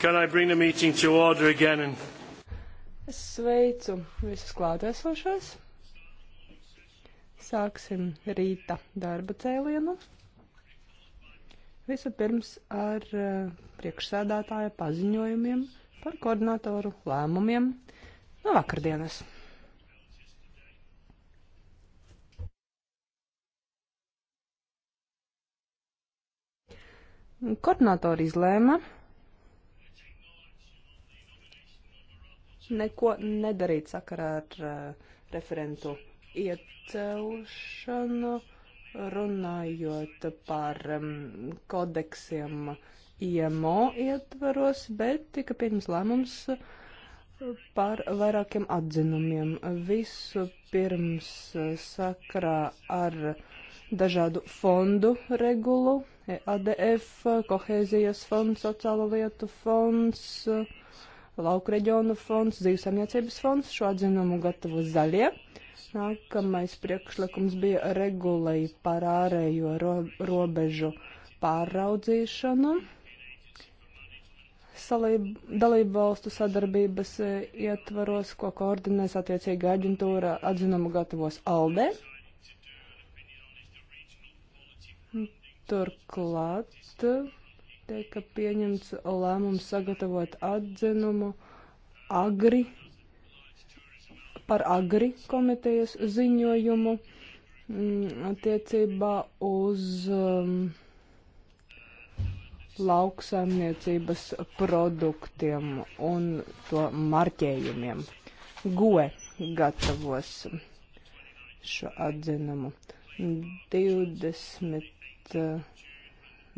Can I bring the meeting to order again? And... Sveicu visus klātesošos. Sāksim rīta darba cēlienu. Vispirms ar uh, priekšsēdētāja paziņojumiem par koordinatoru lēmumiem no vakardienas. Koordinatori izlēma neko nedarīt sakarā ar uh, referentu iecelšanu, runājot par um, kodeksiem IMO ietvaros, bet tika pieņems lēmums par vairākiem atzinumiem. Visu pirms uh, sakarā ar dažādu fondu regulu, e ADF, Kohēzijas fonds, Sociālo lietu fonds, uh, Lauku reģionu fonds, dzīvesamniecības fonds, šo atzinumu gatavo zaļie. Nākamais priekšlikums bija regulai par ārējo ro robežu pārraudzīšanu. Dalību valstu sadarbības e, ietvaros, ko koordinēs attiecīga aģentūra, atzinumu gatavos ALDE. Turklāt tika pieņemts lēmums sagatavot atzinumu agri par agri komitejas ziņojumu mm, attiecībā uz um, lauksaimniecības produktiem un to marķējumiem. Goe gatavos šo atzinumu. 20. Uh,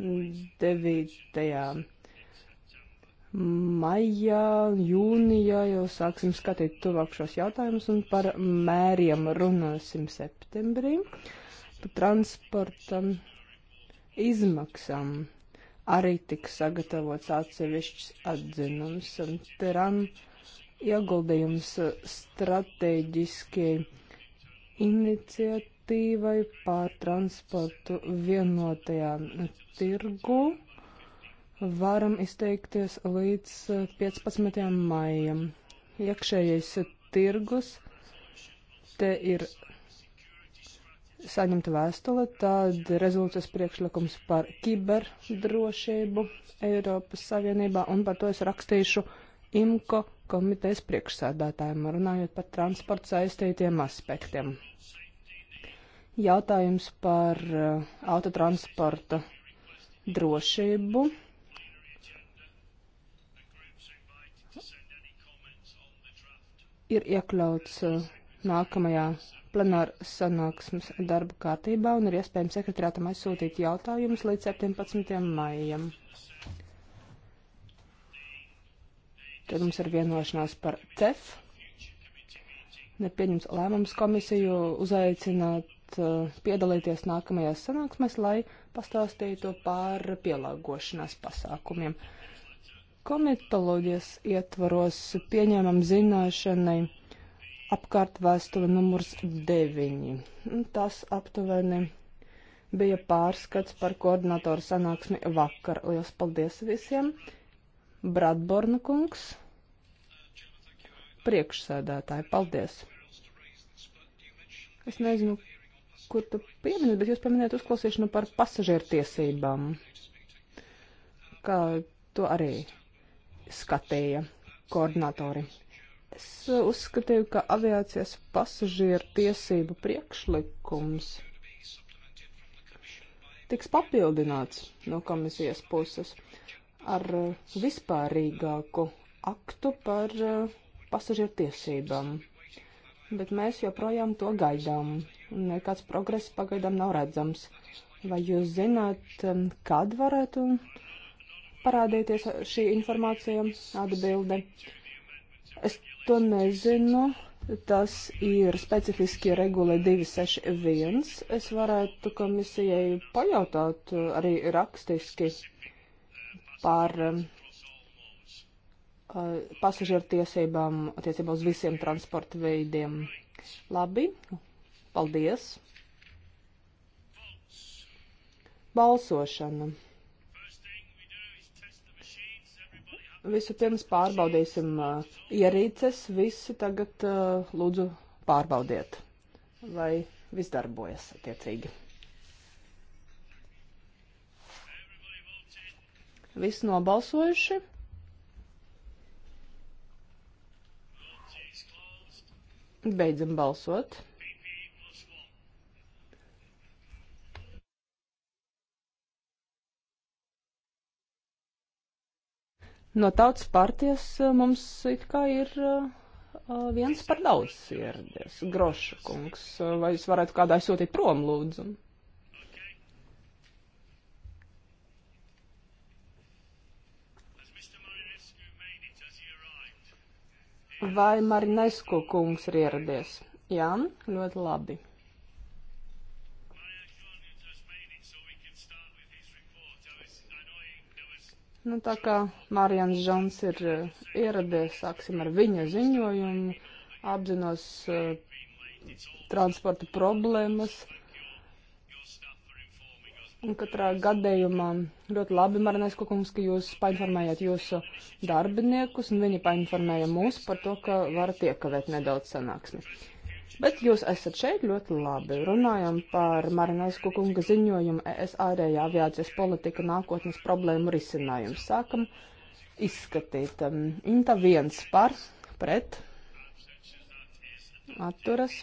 9. maijā, jūnijā jau sāksim skatīt tuvāk šos jautājumus un par mēriem runāsim septembrī. Par transporta izmaksām arī tiks sagatavots atsevišķs atzinums. Teram ieguldījums stratēģiski iniciatīvi direktīvai pār transportu vienotajā tirgu varam izteikties līdz 15. maijam. Iekšējais tirgus te ir saņemta vēstule, tad rezolūcijas priekšlikums par kiberdrošību Eiropas Savienībā, un par to es rakstīšu IMCO komitejas priekšsēdētājiem, runājot par transporta saistītiem aspektiem jautājums par eh, autotransporta drošību. Ir iekļauts eh, nākamajā plenāra sanāksmes darba kārtībā un ir iespējams sekretārātam aizsūtīt jautājumus līdz 17. maijam. Tad mums ir vienošanās par CEF. Nepieņems lēmums komisiju uzaicināt Eh, piedalīties nākamajās sanāksmēs, lai pastāstītu par pielāgošanās pasākumiem. Komitoloģijas ietvaros pieņēmam zināšanai apkārt vēstule numurs 9. Tas aptuveni bija pārskats par koordinatoru sanāksmi vakar. Lielas paldies visiem! Bradborna kungs, priekšsēdētāji, paldies! Es nezinu, kur tu pieminat, bet jūs pieminējat uzklausīšanu par pasažieru tiesībām, kā to arī skatīja koordinatori. Es uzskatīju, ka aviācijas pasažieru tiesību priekšlikums tiks papildināts no komisijas puses ar vispārīgāku aktu par eh, pasažieru tiesībām, bet mēs joprojām to gaidām nekāds progress pagaidām nav redzams. Vai jūs zināt, um, kad varētu parādīties šī informācija atbilde? Es to nezinu. Tas ir specifiski regula 261. Es varētu komisijai pajautāt uh, arī rakstiski par um, uh, pasažieru tiesībām attiecībā uz visiem transporta veidiem. Labi, Paldies! Balsošana. Vispirms pārbaudīsim uh, ierīces. Visi tagad uh, lūdzu pārbaudiet, vai viss darbojas attiecīgi. Visi nobalsojuši. Beidzam balsot. no tautas partijas eh, mums it kā ir eh, eh, viens par daudz ieradies. Groša kungs, vai jūs varētu kādā sūtīt prom, lūdzu? Vai Marinesku kungs ir ieradies? Jā, ļoti labi. Nu, tā kā Mārijans Žans ir eh, ieradies, sāksim ar viņa ziņojumu, apzinos uh, transporta problēmas. Un katrā gadījumā ļoti labi, Marinēs Kukungs, ka jūs painformējat jūsu darbiniekus, un viņi painformēja mūs par to, ka varat iekavēt nedaudz sanāksmi. Bet jūs esat šeit ļoti labi. Runājam par Marinesku kunga ziņojumu ES ārējā aviācijas politika nākotnes problēmu risinājumu. Sākam izskatīt. Um, Inta viens par, pret, atturas,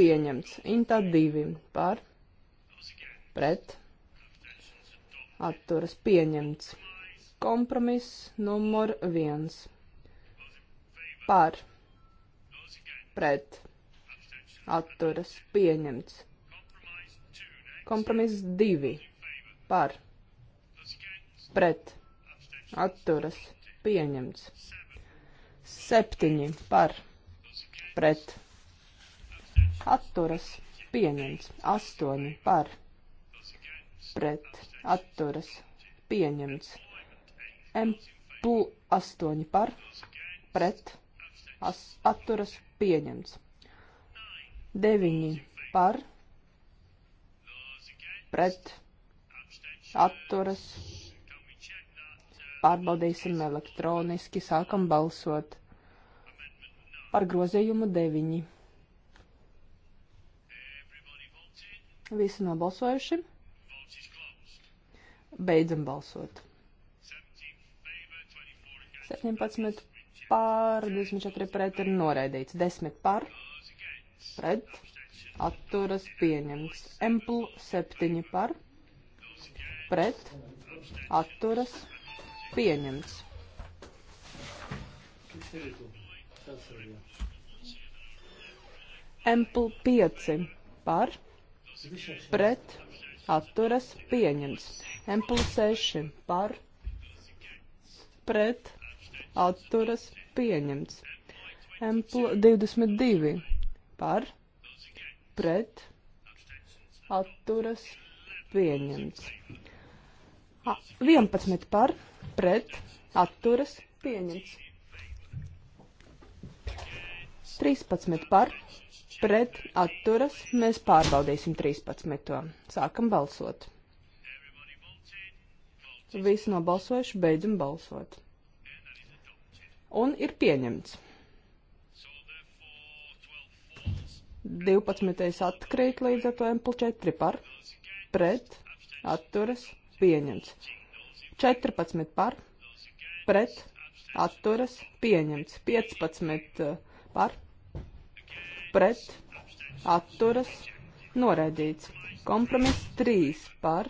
pieņemts. Inta divi par, pret, atturas, pieņemts. Kompromiss numur viens par, pret atturas pieņemts. Kompromiss 2 par pret atturas pieņemts. 7 par pret atturas pieņemts. 8 par pret atturas pieņemts. MP 8 par pret atturas pieņemts. 9 par, pret, atturas. Pārbaudīsim elektroniski, sākam balsot par grozījumu 9. Visi nobalsojuši. Beidzam balsot. 17 pār, 24 pret ir noraidīts. 10 pār pret atturas pieņemts. Empl 7 par pret atturas pieņemts. Empl 5 par pret atturas pieņemts. Empl 6 par pret atturas pieņemts. Empl 22 par, pret, atturas, pieņemts. 11 par, pret, atturas, pieņemts. 13 par, pret, atturas, mēs pārbaudīsim 13. Sākam balsot. Visi nobalsojuši, beidzam balsot. Un ir pieņemts. 12. atkrīt līdz ar to M4 par, pret, atturas, pieņemts. 14 par, pret, atturas, pieņemts. 15 eh, par, pret, atturas, noraidīts. Kompromiss 3 par,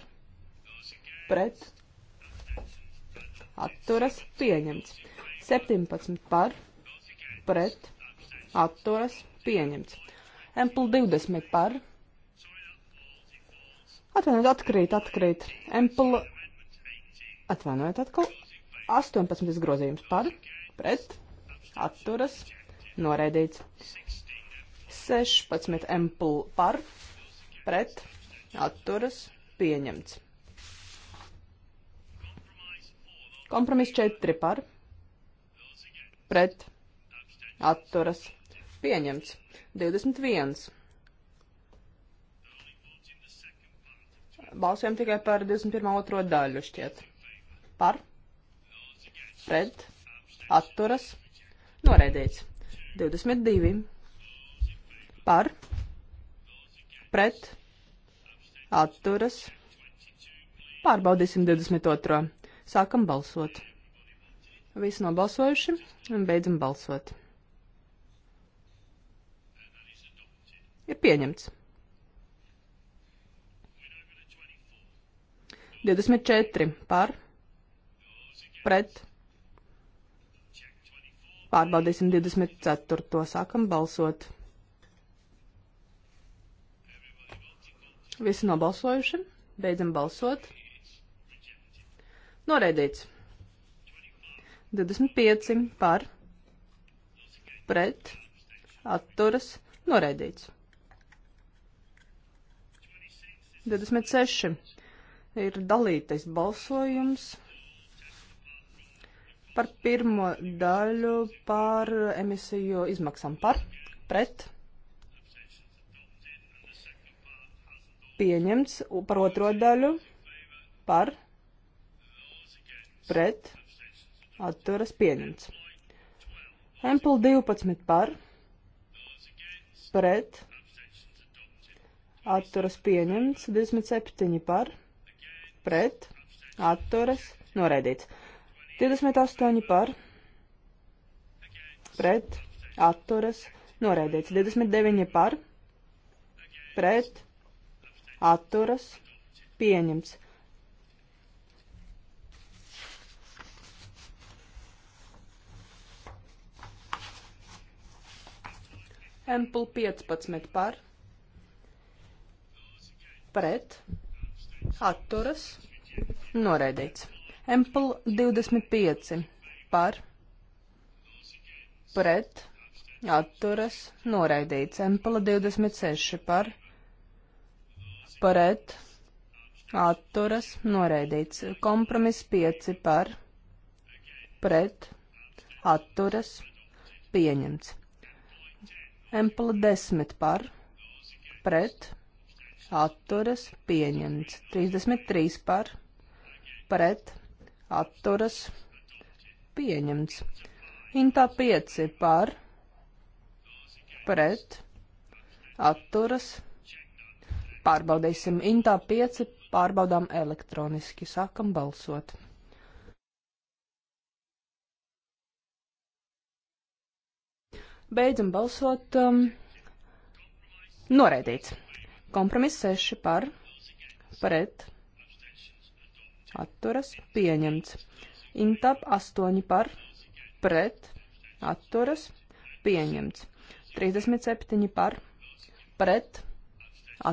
pret, atturas, pieņemts. 17 par, pret, atturas, pieņemts. Empl 20 par. Atvainojiet, atkrīt, atkrīt. Empl. Atvainojiet, atkal. 18 grozījums par. Pret. Atturas. Noraidīts. 16 empl par. Pret. Atturas. Pieņemts. Kompromiss 4 par. Pret. Atturas. Pieņemts. 21. Balsojam tikai par 21. otro daļu šķiet. Par, pret, atturas, noraidīts. 22. Par, pret, atturas. Pārbaudīsim 22. Sākam balsot. Visi nobalsojuši un beidzam balsot. Ir pieņemts. 24 par, pret. Pārbaudīsim 24. Sākam balsot. Visi nobalsojuši. Beidzam balsot. Noreidīts. 25 par, pret, atturas, noreidīts. 26 ir dalītais balsojums par pirmo daļu par emisiju izmaksām par, pret, pieņemts, par otro daļu par, pret, atturas pieņemts. Ample 12 par, pret, atturas pieņemts, 27 par, pret, atturas, noraidīts, 28 par, pret, atturas, noraidīts, 29 par, pret, atturas, pieņemts. Empul 15 par, pret, atturas, noraidīts. Empel 25 par, pret, atturas, noraidīts. Empel 26 par, pret, atturas, noraidīts. Kompromis 5 par, pret, atturas, pieņemts. Empel 10 par, pret, atturas atturas pieņemts. 33 par pret atturas pieņemts. Intā 5 par pret atturas pārbaudīsim. Intā 5 pārbaudām elektroniski. Sākam balsot. Beidzam balsot. Um, noraidīts. Kompromiss 6 par, pret, atturas, pieņemts. Intap 8 par, pret, atturas, pieņemts. 37 par, pret,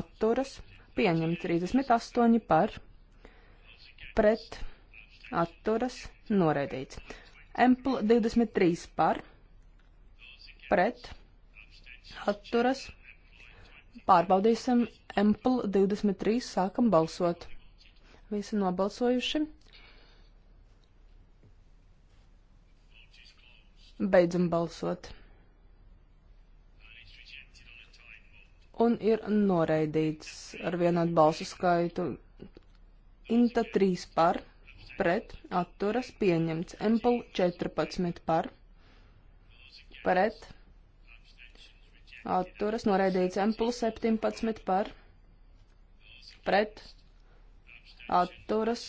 atturas, pieņemts. 38 par, pret, atturas, noraidīts. Empl 23 par, pret, atturas, pieņemts Pārbaudīsim MPL 23, sākam balsot. Visi nobalsojuši. Beidzam balsot. Un ir noraidīts ar vienotu balsu skaitu. Inta 3 par, pret, atturas pieņemts. MPL 14 par, pret, atturas noraidīts M plus 17 par pret atturas.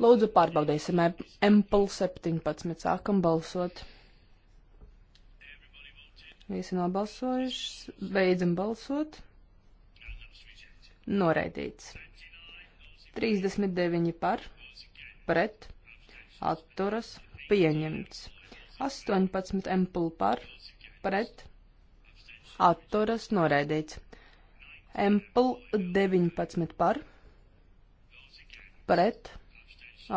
Lūdzu, pārbaudīsim M plus 17. Sākam balsot. Visi nobalsojuši. Beidzam balsot. Noraidīts. 39 par pret atturas pieņemts. 18 M plus par pret atturas atturas noraidīts. Empl 19 par, pret,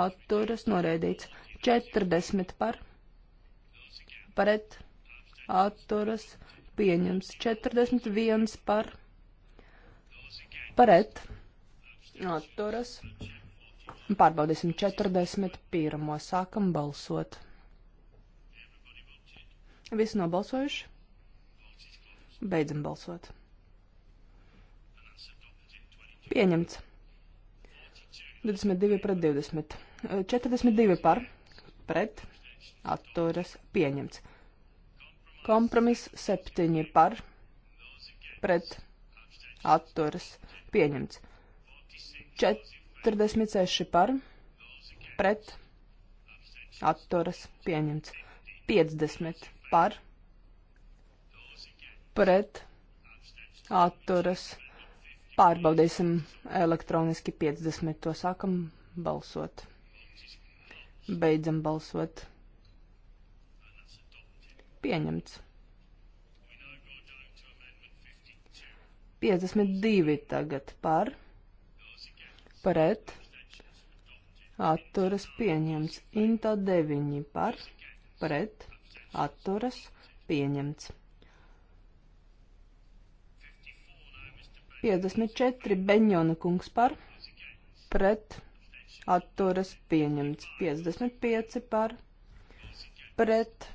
atturas noraidīts. 40 par, pret, atturas pieņems. 41 par, pret, atturas. Pārbaudīsim 41. Sākam balsot. Visi nobalsojuši? Beidzam balsot. Pieņemts. 22 pret 20. 42 eh, par, pret, atturas, pieņemts. Kompromiss 7 par, pret, atturas, pieņemts. 46 par, pret, atturas, pieņemts. 50 par, pret atturas. Pārbaudīsim elektroniski 50. To sākam balsot. Beidzam balsot. Pieņemts. 52 tagad par, pret, atturas pieņemts. Into 9 par, pret, atturas pieņemts. 54 Beņona kungs par, pret, atturas pieņemts. 55 par, pret,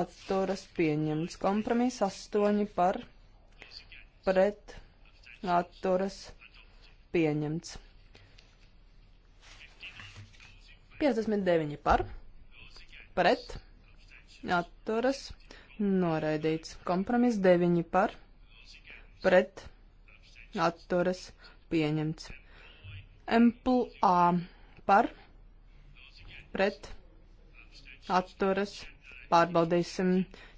atturas pieņemts. Kompromiss 8 par, pret, atturas pieņemts. 59 par, pret, atturas, noraidīts. Kompromiss 9 par, pret, atturas pieņemts. MPLA par pret atturas pārbaudīsim.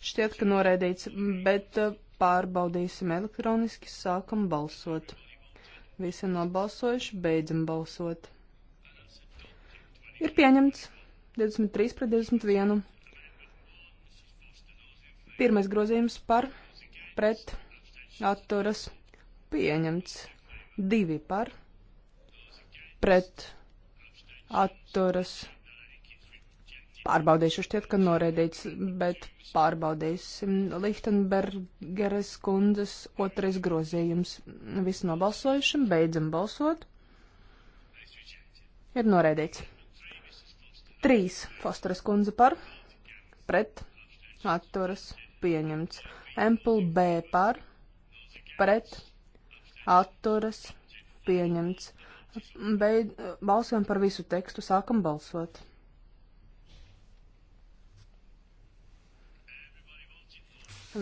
Šķiet, ka noraidīts, bet uh, pārbaudīsim elektroniski, sākam balsot. Visi nobalsojuši, beidzam balsot. Ir pieņemts 23 pret 21. Pirmais grozījums par pret atturas pārbaudīsim pieņemts. Divi par, pret, atturas. Pārbaudīšu, šķiet, ka noraidīts, bet pārbaudīsim. Lichtenbergeres kundzes otrais grozījums. Visi nobalsojuši, beidzam balsot. Ir noraidīts. Trīs Fosteras kundze par, pret, atturas, pieņemts. Empul B par, pret, atturas, pieņemts. Beid, balsojam par visu tekstu, sākam balsot.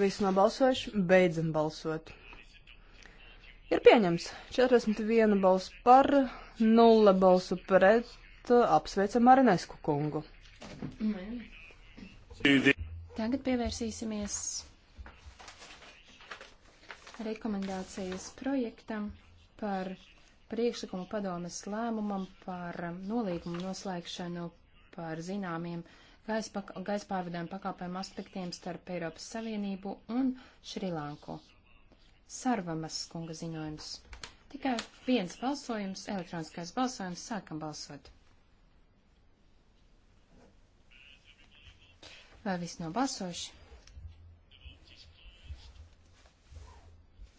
Visi nobalsojuši, beidzam balsot. Ir pieņemts 41 balss par, 0 balsu pret, apsveicam Marinesku kungu. Tagad pievērsīsimies rekomendācijas projektam par priekšlikumu padomes lēmumam par nolīgumu noslēgšanu par zināmiem gaisa pārvadājumu pakāpējumu aspektiem starp Eiropas Savienību un Šrilanku. Sarvamas kunga ziņojums. Tikai viens balsojums, elektroniskais balsojums, sākam balsot. Vai viss nobalsoši?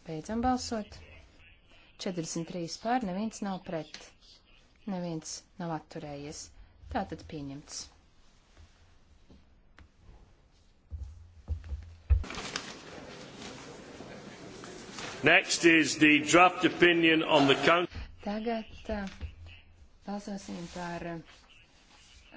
Beidzam balsot. 43 pār, neviens nav pret. Neviens nav atturējies. Tātad pieņemts. Next is the draft opinion on the council. Tagad uh, balsosim par uh,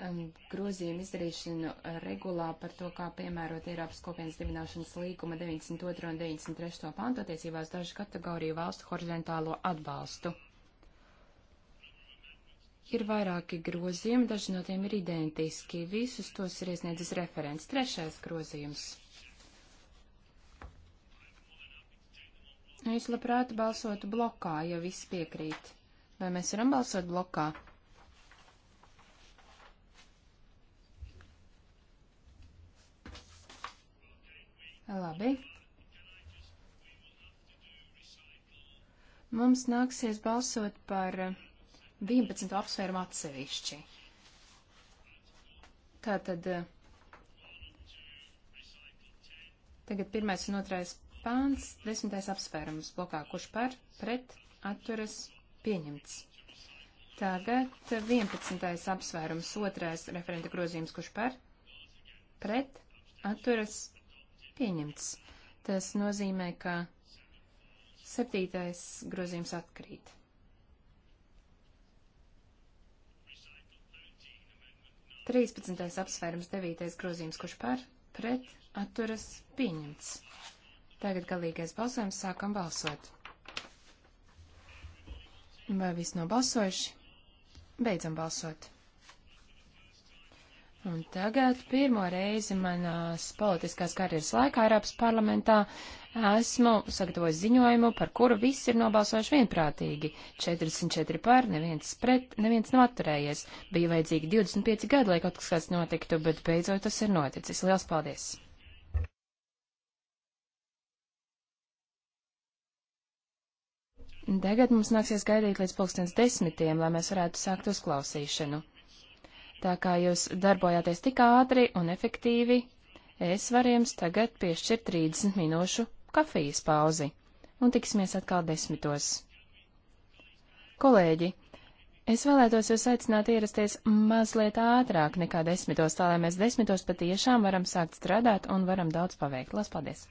Um, grozījumu izdarīšanu regulā par to, kā piemērot Eiropas kopienas dibināšanas līguma 92. un 93. pantu attiecībās dažu kategoriju valstu horizontālo atbalstu. Ir vairāki grozījumi, daži no tiem ir identiski. Visus tos ir iesniedzis referents. Trešais grozījums. Es labprāt balsotu blokā, ja viss piekrīt. Vai mēs varam balsot blokā? Labi. Mums nāksies balsot par 11. apsvērumu atsevišķi. Tātad tagad pirmais un otrais pāns, desmitais apsvērums blokā, kurš par, pret, atturas, pieņemts. Tagad 11. apsvērums, otrais referenta grozījums, kurš par, pret, atturas, Pieņemts. Tas nozīmē, ka septītais grozījums atkrīt. Trīspadsmitais apsvērums devītais grozījums, kurš par, pret, atturas, pieņemts. Tagad galīgais balsojums sākam balsot. Vai viss nobalsojuši? Beidzam balsot. Un tagad pirmo reizi manās politiskās karjeras laikā Eiropas parlamentā esmu sagatavojis ziņojumu, par kuru visi ir nobalsojuši vienprātīgi. 44 pār, neviens pret, neviens nav atturējies. Bija vajadzīgi 25 gadi, lai kaut kas kāds notiktu, bet beidzot tas ir noticis. Liels paldies! Tagad mums nāksies gaidīt līdz pulkstens desmitiem, lai mēs varētu sākt uzklausīšanu. Tā kā jūs darbojāties tik ātri un efektīvi, es varu jums tagad piešķirt 30 minūšu kafijas pauzi, un tiksimies atkal desmitos. Kolēģi, es vēlētos jūs aicināt ierasties mazliet ātrāk nekā desmitos, tā lai mēs desmitos patiešām varam sākt strādāt un varam daudz paveikt. Lās paldies!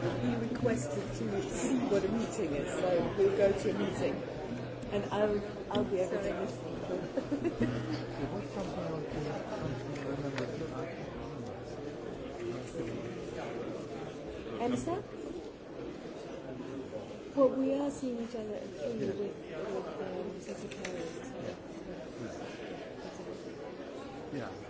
He requested to see what a meeting is, so we'll go to a meeting. And I'll, I'll be able to listen. and so, well, we are seeing each other at three with, with um, secretariat. So. Yeah. yeah.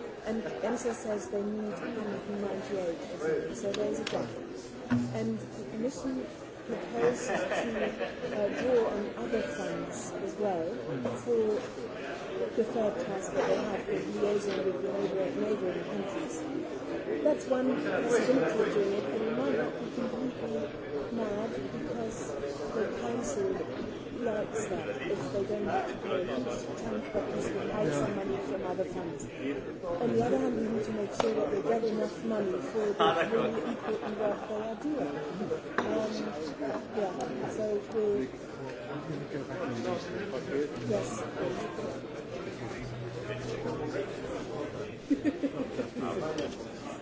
and EMSA says they need 198 or something, so there's a difference. And the Commission proposed to uh, draw on other funds as well for the third task that they have with liaising with the neighbouring, neighbouring countries. That's one possibility of doing it, but it might not be completely mad because the council likes that if they don't get paid on temp funds, we pay yeah. some money from other funds. On the other hand, we need to make sure that they get enough money for the really important work they are doing. Um, yeah, so we... Yes.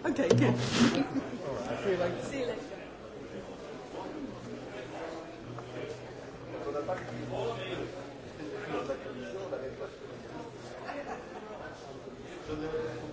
okay, good. See you later. Je ne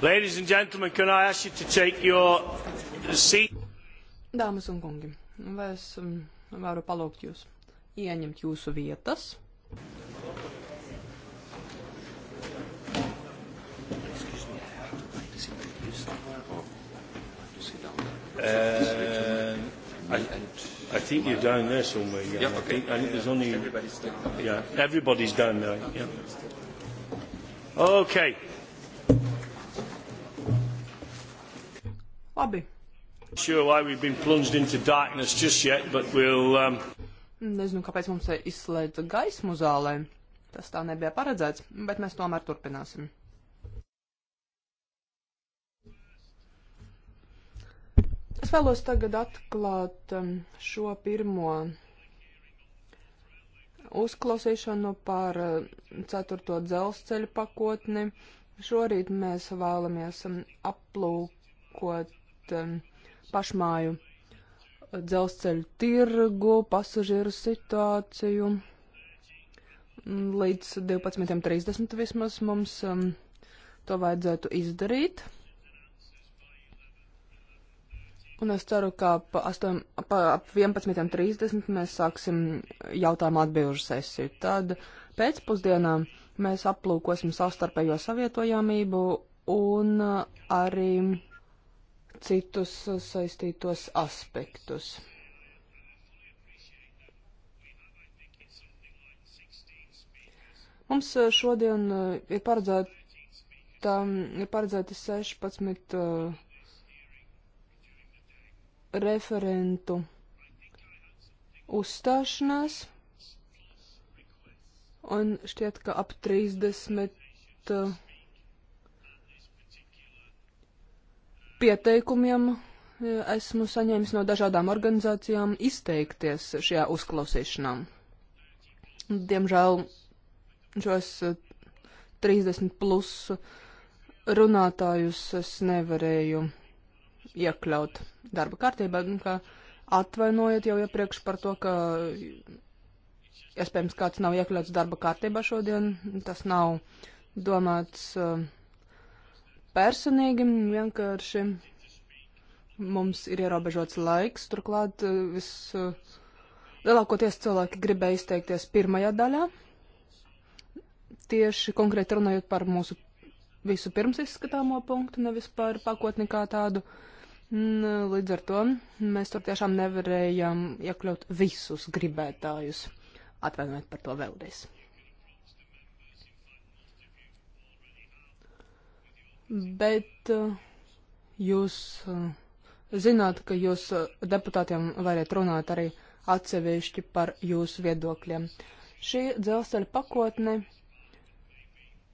Ladies and gentlemen, can I ask you to take your seat? Dāmas un kungi, vai es um, varu palūgt jūs ieņemt jūsu vietas? Uh, I, I think you're down there somewhere. Yeah, yeah okay. I think, I think there's only. Everybody's down. Yeah, everybody's down there. Yeah. Okay. sure why we've been plunged into darkness just yet, but we'll. Um... Nezinu, kāpēc mums izslēdza gaismu zālē. Tas tā nebija paredzēts, bet mēs tomēr turpināsim. Es vēlos tagad atklāt um, šo pirmo uzklausīšanu par um, ceturto dzelzceļu pakotni. Šorīt mēs vēlamies um, aplūkot pašmāju dzelzceļu tirgu, pasažieru situāciju. Līdz 12.30 vismaz mums um, to vajadzētu izdarīt. Un es ceru, ka pa, 8, pa ap 11.30 mēs sāksim jautājumu atbilžu sesiju. Tad pēcpusdienā mēs aplūkosim savstarpējo savietojamību un uh, arī citus saistītos aspektus. Mums eh, šodien eh, ir paredzēta, mm, ir paredzēta 16 eh, referentu uzstāšanās, un šķiet, ka ap 30 pieteikumiem e, esmu saņēmis no dažādām organizācijām izteikties šajā uzklausīšanā. Diemžēl šos 30 e, plus runātājus es nevarēju iekļaut darba kārtībā, kā atvainojiet jau iepriekš par to, ka iespējams kāds nav iekļauts darba kārtībā šodien. Tas nav domāts. Uh, personīgi, vienkārši mums ir ierobežots laiks, turklāt eh, vis. Eh, lielākoties cilvēki gribēja izteikties pirmajā daļā, tieši konkrēti runājot par mūsu visu pirms izskatāmo punktu, nevis par pakotni kā tādu. Līdz ar to mēs tur tiešām nevarējām iekļaut visus gribētājus. Atvainojiet par to vēlreiz. bet uh, jūs uh, zināt, ka jūs uh, deputātiem varat runāt arī atsevišķi par jūsu viedokļiem. Šī dzelzceļa pakotne,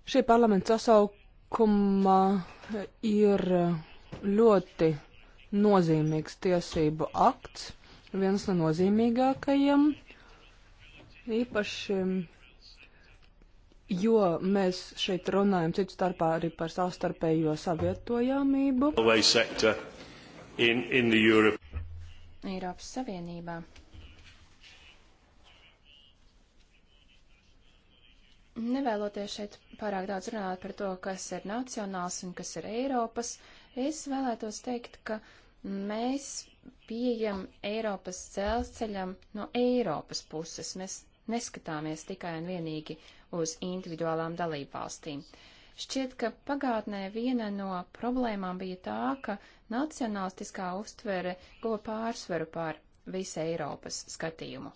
šī parlamenta sasaukuma ir ļoti nozīmīgs tiesību akts, viens no nozīmīgākajiem, īpaši jo mēs šeit runājam citu starpā arī par savstarpējo savietojamību. In, in Eiropas Savienībā. Nevēloties šeit pārāk daudz runāt par to, kas ir nacionāls un kas ir Eiropas, es vēlētos teikt, ka mēs pieejam Eiropas dzelzceļam no Eiropas puses. Mēs neskatāmies tikai un vienīgi uz individuālām dalībvalstīm. Šķiet, ka pagātnē viena no problēmām bija tā, ka nacionālistiskā uztvere guva pārsvaru pār visu Eiropas skatījumu.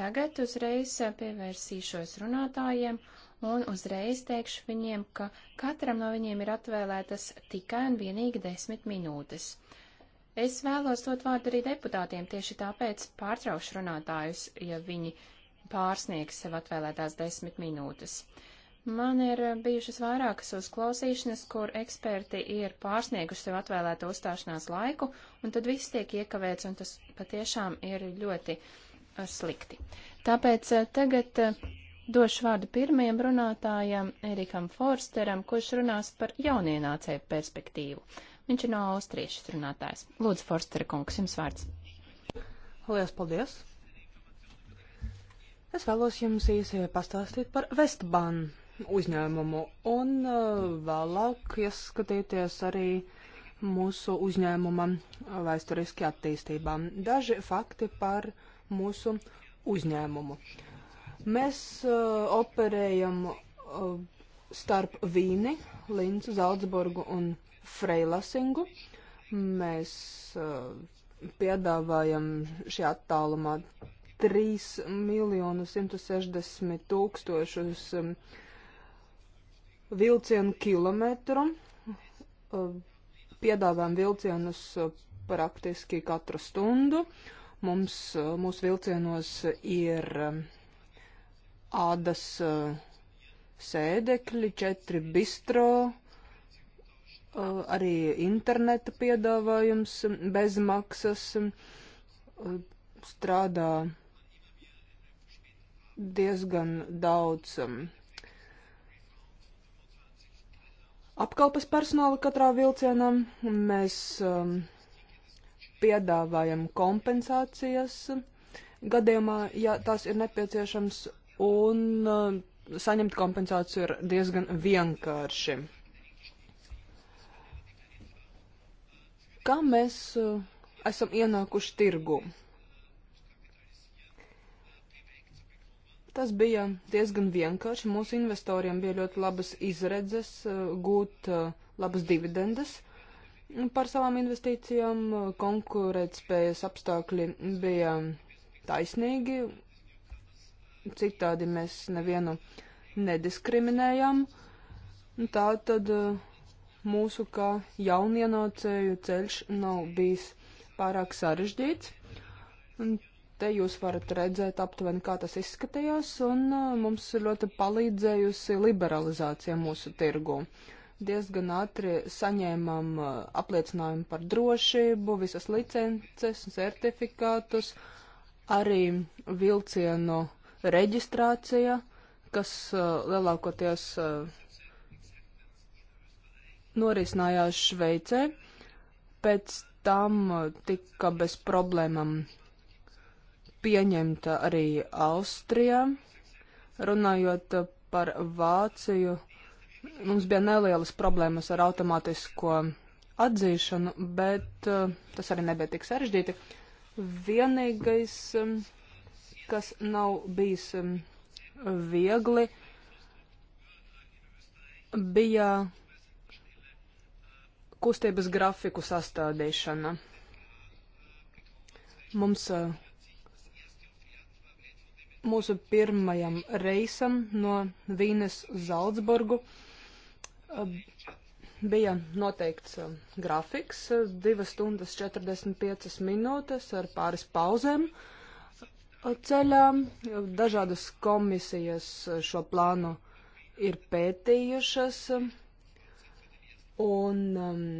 Tagad uzreiz pievērsīšos runātājiem un uzreiz teikšu viņiem, ka katram no viņiem ir atvēlētas tikai un vienīgi desmit minūtes. Es vēlos dot vārdu arī deputātiem, tieši tāpēc pārtraukšu runātājus, ja viņi pārsniegs sev atvēlētās desmit minūtes. Man ir bijušas vairākas uzklausīšanas, kur eksperti ir pārsnieguši sev atvēlēto uzstāšanās laiku, un tad viss tiek iekavēts, un tas patiešām ir ļoti eh, slikti. Tāpēc eh, tagad eh, došu vārdu pirmajam runātājam, Erikam Forsteram, kurš runās par jaunienācēju perspektīvu. Viņš ir no austriešas runātājs. Lūdzu, Forstera kungs, jums vārds. Lielas paldies! Es vēlos jums īsi pastāstīt par Vestban uzņēmumu un uh, vēlāk ieskatīties arī mūsu uzņēmuma vēsturiski attīstībā. Daži fakti par mūsu uzņēmumu. Mēs uh, operējam uh, starp Vīni, Lincu, Zaldzburgu un Freilasingu. Mēs uh, piedāvājam šī attālumā 3 miljonu 160 tūkstošus um, vilcienu kilometru. Um, piedāvājam vilcienus uh, praktiski katru stundu. Mums, uh, mūsu vilcienos ir um, ādas uh, sēdekļi, četri bistro, arī interneta piedāvājums bez maksas, strādā diezgan daudz um, apkalpes personāla katrā vilcienā. Mēs um, piedāvājam kompensācijas gadījumā, ja tas ir nepieciešams, un uh, saņemt kompensāciju ir diezgan vienkārši. Kā mēs uh, esam ienākuši tirgu? Tas bija diezgan vienkārši. Mūsu investoriem bija ļoti labas izredzes eh, gūt eh, labas dividendes par savām investīcijām. Konkurētspējas apstākļi bija taisnīgi. Citādi mēs nevienu nediskriminējām. Tā tad eh, mūsu kā jaunienācēju ceļš nav bijis pārāk sarežģīts. Un Te jūs varat redzēt aptuveni, kā tas izskatījās, un uh, mums ļoti palīdzējusi liberalizācija mūsu tirgu. Diezgan ātri saņēmām uh, apliecinājumu par drošību, visas licences, certifikātus, arī vilcienu reģistrācija, kas uh, lielākoties norisinājās Šveicē. Pēc tam tika bez problēmām pieņemta arī Austrijā. Runājot par Vāciju, mums bija nelielas problēmas ar automātisko atzīšanu, bet eh, tas arī nebija tik sarežģīti. Vienīgais, eh, kas nav bijis eh, viegli, bija kustības grafiku sastādīšana. Mums uh, mūsu pirmajam reisam no Vīnes uz Zaldzburgu eh, bija noteikts eh, grafiks 2 eh, stundas 45 minūtes ar pāris pauzēm ceļā. Dažādas komisijas šo plānu ir pētījušas. Un um,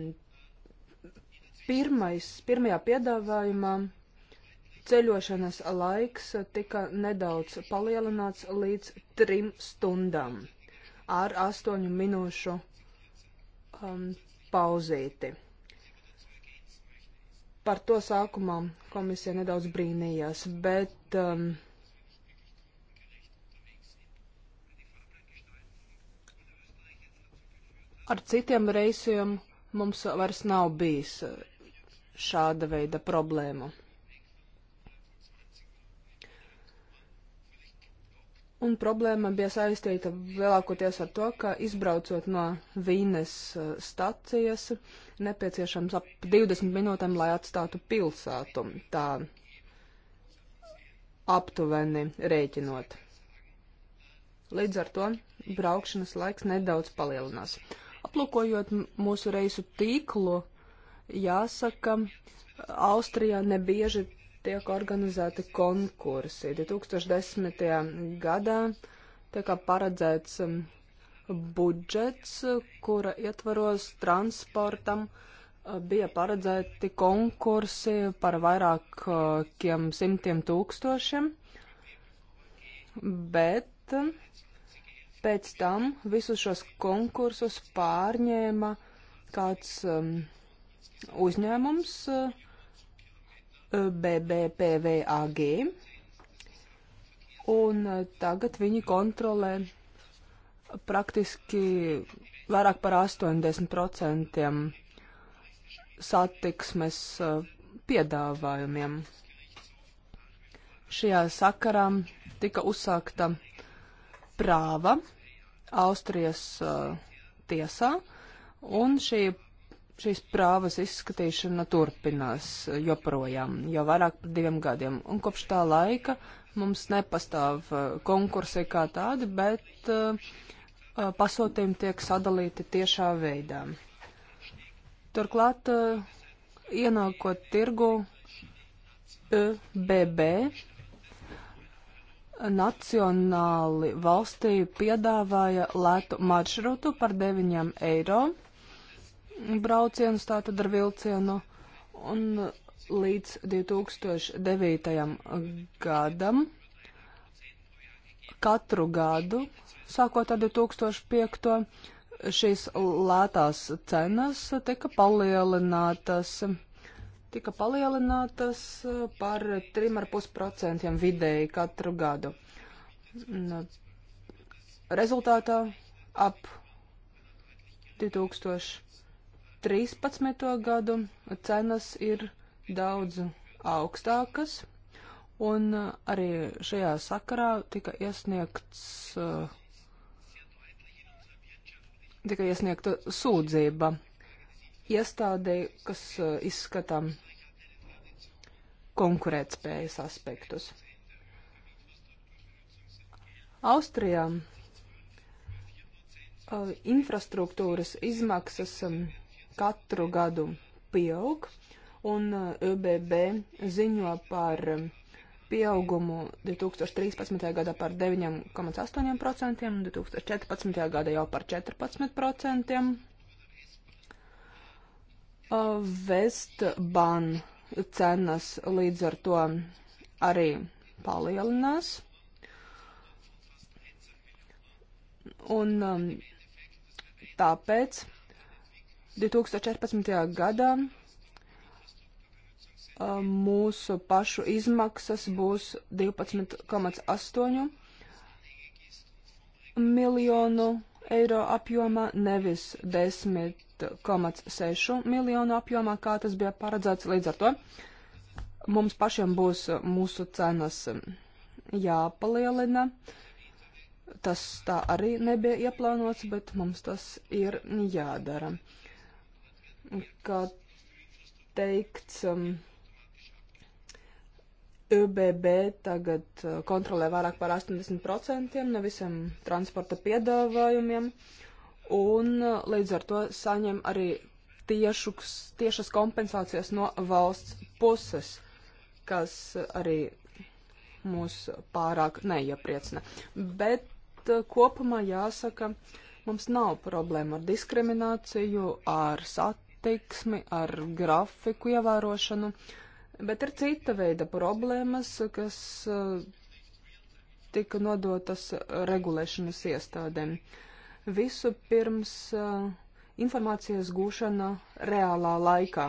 pirmais, pirmajā piedāvājumā ceļošanas laiks tika nedaudz palielināts līdz trim stundām ar astoņu minūšu um, pauzīti. Par to sākumā komisija nedaudz brīnījās, bet um, ar citiem reisiem mums vairs nav bijis šāda veida problēmu. Un problēma bija saistīta lielākoties ar to, ka izbraucot no Vīnes uh, stacijas, nepieciešams ap 20 minūtēm, lai atstātu pilsētu, tā aptuveni rēķinot. Līdz ar to braukšanas laiks nedaudz palielinās. Aplūkojot mūsu reisu tīklu, jāsaka, Austrijā nebieži tiek organizēti konkursi. 2010. gadā tiek paredzēts um, budžets, kura ietvaros transportam uh, bija paredzēti konkursi par vairākiem uh, simtiem tūkstošiem, bet um, pēc tam visus šos konkursus pārņēma kāds um, uzņēmums, uh, BBPVAG, un eh, tagad viņi kontrolē praktiski vairāk par 80% satiksmes eh, piedāvājumiem. Šajā sakarā tika uzsākta prāva Austrijas uh, tiesā, un šī šīs prāvas izskatīšana turpinās joprojām, jau vairāk par diviem gadiem. Un kopš tā laika mums nepastāv uh, konkursi kā tādi, bet uh, uh, pasūtījumi tiek sadalīti tiešā veidā. Turklāt, ienākot tirgu BB, e nacionāli valstī piedāvāja lētu maršrutu par 9 eiro braucienus, tātad ar vilcienu. Un līdz 2009. gadam katru gadu, sākot ar 2005. šīs lētās cenas tika palielinātas, tika palielinātas par 3,5% vidēji katru gadu. Nu, rezultātā ap 2000. 13. gadu cenas ir daudz augstākas, un uh, arī šajā sakarā tika iesniegts. Uh, tika iesniegta sūdzība iestādei, kas uh, izskata konkurētspējas aspektus. Austrijā infrastruktūras izmaksas um, katru gadu pieaug, un eh, ÖBB ziņo par eh, pieaugumu 2013. gadā par 9,8%, 2014. gadā jau par 14%. Eh, Vestban cenas līdz ar to arī palielinās. Un um, tāpēc 2014. gadā mūsu pašu izmaksas būs 12,8 miljonu eiro apjomā, nevis 10,6 miljonu apjomā, kā tas bija paredzēts. Līdz ar to mums pašiem būs mūsu cenas jāpalielina. Tas tā arī nebija ieplānots, bet mums tas ir jādara kā teikts, um, ÖBB tagad uh, kontrolē vairāk par 80% no visiem transporta piedāvājumiem, un uh, līdz ar to saņem arī tiešuks, tiešas kompensācijas no valsts puses, kas arī mūs pārāk neiepriecina. Bet uh, kopumā jāsaka, mums nav problēma ar diskrimināciju, ar saturu attieksmi, ar grafiku ievērošanu, bet ir cita veida problēmas, kas eh, tika nodotas regulēšanas iestādēm. Visu pirms eh, informācijas gūšana reālā laikā.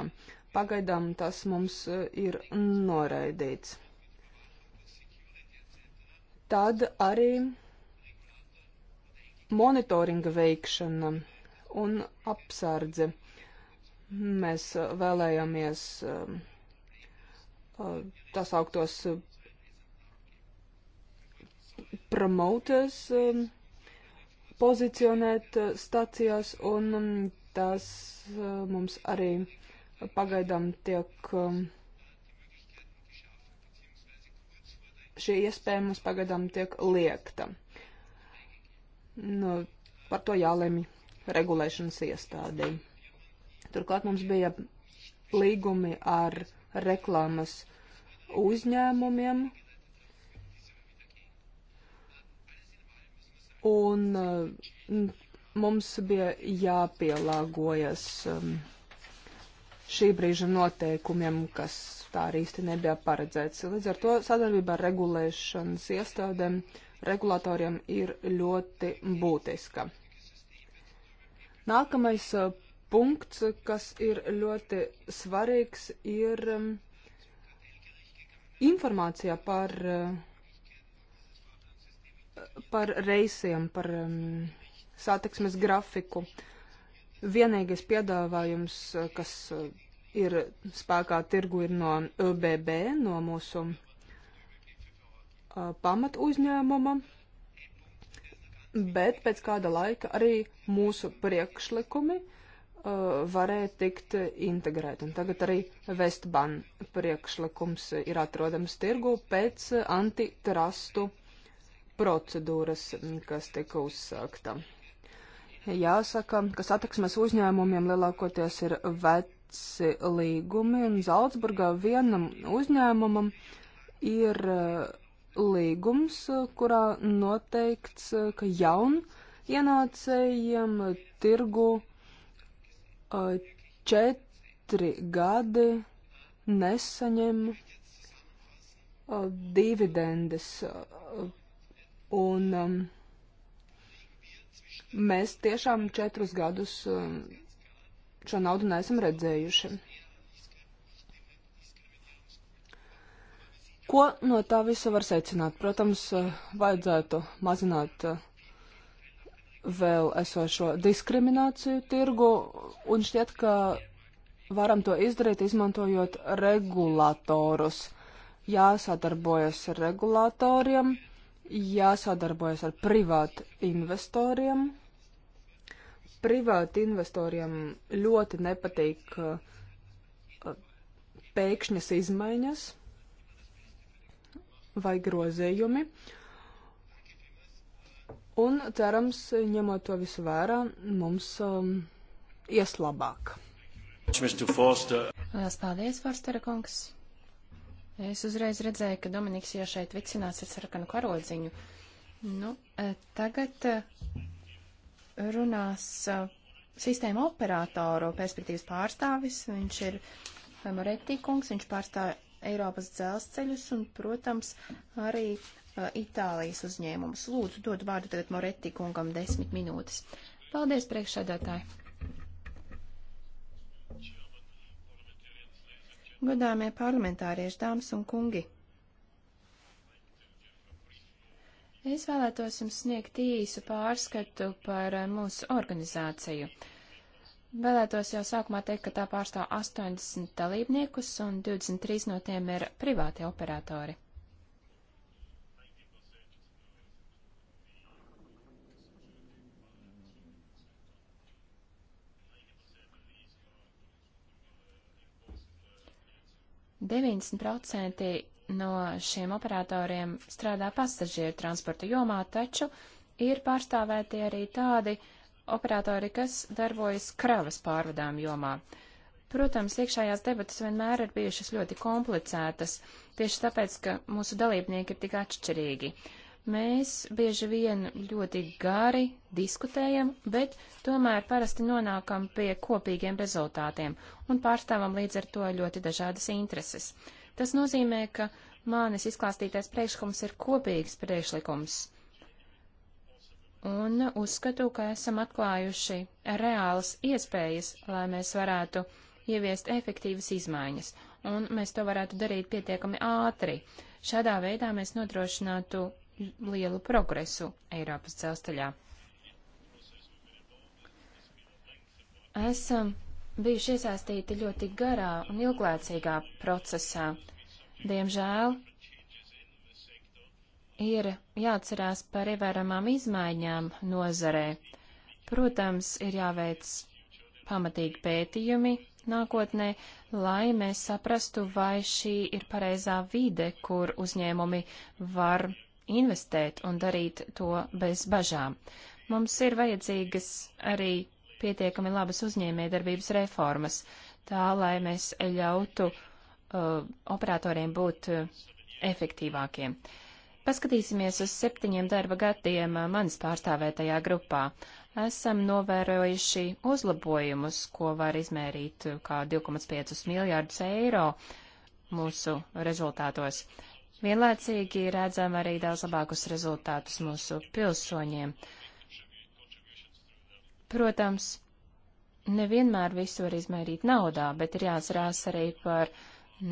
Pagaidām tas mums eh, ir noraidīts. Tad arī monitoringa veikšana un apsardze Mēs uh, vēlējamies um, uh, uh, um, um, tas augtos promoters pozicionēt stacijās, un tas mums arī pagaidām tiek. Šī iespēja mums pagaidām tiek liekta. Nu, par to jālemj regulēšanas iestādēji. Turklāt mums bija līgumi ar reklāmas uzņēmumiem. Un mm, mums bija jāpielāgojas mm, šī brīža noteikumiem, kas tā arī īsti nebija paredzēts. Līdz ar to sadarbība ar regulēšanas iestādēm, regulatoriem ir ļoti būtiska. Nākamais punkts, kas ir ļoti svarīgs, ir um, informācija par, uh, par reisiem, par um, satiksmes grafiku. Vienīgais piedāvājums, uh, kas uh, ir spēkā tirgu, ir no ÖBB, no mūsu pamat uzņēmuma, bet pēc kāda laika arī mūsu priekšlikumi uh, Uh, varēja tikt integrēt. Un tagad arī Vestban priekšlikums ir atrodams tirgu pēc antitrustu procedūras, mm, kas tika uzsākta. Jāsaka, ka satiksmes uzņēmumiem lielākoties ir veci līgumi, un Zaldzburgā vienam uzņēmumam ir uh, līgums, kurā noteikts, uh, ka jaun ienācējiem tirgu uh, četri gadi nesaņem dividendes. Un um, mēs tiešām četrus gadus šo naudu neesam redzējuši. Ko no tā visa var secināt? Protams, vajadzētu mazināt uh, vēl esošo diskrimināciju tirgu, un šķiet, ka varam to izdarīt, izmantojot regulatorus. Jāsadarbojas ar regulatoriem, jāsadarbojas ar privātu investoriem. Privāti investoriem ļoti nepatīk uh, pēkšņas izmaiņas vai grozējumi. Uh, Un, cerams, ņemot to visu vērā, mums um, ies labāk. Lielas paldies, Forstera kungs! Es uzreiz redzēju, ka Dominiks jau šeit vicinās ar sarkanu karodziņu. Nu, e, tagad e, runās e, sistēma operātoru perspektīvas pārstāvis. Viņš ir Moretti kungs, viņš pārstāv Eiropas dzelzceļus un, protams, arī Uh, Itālijas uzņēmumus. Lūdzu, dod vārdu tagad Moretti kungam desmit minūtes. Paldies, priekšsēdētāji! Godāmie parlamentārieši, dāmas un kungi! Es vēlētos jums sniegt īsu pārskatu par uh, mūsu organizāciju. Vēlētos jau sākumā teikt, ka tā pārstāv 80 dalībniekus un 23 no tiem ir privāti operatori. 90% no šiem operatoriem strādā pasažieru transporta jomā, taču ir pārstāvēti arī tādi operatori, kas darbojas kravas pārvadām jomā. Protams, iekšējās debatas vienmēr ir bijušas ļoti komplicētas, tieši tāpēc, ka mūsu dalībnieki ir tik atšķirīgi. Uh, Mēs bieži vien ļoti gari diskutējam, bet tomēr parasti nonākam pie kopīgiem rezultātiem un pārstāvam līdz ar to ļoti dažādas intereses. Tas nozīmē, ka manis izklāstītais priekšlikums ir kopīgs priekšlikums. Un uzskatu, ka esam atklājuši reālas iespējas, lai mēs varētu ieviest efektīvas izmaiņas, un mēs to varētu darīt pietiekami ātri. Šādā veidā mēs nodrošinātu lielu progresu Eiropas dzelzceļā. Esam bijuši iesaistīti ļoti garā un ilglēcīgā procesā. Diemžēl ir jāatcerās par ievēramām izmaiņām nozarē. Protams, ir jāveic pamatīgi pētījumi nākotnē, lai mēs saprastu, vai šī ir pareizā vide, kur uzņēmumi var investēt un darīt to bez bažām. Mums ir vajadzīgas arī pietiekami labas uzņēmējdarbības reformas, tā lai mēs ļautu uh, operatoriem būt uh, efektīvākiem. Paskatīsimies uz septiņiem darba gadiem uh, manis pārstāvētajā grupā. Esam novērojuši uzlabojumus, ko var izmērīt uh, kā 2,5 miljārdus eiro mūsu rezultātos. Uh, Vienlaicīgi redzam arī daudz labākus rezultātus mūsu pilsoņiem. Protams, nevienmēr visu var izmērīt naudā, bet ir jāatcerās arī par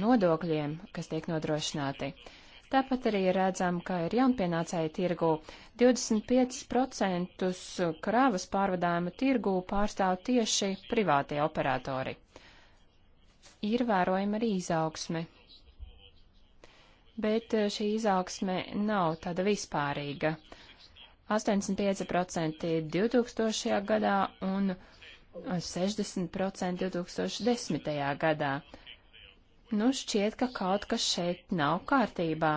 nodokļiem, kas tiek nodrošināti. Tāpat arī redzam, ka ir jaunpienācēja tirgu 25% krāvas pārvadājumu tirgu pārstāv tieši privātie operatori. Ir vērojama arī izaugsme bet eh, šī izaugsme nav tāda vispārīga. 85% 2000. gadā un 60% eh, 2010. gadā. Nu, šķiet, ka kaut kas šeit nav kārtībā.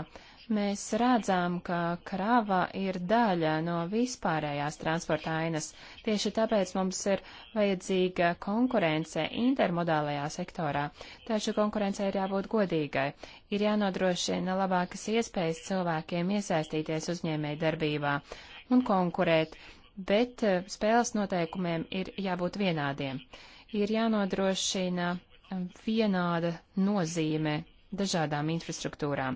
Mēs redzam, ka krava ir daļa no vispārējās transporta ainas. Tieši tāpēc mums ir vajadzīga konkurence intermodālajā sektorā, taču konkurence ir jābūt godīgai. Ir jānodrošina labākas iespējas cilvēkiem iesaistīties uzņēmēju darbībā un konkurēt, bet eh, spēles noteikumiem ir jābūt vienādiem. Ir jānodrošina vienāda nozīme dažādām infrastruktūrām.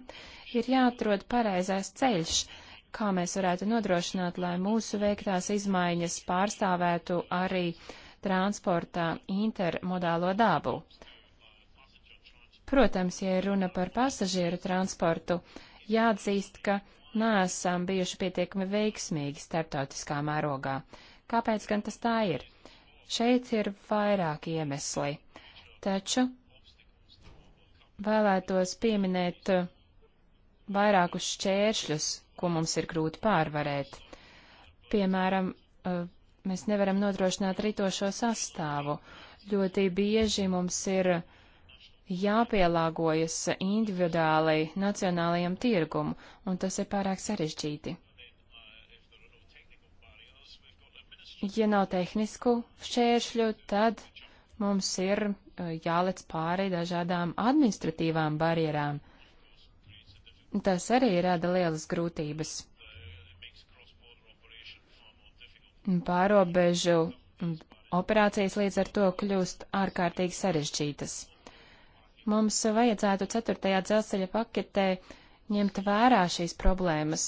Ir jāatrod pareizais ceļš, kā mēs varētu nodrošināt, lai mūsu veiktās izmaiņas pārstāvētu arī transportā intermodālo dabu. Protams, ja runa par pasažieru transportu, jāatzīst, ka neesam bijuši pietiekami veiksmīgi starptautiskā mērogā. Kāpēc gan tas tā ir? Šeit ir vairāki iemesli, taču vēlētos pieminēt eh, vairākus šķēršļus, ko mums ir grūti pārvarēt. Piemēram, eh, mēs nevaram nodrošināt rītošo sastāvu. Ļoti bieži mums ir jāpielāgojas individuāli nacionālajam tirgumu, un tas ir pārāk sarežģīti. Ja nav tehnisku šķēršļu, tad mums ir Uh, jālec pāri dažādām administratīvām barjerām. Tas arī rada lielas grūtības. Pārobežu operācijas līdz ar to kļūst ārkārtīgi sarežģītas. Mums vajadzētu ceturtajā dzelzceļa paketē ņemt vērā šīs problēmas,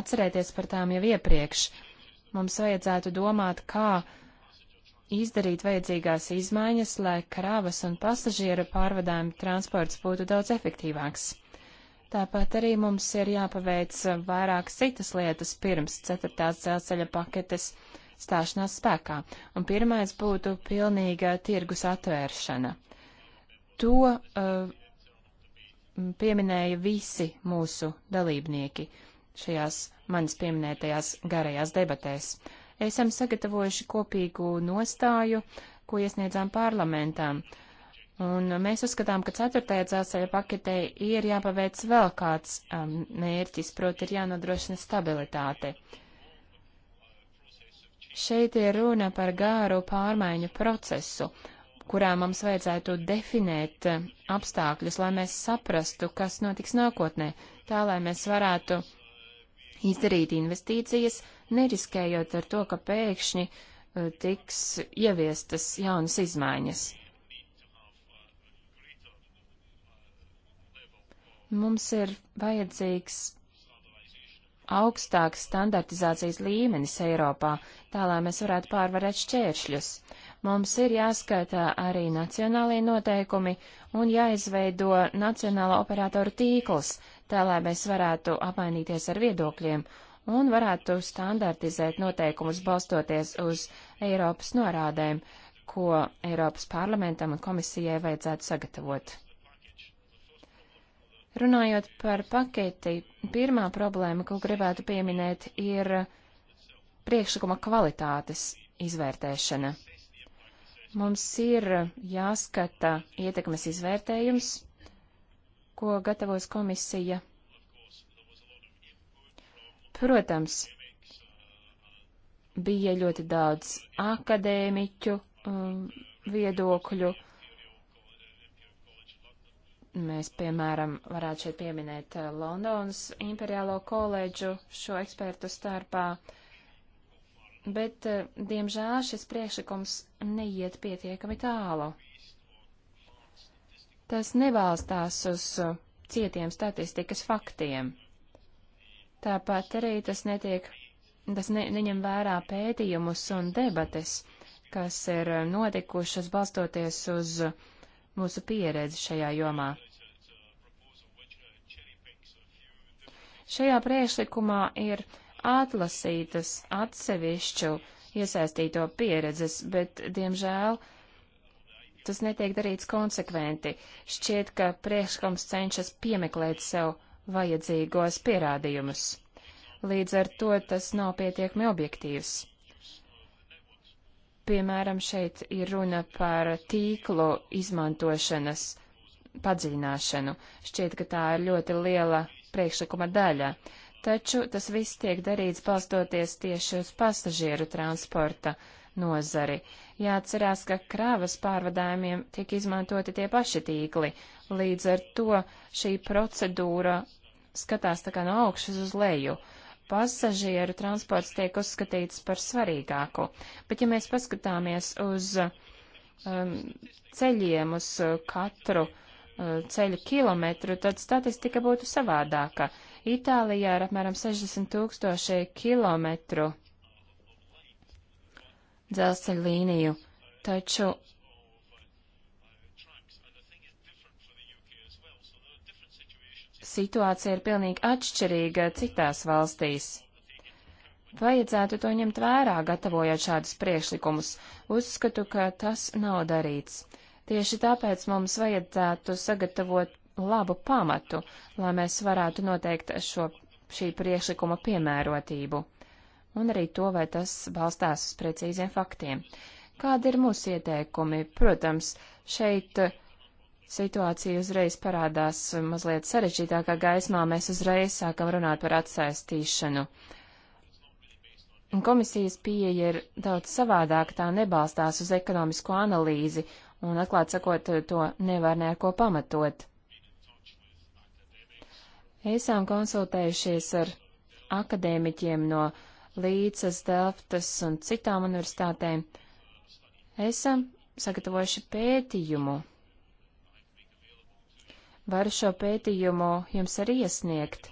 atcerēties par tām jau iepriekš. Mums vajadzētu domāt, kā uh, izdarīt vajadzīgās izmaiņas, lai krāvas un pasažiera pārvadājuma transports būtu daudz efektīvāks. Tāpat arī mums ir jāpaveic vairākas citas lietas pirms ceturtās dzelzceļa paketes stāšanās spēkā, un pirmais būtu pilnīga tirgus atvēršana. To uh, pieminēja visi mūsu dalībnieki šajās manis pieminētajās garajās debatēs esam sagatavojuši kopīgu nostāju, ko iesniedzām parlamentām. Un mēs uzskatām, ka ceturtajā dzelzceļa paketē ir jāpaveic vēl kāds um, mērķis, proti ir jānodrošina stabilitāte. Šeit ir runa par gāru pārmaiņu procesu, kurā mums vajadzētu definēt um, apstākļus, lai mēs saprastu, kas notiks nākotnē, tā lai mēs varētu uh, izdarīt investīcijas, neriskējot ar to, ka pēkšņi uh, tiks ieviestas jaunas izmaiņas. Mums ir vajadzīgs augstāks standartizācijas līmenis Eiropā, tā lai mēs varētu pārvarēt šķēršļus. Mums ir jāskatā arī nacionālie noteikumi un jāizveido nacionāla operātoru tīkls, tā lai mēs varētu apmainīties ar viedokļiem un varētu standartizēt noteikumus balstoties uz Eiropas norādēm, ko Eiropas parlamentam un komisijai vajadzētu sagatavot. Runājot par paketi, pirmā problēma, ko gribētu pieminēt, ir priekšlikuma kvalitātes izvērtēšana. Mums ir jāskata ietekmes izvērtējums, ko gatavos komisija. Protams, bija ļoti daudz akadēmiķu um, viedokļu. Mēs, piemēram, varētu šeit pieminēt uh, Londonas Imperiālo koledžu šo ekspertu starpā. Uh, bet, eh, diemžēl, šis priekšlikums neiet pietiekami tālu. Tas nebalstās uz eh, cietiem statistikas faktiem. Tāpat arī tas netiek, tas ne, neņem vērā pētījumus un debates, kas ir eh, notikušas balstoties uz mūsu pieredzi šajā jomā. Šajā priekšlikumā ir atlasītas atsevišķu iesaistīto pieredzes, bet, diemžēl, tas netiek darīts konsekventi. Šķiet, ka priekškums cenšas piemeklēt sev vajadzīgos pierādījumus. Līdz ar to tas nav pietiekami objektīvs. Piemēram, šeit ir runa par tīklu izmantošanas padziļināšanu. Šķiet, ka tā ir ļoti liela priekšlikuma daļa. Uh, taču tas viss tiek darīts balstoties tieši uz pasažieru transporta nozari. Jāatcerās, ka krāvas pārvadājumiem tiek izmantoti tie paši tīkli, līdz ar to šī procedūra skatās tā kā no augšas uz leju. Pasažieru transports tiek uzskatīts par svarīgāku, bet ja mēs paskatāmies uz um, ceļiem, uz katru uh, ceļu kilometru, tad statistika būtu savādāka. Itālijā ir apmēram 60 tūkstoši kilometru dzelzceļa līniju, taču situācija ir pilnīgi atšķirīga citās valstīs. Vajadzētu to ņemt vērā, gatavojot šādus priekšlikumus. Uzskatu, ka tas nav darīts. Tieši tāpēc mums vajadzētu sagatavot labu pamatu, lai mēs varētu noteikt šo šī priekšlikuma piemērotību, un arī to, vai tas balstās uz precīziem faktiem. Kādi ir mūsu ieteikumi? Protams, šeit eh, situācija uzreiz parādās mazliet sarežģītākā gaismā, mēs uzreiz sākam runāt par atsaistīšanu. Komisijas pieeja ir daudz savādāk, tā nebalstās uz ekonomisko analīzi, un atklāt sakot, to nevar neko pamatot. Esam konsultējušies ar akadēmiķiem no Līdzas, Delftas un citām universitātēm. Esam sagatavojuši pētījumu. Varu šo pētījumu jums arī iesniegt.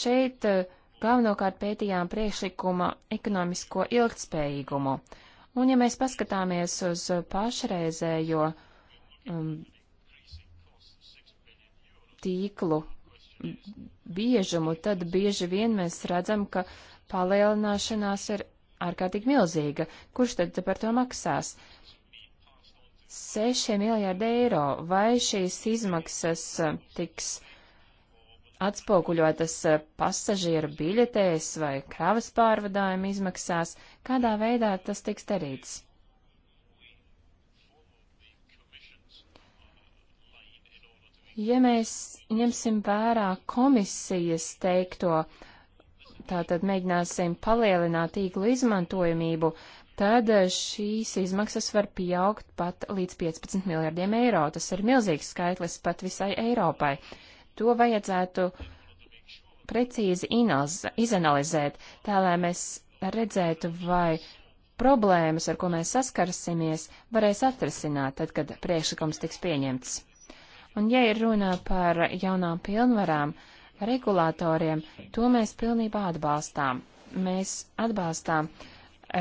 Šeit eh, galvenokārt pētījām priekšlikuma ekonomisko ilgtspējīgumu. Un ja mēs paskatāmies uz pašreizējo um, tīklu biežumu, tad bieži vien mēs redzam, ka palielināšanās ir ārkārtīgi milzīga. Kurš tad par to maksās? 6 miljārdi eiro. Vai šīs izmaksas eh, tiks atspoguļotas eh, pasažieru biļetēs vai kravas pārvadājuma izmaksās? Kādā veidā tas tiks darīts? Ja mēs ņemsim vērā komisijas teikto, tātad mēģināsim palielināt tīklu izmantojamību, tad eh, šīs izmaksas var pieaugt pat līdz 15 miljardiem eiro. Tas ir milzīgs skaitlis pat visai Eiropai. To vajadzētu precīzi izanalizēt, tā lai mēs redzētu, vai problēmas, ar ko mēs saskarsimies, varēs atrisināt tad, kad priekšlikums tiks pieņemts. Un ja ir runa par jaunām pilnvarām, regulātoriem, to mēs pilnībā atbalstām. Mēs atbalstām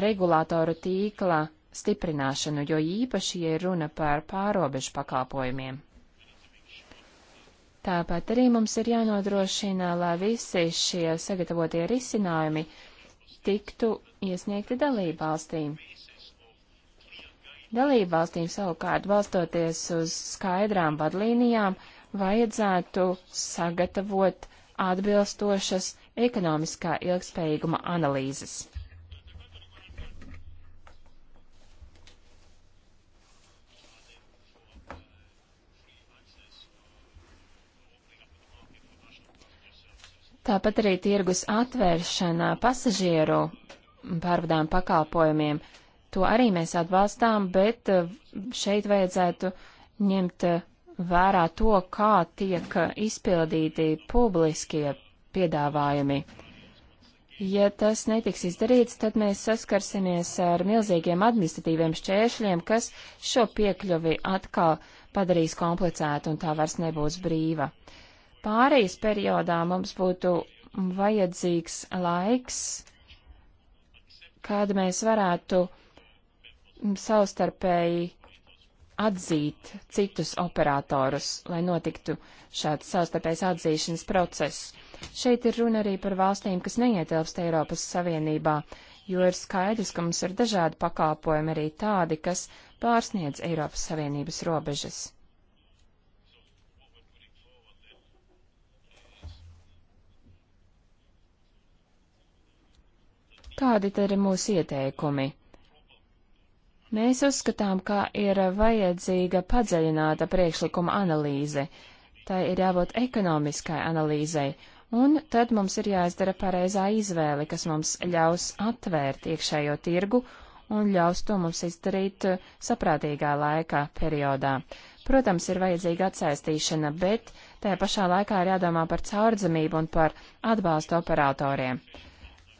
regulātoru tīkla stiprināšanu, jo īpaši, ja runa par pārobežu pakalpojumiem. Tāpat arī mums ir jānodrošina, lai visi šie sagatavotie risinājumi tiktu iesniegti dalībvalstīm. Dalībvalstīm savukārt balstoties uz skaidrām vadlīnijām vajadzētu sagatavot atbilstošas ekonomiskā ilgspējīguma analīzes. Tāpat arī tirgus atvēršana pasažieru pārvadām pakalpojumiem To arī mēs atbalstām, bet eh, šeit vajadzētu ņemt eh, vērā to, kā tiek eh, izpildīti publiskie piedāvājumi. Ja tas netiks izdarīts, tad mēs saskarsimies ar milzīgiem administratīviem šķēršļiem, kas šo piekļuvi atkal padarīs komplicētu un tā vairs nebūs brīva. Pārējais periodā mums būtu vajadzīgs laiks, kad mēs varētu uh, savstarpēji atzīt citus operatorus, lai notiktu šāds savstarpējs atzīšanas process. Šeit ir runa arī par valstīm, kas neietilpst Eiropas Savienībā, jo ir skaidrs, ka mums ir dažādi pakalpojumi arī tādi, kas pārsniedz Eiropas Savienības robežas. Kādi tad ir mūsu ieteikumi? Mēs uzskatām, ka ir vajadzīga padziļināta priekšlikuma analīze. Tā ir jābūt ekonomiskai analīzei, un tad mums ir jāizdara pareizā izvēle, kas mums ļaus atvērt iekšējo tirgu un ļaus to mums izdarīt uh, saprātīgā laika periodā. Protams, ir vajadzīga atsaistīšana, bet tajā pašā laikā ir jādomā par caurdzamību un par atbalstu operatoriem.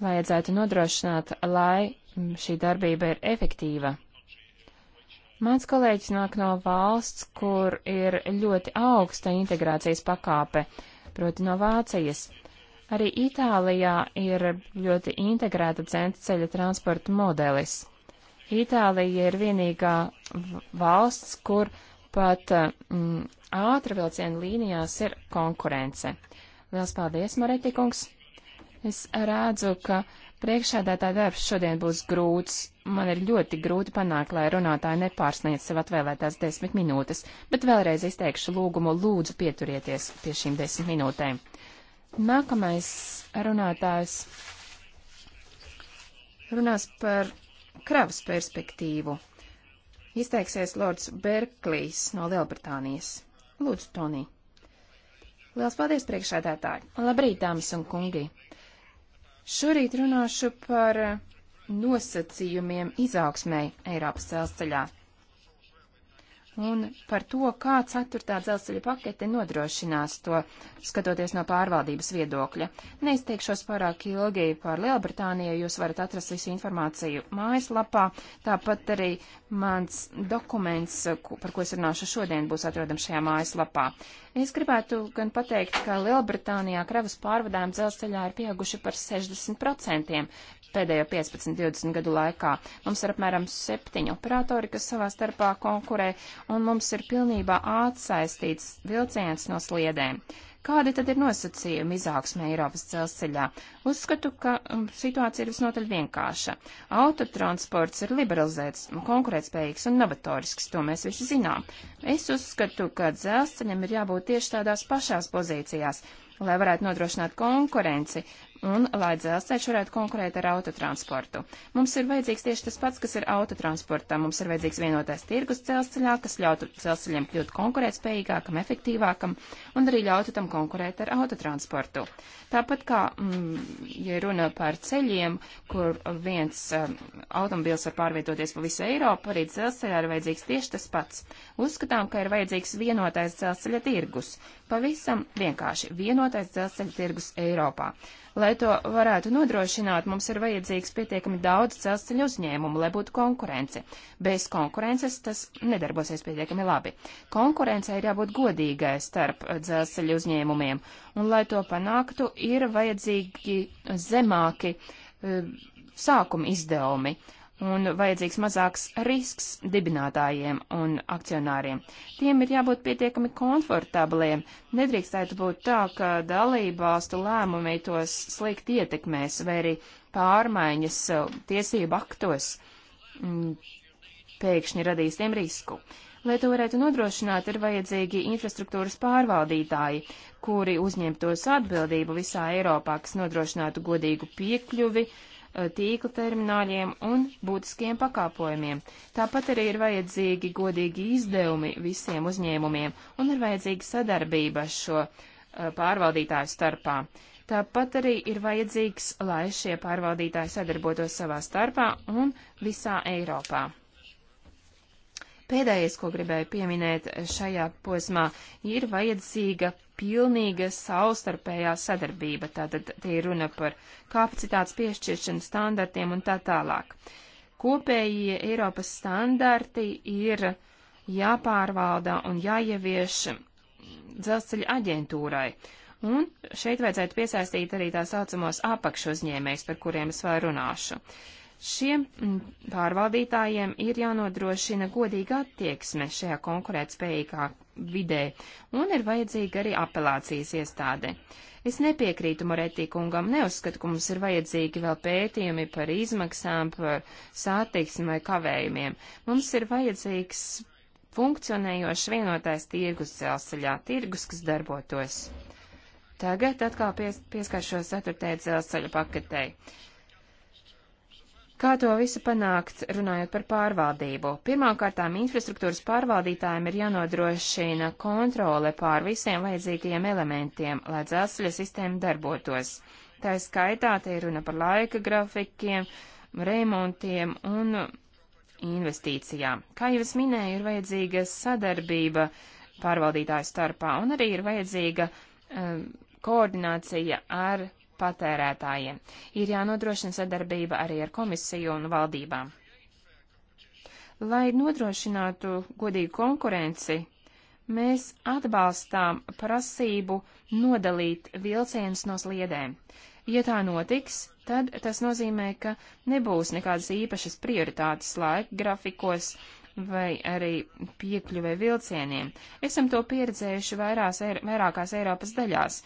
Vajadzētu nodrošināt, lai mm, šī darbība ir efektīva Mans kolēģis nāk no valsts, kur ir ļoti augsta integrācijas pakāpe, proti no Vācijas. Arī Itālijā ir ļoti integrēta dzelzceļa transporta modelis. Itālija ir vienīgā valsts, kur pat mm, ātra vilciena līnijās ir konkurence. Liels paldies, Maretikungs! Es redzu, ka priekšādātāja darbs šodien būs grūts, man ir ļoti grūti panākt, lai runātāji nepārsniedz sev atvēlētās desmit minūtes, bet vēlreiz izteikšu lūgumu lūdzu pieturieties pie šīm desmit minūtēm. Nākamais runātājs runās par kravas perspektīvu. Izteiksies Lords Berklijs no Lielbritānijas. Lūdzu, Tonī. Liels paldies, priekšādātāji! Labrīt, dāmas un kungi! Šorīt runāšu par uh, nosacījumiem izaugsmai Eiropas dzelzceļā un par to, kā ceturtā dzelzceļa pakete nodrošinās to, skatoties no pārvaldības viedokļa. Neizteikšos pārāk ilgi par Lielbritāniju, jūs varat atrast visu informāciju mājaslapā, tāpat arī mans dokuments, par ko es runāšu šodien, būs atrodams šajā mājaslapā. Es gribētu gan pateikt, ka Lielbritānijā kravas pārvadājumi dzelzceļā ir pieauguši par 60% pēdējo 15-20 gadu laikā. Mums ir apmēram septiņi operatori, kas savā starpā konkurē, un mums ir pilnībā atsaistīts vilciens no sliedēm. Kādi tad ir nosacījumi izaugsmē Eiropas dzelzceļā? Uzskatu, ka um, situācija ir visnotaļ vienkārša. Autotransports ir liberalizēts, konkurētspējīgs un novatorisks, to mēs visi zinām. Es uzskatu, ka dzelzceļam ir jābūt tieši tādās pašās pozīcijās, lai varētu nodrošināt konkurenci un lai dzelzceļš varētu konkurēt ar autotransportu. Mums ir vajadzīgs tieši tas pats, kas ir autotransportam. Mums ir vajadzīgs vienotais tirgus dzelzceļā, kas ļautu dzelzceļiem kļūt konkurētspējīgākam, efektīvākam un arī ļautu tam konkurēt ar autotransportu. Tāpat kā, mm, ja runa par ceļiem, kur viens um, automobils var pārvietoties pa visu Eiropu, arī dzelzceļā ir vajadzīgs tieši tas pats. Uzskatām, ka ir vajadzīgs vienotais dzelzceļa tirgus. Pavisam vienkārši vienotais dzelzceļa tirgus Eiropā. Lai to varētu nodrošināt, mums ir vajadzīgs pietiekami daudz dzelzceļu uzņēmumu, lai būtu konkurence. Bez konkurences tas nedarbosies pietiekami labi. Konkurence ir jābūt godīgai starp dzelzceļu uzņēmumiem, un lai to panāktu, ir vajadzīgi zemāki eh, sākuma izdevumi, un vajadzīgs mazāks risks dibinātājiem un akcionāriem. Tiem ir jābūt pietiekami komfortabliem. Nedrīkstētu būt tā, ka dalību valstu lēmumi tos slikti ietekmēs vai arī pārmaiņas uh, tiesību aktos m, mm, pēkšņi radīs tiem risku. Lai to varētu nodrošināt, ir vajadzīgi infrastruktūras pārvaldītāji, kuri uzņemtos atbildību visā Eiropā, kas nodrošinātu godīgu piekļuvi uh, Eh, tīkla termināļiem un būtiskiem pakāpojumiem. Tāpat arī ir vajadzīgi godīgi izdevumi visiem uzņēmumiem un ir vajadzīga sadarbība šo eh, pārvaldītāju starpā. Tāpat arī ir vajadzīgs, lai šie pārvaldītāji sadarbotos savā starpā un visā Eiropā. Pēdējais, ko gribēju pieminēt šajā posmā, ir vajadzīga pilnīga savstarpējā sadarbība, tātad tie ir runa par kapacitātes piešķiršanu standartiem un tā tālāk. Kopējie Eiropas standarti ir jāpārvalda un jāievieš dzelzceļa aģentūrai. Un šeit vajadzētu piesaistīt arī tā saucamos apakšuzņēmējs, par kuriem es vēl runāšu. Uh, Šiem mm, pārvaldītājiem ir jānodrošina godīga attieksme šajā konkurētspējīgā vidē, un ir vajadzīga arī apelācijas iestāde. Es nepiekrītu Moretī kungam, neuzskatu, ka mums ir vajadzīgi vēl pētījumi par izmaksām, par sātīksmi vai kavējumiem. Mums ir vajadzīgs funkcionējošs vienotais tirgus dzelzceļā, tirgus, kas darbotos. Tagad atkal pies, pieskaršos ceturtajai dzelzceļa paketei. Kā to visu panākt, runājot par pārvaldību? Pirmkārtām, infrastruktūras pārvaldītājiem ir jānodrošina kontrole pār visiem vajadzīgajiem elementiem, lai dzelzceļa sistēma darbotos. Tā ir skaitā, te ir runa par laika grafikiem, remontiem un investīcijām. Kā jau es minēju, ir vajadzīga sadarbība pārvaldītāju starpā un arī ir vajadzīga um, koordinācija ar patērētājiem. Ir jānodrošina sadarbība arī ar komisiju un valdībām. Lai nodrošinātu godīgu konkurenci, mēs atbalstām prasību nodalīt vilcienus no sliedēm. Ja tā notiks, tad tas nozīmē, ka nebūs nekādas īpašas prioritātes laika grafikos vai arī piekļuvē vilcieniem. Esam to pieredzējuši vairās, vairākās Eiropas daļās,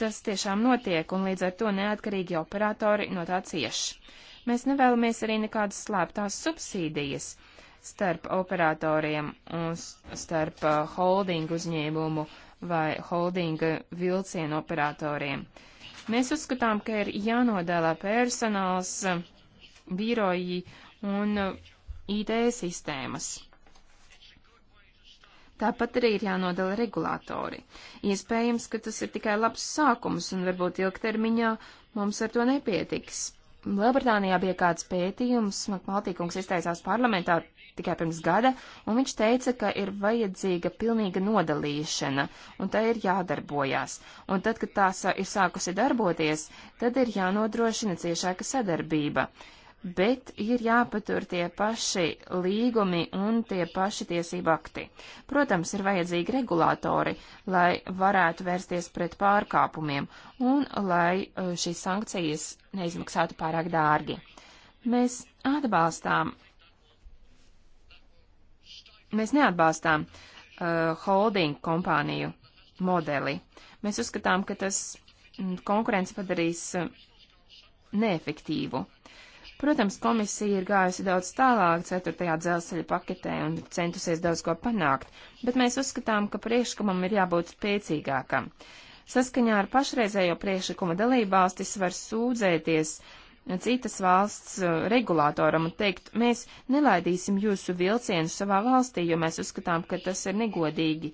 tas tiešām notiek, un līdz ar to neatkarīgi operatori no tā cieš. Mēs nevēlamies arī nekādas slēptās subsīdijas starp operatoriem un starp uh, holdingu uzņēmumu vai holdinga vilcienu operatoriem. Mēs uzskatām, ka ir jānodēlā personāls, uh, biroji un uh, IT sistēmas. Tāpat arī ir jānodala regulātori. Iespējams, ka tas ir tikai labs sākums, un varbūt ilgtermiņā mums ar to nepietiks. Lielbritānijā bija kāds pētījums, nu, Maltīkungs izteicās parlamentā tikai pirms gada, un viņš teica, ka ir vajadzīga pilnīga nodalīšana, un tā ir jādarbojās. Un tad, kad tā ir sākusi darboties, tad ir jānodrošina ciešāka sadarbība bet ir jāpatur tie paši līgumi un tie paši tiesību akti. Protams, ir vajadzīgi regulātori, lai varētu vērsties pret pārkāpumiem un lai uh, šīs sankcijas neizmaksātu pārāk dārgi. Mēs atbalstām. Mēs neatbalstām uh, holding kompāniju modeli. Mēs uzskatām, ka tas mm, konkurence padarīs uh, neefektīvu. Protams, komisija ir gājusi daudz tālāk 4. dzelzceļa paketē un centusies daudz ko panākt, bet mēs uzskatām, ka priekšlikumam ir jābūt spēcīgākam. Saskaņā ar pašreizējo priekšlikuma dalībvalstis var sūdzēties citas valsts uh, regulātoram un teikt, mēs nelaidīsim jūsu vilcienu savā valstī, jo mēs uzskatām, ka tas ir negodīgi.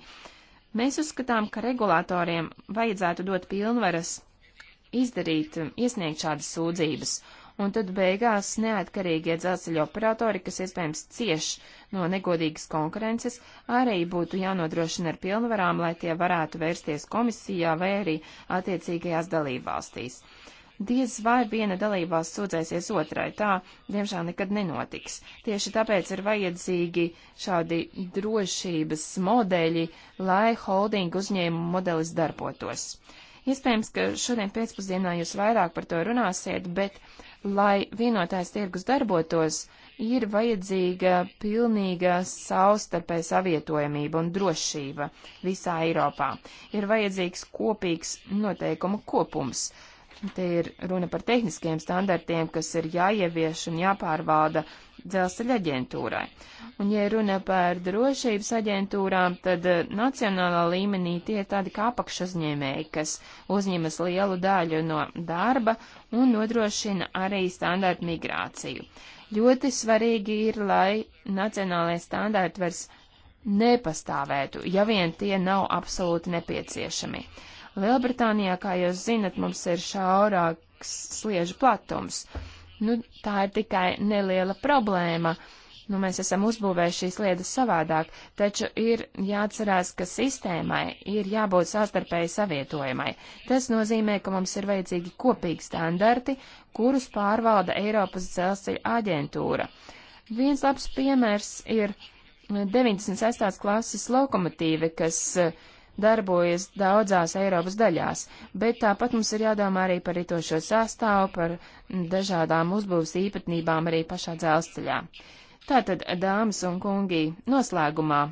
Mēs uzskatām, ka regulātoriem vajadzētu dot pilnvaras izdarīt, um, iesniegt šādas sūdzības, un tad beigās neatkarīgie dzelzceļa operatori, kas iespējams cieš no negodīgas konkurences, arī būtu jānodrošina ar pilnvarām, lai tie varētu vērsties komisijā vai arī attiecīgajās dalībvalstīs. Diez vai viena dalībvalsts sūdzēsies otrai, tā, diemžēl, nekad nenotiks. Tieši tāpēc ir vajadzīgi šādi drošības modeļi, lai holdingu uzņēmumu modelis darbotos. Iespējams, ka šodien pēcpusdienā jūs vairāk par to runāsiet, bet Lai vienotājs tirgus darbotos, ir vajadzīga pilnīga savstarpēja savietojamība un drošība visā Eiropā. Ir vajadzīgs kopīgs noteikumu kopums. Te ir runa par tehniskiem standartiem, kas ir jāievieš un jāpārvalda dzelzceļa aģentūrai. Un, ja runa par drošības aģentūrām, tad eh, nacionālā līmenī tie ir tādi kā apakšuzņēmēji, kas uzņemas lielu daļu no darba un nodrošina arī standārtu migrāciju. Ļoti svarīgi ir, lai nacionālais standārti vairs nepastāvētu, ja vien tie nav absolūti nepieciešami. Lielbritānijā, kā jūs zinat, mums ir šaurāks sliežu platums, Nu, tā ir tikai neliela problēma. Nu, mēs esam uzbūvējuši šīs lietas savādāk, taču ir jāatcerās, ka sistēmai ir jābūt sastarpēji savietojamai. Tas nozīmē, ka mums ir vajadzīgi kopīgi standarti, kurus pārvalda Eiropas dzelzceļa aģentūra. Viens labs piemērs ir 96. klases lokomotīve, kas uh, darbojas daudzās Eiropas daļās, bet tāpat mums ir jādomā arī par ritošo sastāvu, par dažādām uzbūves īpatnībām arī pašā dzelzceļā. Tātad, dāmas un kungi, noslēgumā.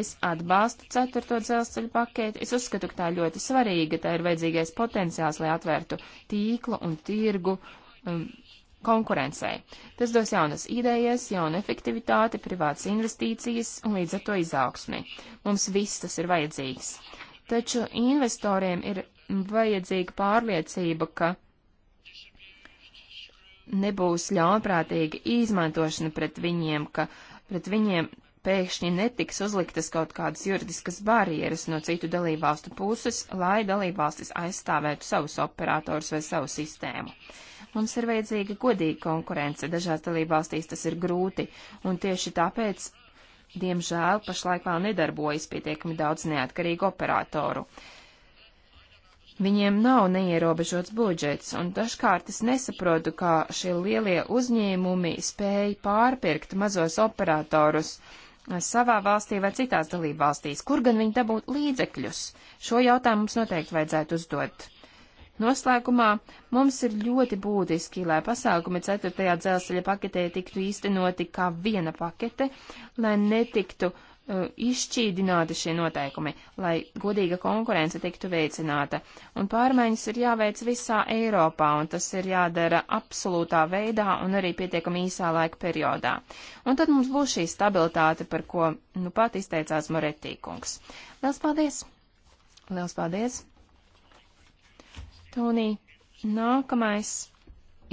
Es atbalstu ceturto dzelzceļu paketi. Es uzskatu, ka tā ļoti svarīga, tā ir vajadzīgais potenciāls, lai atvērtu tīklu un tirgu um, konkurencei. Tas dos jaunas idejas, jaunu efektivitāti, privātas investīcijas un līdz ar to izaugsmi. Mums viss tas ir vajadzīgs. Taču investoriem ir vajadzīga pārliecība, ka nebūs ļaunprātīga izmantošana pret viņiem, ka pret viņiem pēkšņi netiks uzliktas kaut kādas juridiskas barjeras no citu dalībvalstu puses, lai dalībvalstis aizstāvētu savus operatorus vai savu sistēmu. Uh, Mums ir vajadzīga godīga konkurence. Dažās dalībvalstīs tas ir grūti, un tieši tāpēc, diemžēl, pašlaik vēl nedarbojas pietiekami daudz neatkarīgu operatoru. Viņiem nav neierobežots budžets, un dažkārt es nesaprotu, kā šie lielie uzņēmumi spēj pārpirkt mazos operatorus savā valstī vai citās dalībvalstīs, kur gan viņi dabūt līdzekļus. Šo jautājumu mums noteikti vajadzētu uzdot. Noslēgumā mums ir ļoti būtiski, lai pasākumi 4. dzelzceļa paketē tiktu īstenoti kā viena pakete, lai netiktu uh, izšķīdināti šie noteikumi, lai godīga konkurence tiktu veicināta. Un pārmaiņas ir jāveic visā Eiropā, un tas ir jādara absolūtā veidā un arī pietiekami īsā laika periodā. Un tad mums būs šī stabilitāte, par ko nu pat izteicās Moretīkungs. Liels paldies! Liels paldies! Tonī, nākamais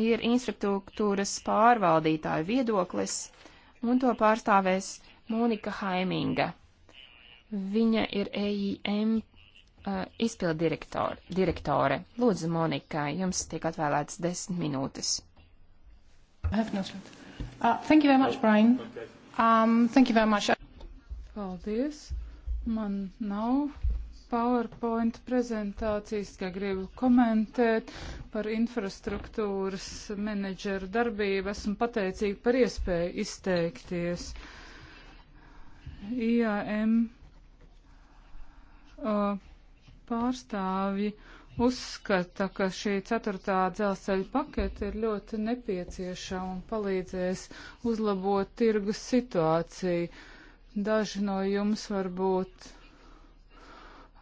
ir infrastruktūras pārvaldītāju viedoklis, un to pārstāvēs Monika Haiminga. Viņa ir EIM uh, izpildirektore. Lūdzu, Monika, jums tiek atvēlēts desmit minūtes. Uh, thank you very much, Brian. Um, thank you very much. Paldies. Man nav PowerPoint prezentācijas, ka gribu komentēt par infrastruktūras menedžeru darbību. Esmu pateicīga par iespēju izteikties. IAM pārstāvji uzskata, ka šī ceturtā dzelzceļa pakete ir ļoti nepieciešama un palīdzēs uzlabot tirgus situāciju. Daži no jums varbūt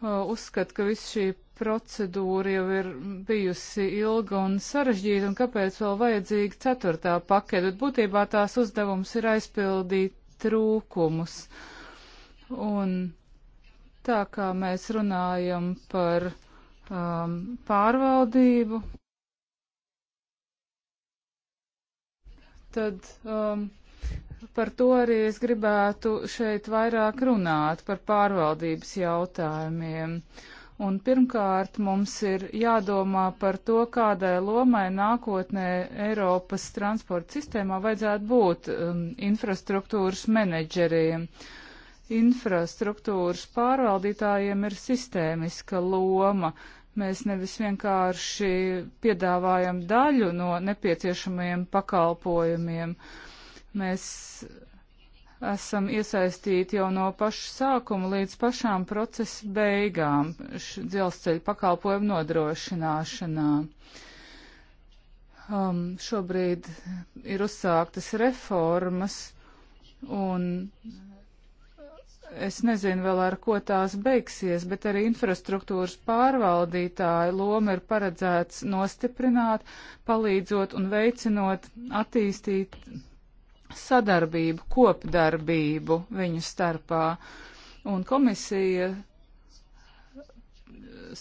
uzskata, ka viss šī procedūra jau ir bijusi ilga un sarežģīta, un kāpēc vēl vajadzīga ceturtā paketa, bet būtībā tās uzdevums ir aizpildīt trūkumus. Un tā kā mēs runājam par um, pārvaldību, tad um, par to arī es gribētu šeit vairāk runāt par pārvaldības jautājumiem. Un pirmkārt, mums ir jādomā par to, kādai lomai nākotnē Eiropas transporta sistēmā vajadzētu būt um, infrastruktūras menedžeriem. Infrastruktūras pārvaldītājiem ir sistēmiska loma. Mēs nevis vienkārši piedāvājam daļu no nepieciešamajiem pakalpojumiem. Uh, Mēs esam iesaistīti jau no paša sākuma līdz pašām procesa beigām dzelzceļa pakalpojumu nodrošināšanā. Um, šobrīd ir uzsāktas reformas, un es nezinu vēl ar ko tās beigsies, bet arī infrastruktūras pārvaldītāja loma ir paredzēts nostiprināt, palīdzot un veicinot attīstīt sadarbību, kopdarbību viņu starpā. Un komisija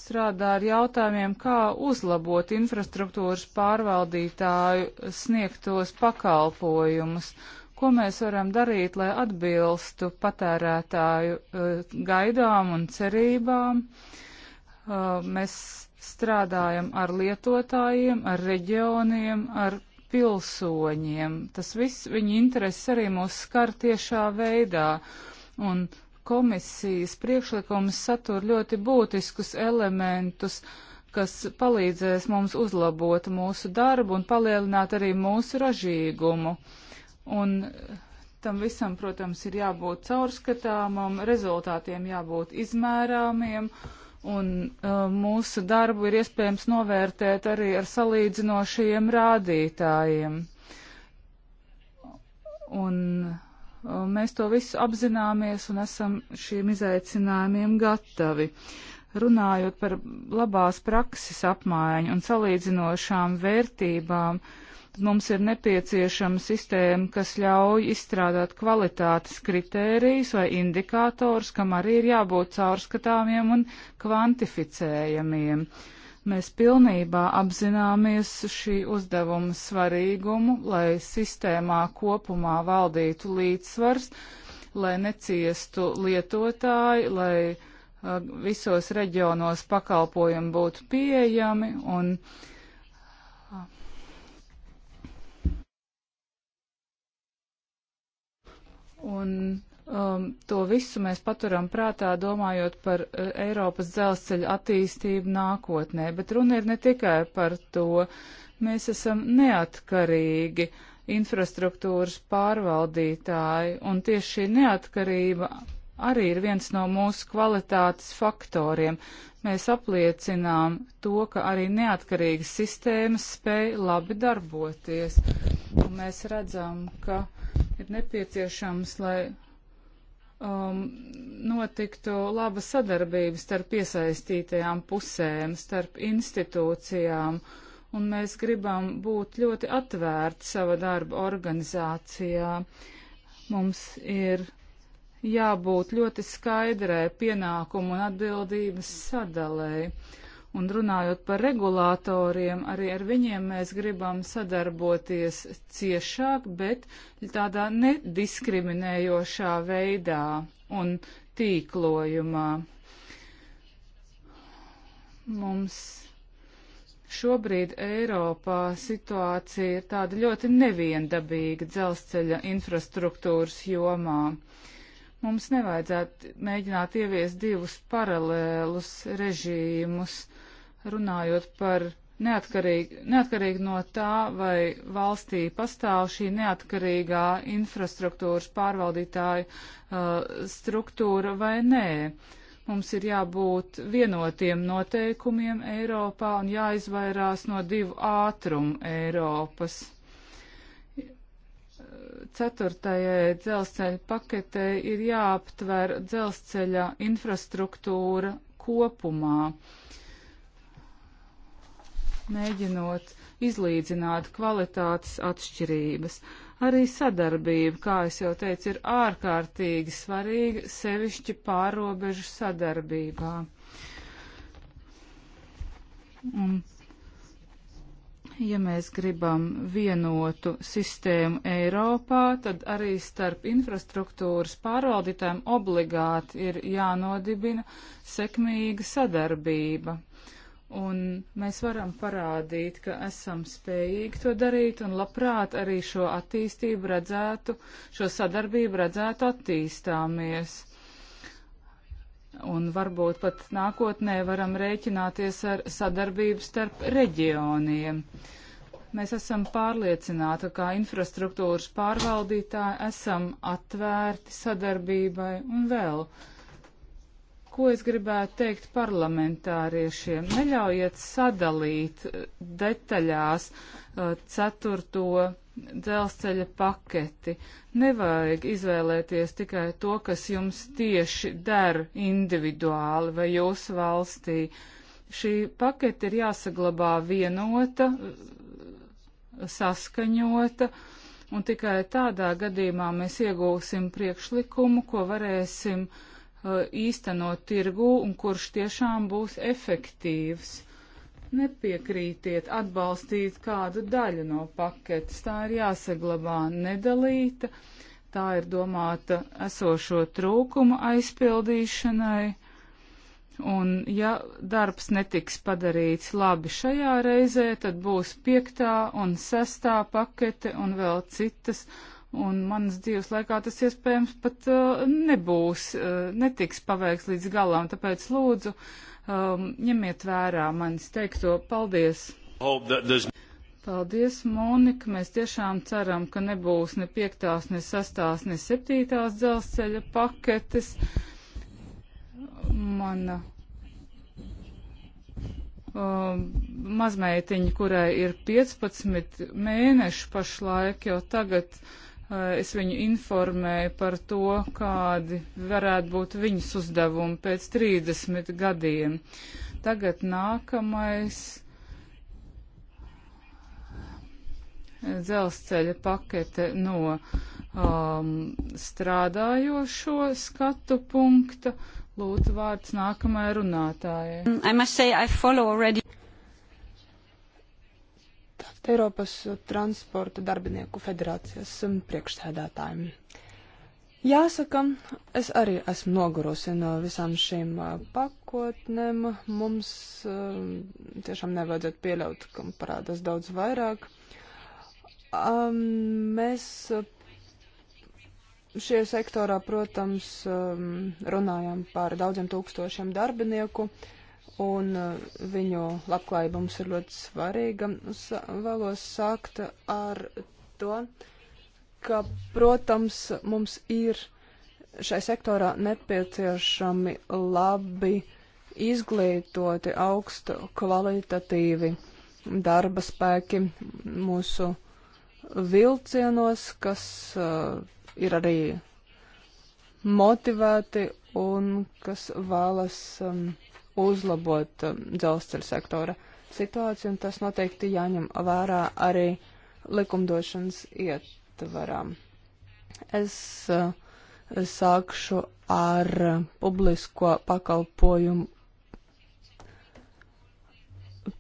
strādā ar jautājumiem, kā uzlabot infrastruktūras pārvaldītāju sniegtos pakalpojumus, ko mēs varam darīt, lai atbilstu patērētāju uh, gaidām un cerībām. Uh, mēs strādājam ar lietotājiem, ar reģioniem, ar pilsoņiem. Tas viss viņa intereses arī mūs skar tiešā veidā. Un komisijas priekšlikums satur ļoti būtiskus elementus, kas palīdzēs mums uzlabot mūsu darbu un palielināt arī mūsu ražīgumu. Un tam visam, protams, ir jābūt caurskatāmam, rezultātiem jābūt izmērāmiem. Um, Un uh, mūsu darbu ir iespējams novērtēt arī ar salīdzinošajiem rādītājiem. Un uh, mēs to visu apzināmies un esam šiem izaicinājumiem gatavi. Runājot par labās prakses apmaiņu un salīdzinošām vērtībām, uh, mums ir nepieciešama sistēma, kas ļauj izstrādāt kvalitātes kritērijus vai indikātors, kam arī ir jābūt caurskatāmiem un kvantificējamiem. Mēs pilnībā apzināmies šī uzdevuma svarīgumu, lai sistēmā kopumā valdītu līdzsvars, lai neciestu lietotāji, lai uh, visos reģionos pakalpojumi būtu pieejami un uh, Un um, to visu mēs paturam prātā, domājot par uh, Eiropas dzelzceļa attīstību nākotnē. Bet runa ir ne tikai par to. Mēs esam neatkarīgi infrastruktūras pārvaldītāji, un tieši šī neatkarība arī ir viens no mūsu kvalitātes faktoriem. Mēs apliecinām to, ka arī neatkarīgas sistēmas spēj labi darboties. Un mēs redzam, ka ir nepieciešams, lai um, notiktu laba sadarbība starp iesaistītajām pusēm, starp institūcijām un mēs gribam būt ļoti atvērti sava darba organizācijā. Mums ir jābūt ļoti skaidrai pienākumu un atbildības sadalēji. Un runājot par regulātoriem, arī ar viņiem mēs gribam sadarboties ciešāk, bet tādā nediskriminējošā veidā un tīklojumā. Mums šobrīd Eiropā situācija ir tāda ļoti neviendabīga dzelzceļa infrastruktūras jomā. Uh, Mums nevajadzētu mēģināt ieviest divus paralēlus režīmus, runājot par neatkarīgi, neatkarīgi no tā, vai valstī pastāv šī neatkarīgā infrastruktūras pārvaldītāja uh, struktūra vai nē. Mums ir jābūt vienotiem noteikumiem Eiropā un jāizvairās no divu ātrumu Eiropas ceturtajai dzelzceļa paketei ir jāaptver dzelzceļa infrastruktūra kopumā, mēģinot izlīdzināt kvalitātes atšķirības. Arī sadarbība, kā es jau teicu, ir ārkārtīgi svarīga, sevišķi pārobežu sadarbībā. Un ja mēs gribam vienotu sistēmu Eiropā, tad arī starp infrastruktūras pārvaldītājiem obligāti ir jānodibina sekmīga sadarbība. Un mēs varam parādīt, ka esam spējīgi to darīt un labprāt arī šo attīstību redzētu, šo sadarbību redzētu attīstāmies Un varbūt pat nākotnē varam rēķināties ar sadarbību starp reģioniem. Mēs esam pārliecināti, ka infrastruktūras pārvaldītāji esam atvērti sadarbībai un vēl. Ko es gribētu teikt parlamentāriešiem? Neļaujiet sadalīt detaļās uh, ceturto dzelzceļa paketi. Nevajag izvēlēties tikai to, kas jums tieši der individuāli vai jūsu valstī. Šī paketi ir jāsaglabā vienota, saskaņota, un tikai tādā gadījumā mēs iegūsim priekšlikumu, ko varēsim uh, īstenot tirgū un kurš tiešām būs efektīvs nepiekrītiet atbalstīt kādu daļu no paketes. Tā ir jāsaglabā nedalīta, tā ir domāta esošo trūkumu aizpildīšanai. Un ja darbs netiks padarīts labi šajā reizē, tad būs piektā un sestā pakete un vēl citas. Un manas dzīves laikā tas iespējams pat uh, nebūs, uh, netiks paveikts līdz galam. Tāpēc lūdzu, uh, um, ņemiet vērā manis teikto. Paldies! Paldies, Monika! Mēs tiešām ceram, ka nebūs ne piektās, ne sastās, ne septītās dzelzceļa paketes. Mana um, mazmeitiņa, kurai ir 15 mēneši pašlaik, jo tagad Eh, es viņu informēju par to, kādi varētu būt viņas uzdevumi pēc 30 gadiem. Tagad nākamais dzelzceļa pakete no um, strādājošo skatu punkta. Lūdzu, vārds nākamajai runātājai. Eiropas transporta darbinieku federācijas um, priekšsēdētājiem. Jāsaka, es arī esmu nogurusi no visām šīm uh, pakotnēm. Mums um, tiešām nevajadzētu pieļaut, ka parādās daudz vairāk. Um, mēs uh, šie sektorā, protams, runājam par daudziem tūkstošiem darbinieku un uh, viņu labklājība mums ir ļoti svarīga. Es vēlos sākt ar to, ka, protams, mums ir šai sektorā nepieciešami labi izglītoti, augstu kvalitatīvi darba spēki mūsu vilcienos, kas uh, ir arī motivēti un kas vēlas um, uzlabot um, dzelzceļa sektora situāciju, un tas noteikti jāņem vērā arī likumdošanas ietvarā. Es uh, sākšu ar publisko pakalpojumu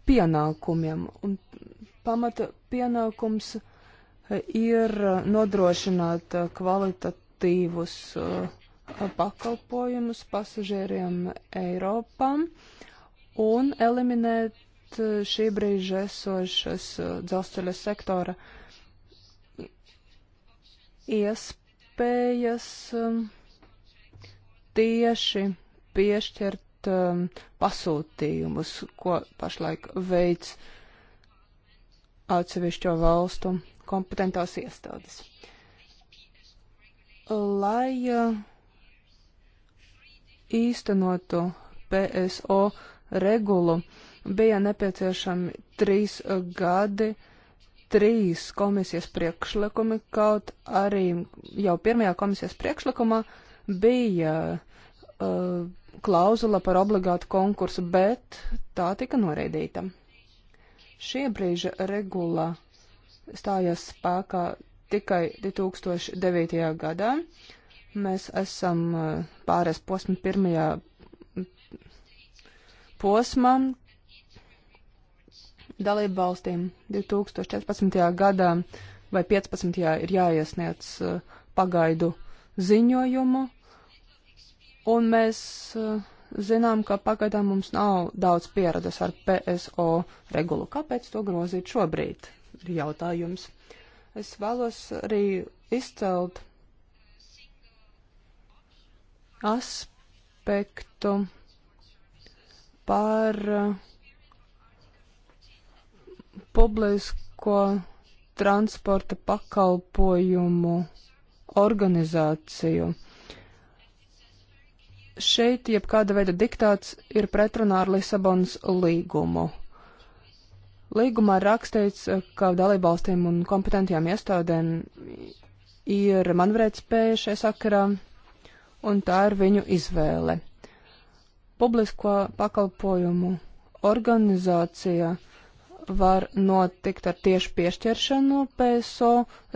pienākumiem. Un pamata pienākums ir nodrošināt kvalitatīvus uh, pakalpojumus pasažieriem Eiropā un eliminēt eh, šī brīža esošas eh, dzelzceļa sektora iespējas eh, tieši piešķirt pasūtījumus, ko pašlaik veids atsevišķo valstu kompetentās iestādes. Lai uh, īstenotu PSO regulu, bija nepieciešami trīs gadi, trīs komisijas priekšlikumi, kaut arī jau pirmajā komisijas priekšlikumā bija uh, klauzula par obligātu konkursu, bet tā tika noraidīta. Šie brīža regula stājās spēkā tikai 2009. gadā. Uh, Mēs esam pārējais posma pirmajā posmā dalību valstīm 2014. gadā vai 15. ir jāiesniedz pagaidu ziņojumu, un mēs zinām, ka pagaidām mums nav daudz pieredzes ar PSO regulu. Kāpēc to grozīt šobrīd? Ir jautājums. Es vēlos arī izcelt aspektu par uh, publisko transporta pakalpojumu organizāciju. Šeit jebkāda veida diktāts ir pretrunā ar Lisabonas līgumu. Līgumā rakstīts, uh, ka dalībvalstīm un kompetentajām iestādēm ir manvarētspēja šajā sakarā un tā ir viņu izvēle. Publisko pakalpojumu organizācija var notikt ar tiešu piešķiršanu PSO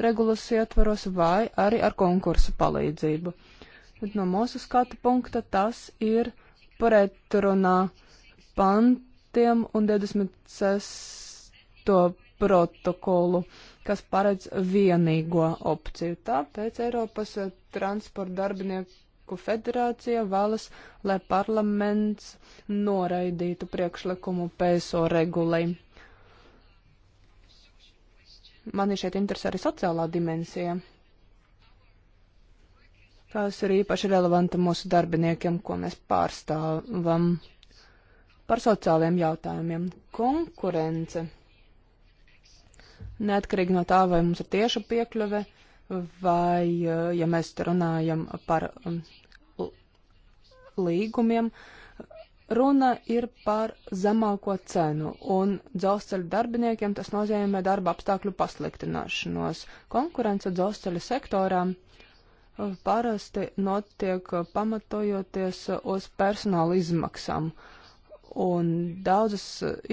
regulas ietvaros vai arī ar konkursu palīdzību. Bet no mūsu skatu punkta tas ir pretrunā pantiem un 26. protokolu kas paredz vienīgo opciju. Tāpēc Eiropas transporta darbinieku Banku federācija vēlas, lai parlaments noraidītu priekšlikumu PSO regulai. Mani šeit interesē arī sociālā dimensija, kas ir īpaši relevanta mūsu darbiniekiem, ko mēs pārstāvam par sociāliem jautājumiem. Konkurence. Neatkarīgi no tā, vai mums ir tieša piekļuve vai, eh, ja mēs runājam par um, līgumiem, runa ir par zemāko cenu, un dzelzceļa darbiniekiem tas nozīmē darba apstākļu pasliktināšanos. Konkurence dzelzceļa sektorā eh, parasti notiek eh, pamatojoties uz personāla izmaksām, un daudzas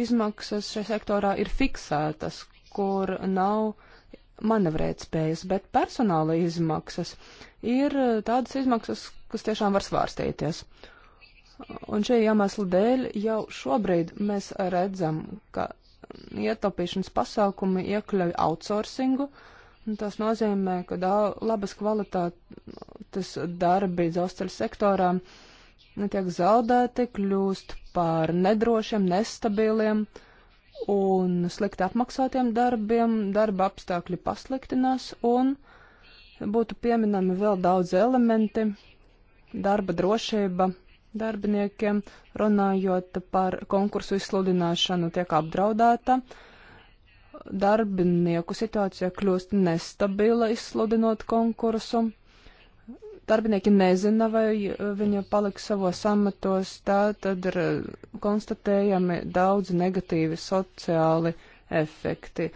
izmaksas šajā sektorā ir fiksētas, kur nav manevrēt spējas, bet personāla izmaksas ir eh, tādas izmaksas, kas tiešām var svārstīties. Un šī iemesla dēļ jau šobrīd mēs redzam, ka ietaupīšanas pasākumi iekļauj outsourcingu. Tas nozīmē, ka da labas kvalitātes darbi dzelzceļa sektorā tiek zaudēti, kļūst par nedrošiem, nestabiliem. Uh, un slikti apmaksātiem darbiem, darba apstākļi pasliktinās, un būtu pieminami vēl daudz elementi - darba drošība darbiniekiem, runājot par konkursu izsludināšanu, tiek apdraudēta. Darbinieku situācija kļūst nestabila izsludinot konkursu darbinieki nezina, vai eh, viņi paliks savos amatos, tā tad ir eh, konstatējami daudz negatīvi sociāli efekti.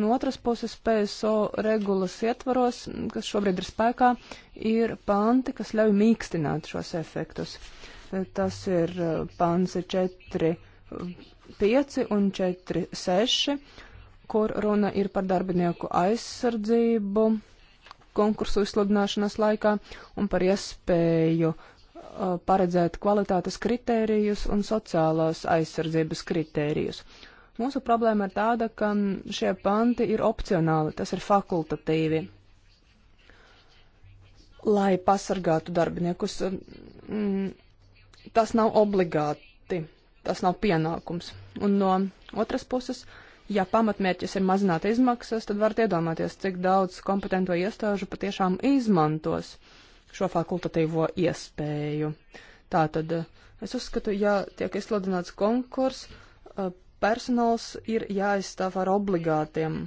No otras puses, PSO regulas ietvaros, kas šobrīd ir spēkā, ir panti, kas ļauj mīkstināt šos efektus. Eh, tas ir pants 4, 5 un 4, 6, kur runa ir par darbinieku aizsardzību konkursu izsludināšanas laikā un par iespēju uh, paredzēt kvalitātes kritērijus un sociālās aizsardzības kritērijus. Mūsu problēma ir tāda, ka šie panti ir opcionāli, tas ir fakultatīvi. Lai pasargātu darbiniekus, uh, mm, tas nav obligāti, tas nav pienākums. Un no otras puses, uh, Ja pamatmērķis ir mazināt izmaksas, tad varat iedomāties, cik daudz kompetento iestāžu patiešām izmantos šo fakultatīvo iespēju. Tātad eh, es uzskatu, ja tiek izsludināts konkurs, eh, personāls ir jāizstāv ar obligātiem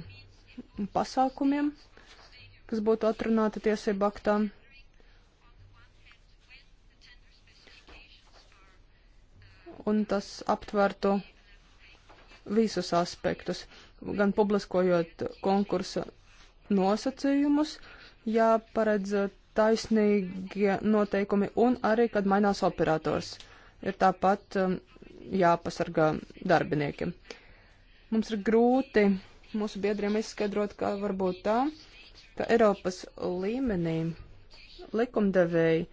pasākumiem, kas būtu atrunāti tiesību aktā. Un tas aptvertu visus aspektus, gan publiskojot konkursa nosacījumus, jāparedz taisnīgie noteikumi un arī, kad mainās operators, ir tāpat um, jāpasargā darbiniekiem. Mums ir grūti mūsu biedriem izskaidrot, ka varbūt tā, ka Eiropas līmenī likumdevēji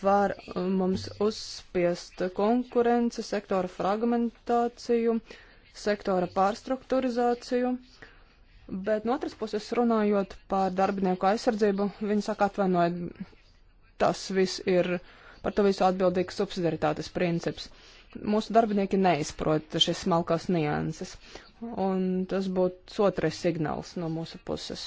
var um, mums uzspiest konkurenci, sektora fragmentāciju, uh, sektora pārstrukturizāciju. Bet no otras puses, runājot par darbinieku aizsardzību, viņi saka, atvainojiet, tas viss ir, par to visu atbildīgs subsidiaritātes princips. Mūsu darbinieki neizprot šis smalkās nianses, un tas būtu otrais signāls no mūsu puses.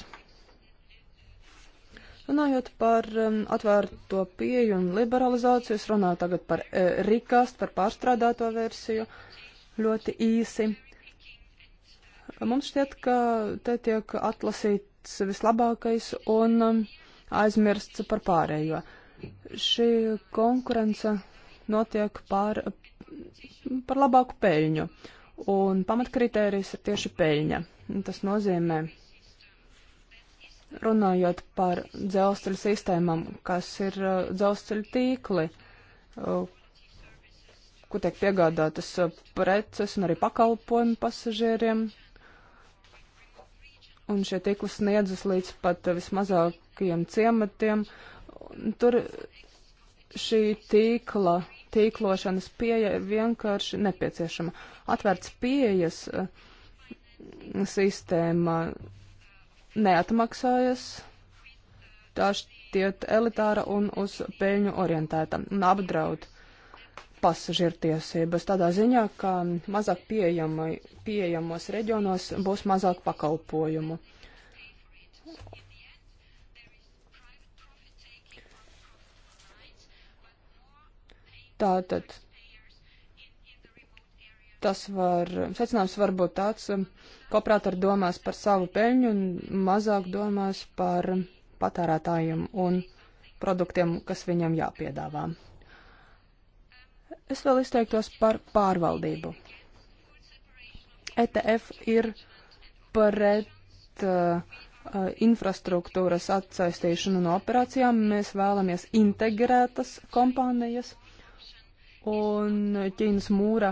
Runājot par um, atvērto pieju un liberalizāciju, es runāju tagad par e, eh, rikast, par pārstrādāto versiju. Uh, ļoti īsi. Mums šķiet, ka te tiek atlasīts vislabākais un um, aizmirsts par pārējo. Šī konkurence notiek par, par labāku peļņu, un pamatkritērijs ir tieši peļņa. Tas nozīmē, runājot par dzelzceļa sistēmām, kas ir uh, dzelzceļa tīkli, uh, kur tiek piegādātas uh, preces un arī pakalpojumi pasažieriem. Un šie tīkli sniedzas līdz pat uh, vismazākajiem ciematiem. Tur šī tīkla, tīklošanas pieeja ir vienkārši nepieciešama. Atvērts pieejas uh, sistēma neatmaksājas. Tā šķiet elitāra un uz peļņu orientēta un apdraud uh, pasažiertiesības tādā ziņā, ka mazāk pieejama, pieejamos reģionos būs mazāk pakalpojumu. Tātad tas var, secinājums var būt tāds, ka operatori domās par savu peļņu un mazāk domās par patērētājiem un produktiem, kas viņam jāpiedāvā. Es vēl izteiktos par pārvaldību. ETF ir pret uh, uh, infrastruktūras atsaistīšanu no operācijām. Mēs vēlamies integrētas kompānijas un Ķīnas mūra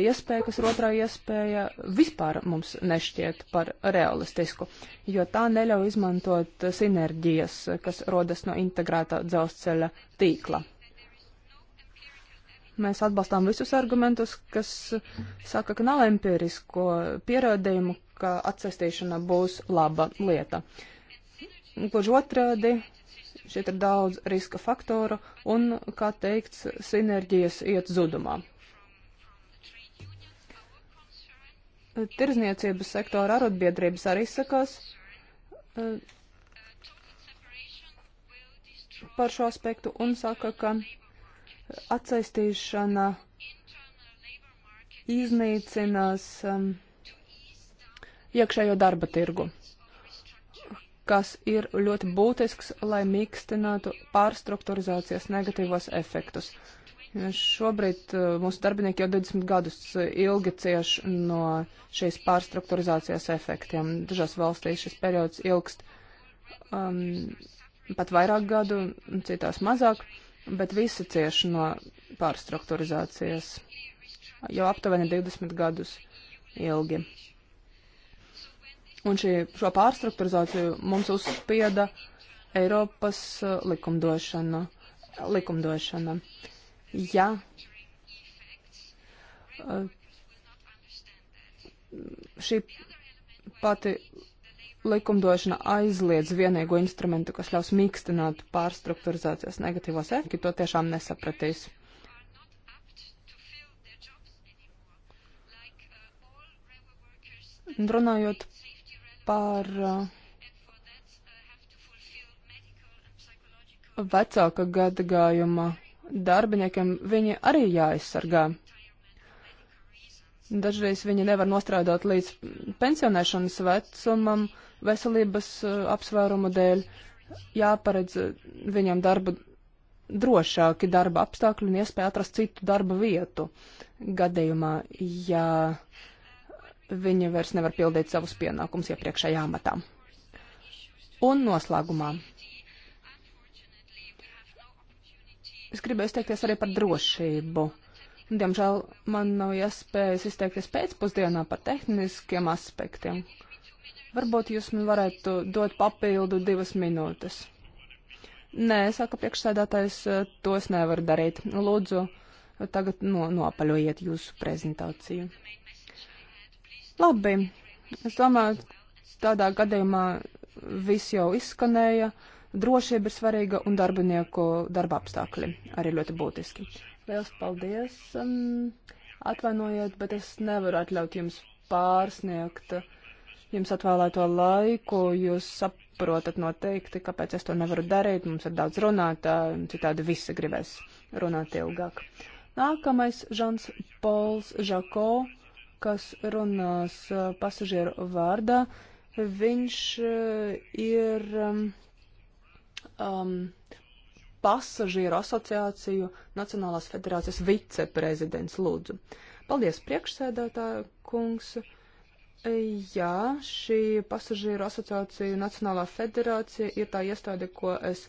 iespēja, kas ir otrā iespēja, vispār mums nešķiet par realistisku, jo tā neļauj izmantot sinerģijas, kas rodas no integrētā dzelzceļa tīkla. Mēs atbalstām visus argumentus, kas saka, ka nav empirisko pierādījumu, ka atsaistīšana būs laba lieta. Gluži otrādi, šeit ir daudz riska faktoru un, kā teikts, sinerģijas iet zudumā. Tirzniecības sektora arotbiedrības arī sakās eh, par šo aspektu un saka, ka atsaistīšana iznīcinās um, iekšējo darba tirgu, kas ir ļoti būtisks, lai mīkstinātu pārstrukturizācijas negatīvos efektus. Šobrīd uh, mūsu darbinieki jau 20 gadus ilgi cieš no šīs pārstrukturizācijas efektiem. Dažās valstīs šis periods ilgst um, pat vairāk gadu, citās mazāk. Uh, bet visi cieši no pārstruktūrizācijas jau aptuveni 20 gadus ilgi. Un šī, šo pārstruktūrizāciju mums uzspieda Eiropas uh, likumdošana. likumdošana. Ja uh, šī pati likumdošana aizliedz vienīgo instrumentu, kas ļaus mīkstināt pārstruktūrizācijas negatīvos efektus, to tiešām nesapratīs. Runājot par uh, vecāka gadagājuma darbiniekiem, viņi arī jāaizsargā. Dažreiz viņi nevar nostrādāt līdz pensionēšanas vecumam, uh, veselības uh, apsvērumu dēļ jāparedz uh, viņam darba drošāki darba apstākļi un iespēja atrast citu darba vietu gadījumā, ja viņi vairs nevar pildīt savus pienākumus iepriekšējā amatā. Un noslēgumā. Es gribēju izteikties arī par drošību. Diemžēl man nav iespējas izteikties pēcpusdienā par tehniskiem aspektiem, Varbūt jūs man varētu dot papildu divas minūtes. Nē, saka priekšsēdētājs, tos nevar darīt. Lūdzu, tagad no, nopaļojiet jūsu prezentāciju. Labi, es domāju, tādā gadījumā viss jau izskanēja. Drošība ir svarīga un darbinieku darba apstākļi arī ļoti būtiski. Liels paldies! Um, atvainojiet, bet es nevaru atļaut jums pārsniegt. Uh, jums atvēlēto laiku. Jūs saprotat noteikti, kāpēc es to nevaru darīt. Mums ir daudz runātāju, citādi visi gribēs runāt ilgāk. Nākamais Žans Pols Žako, kas runās pasažieru vārdā. Viņš ir um, pasažieru asociāciju Nacionālās federācijas viceprezidents Lūdzu. Paldies, priekšsēdētāja kungs. Uh, Jā, šī pasažieru asociācija Nacionālā federācija ir tā iestāde, ko es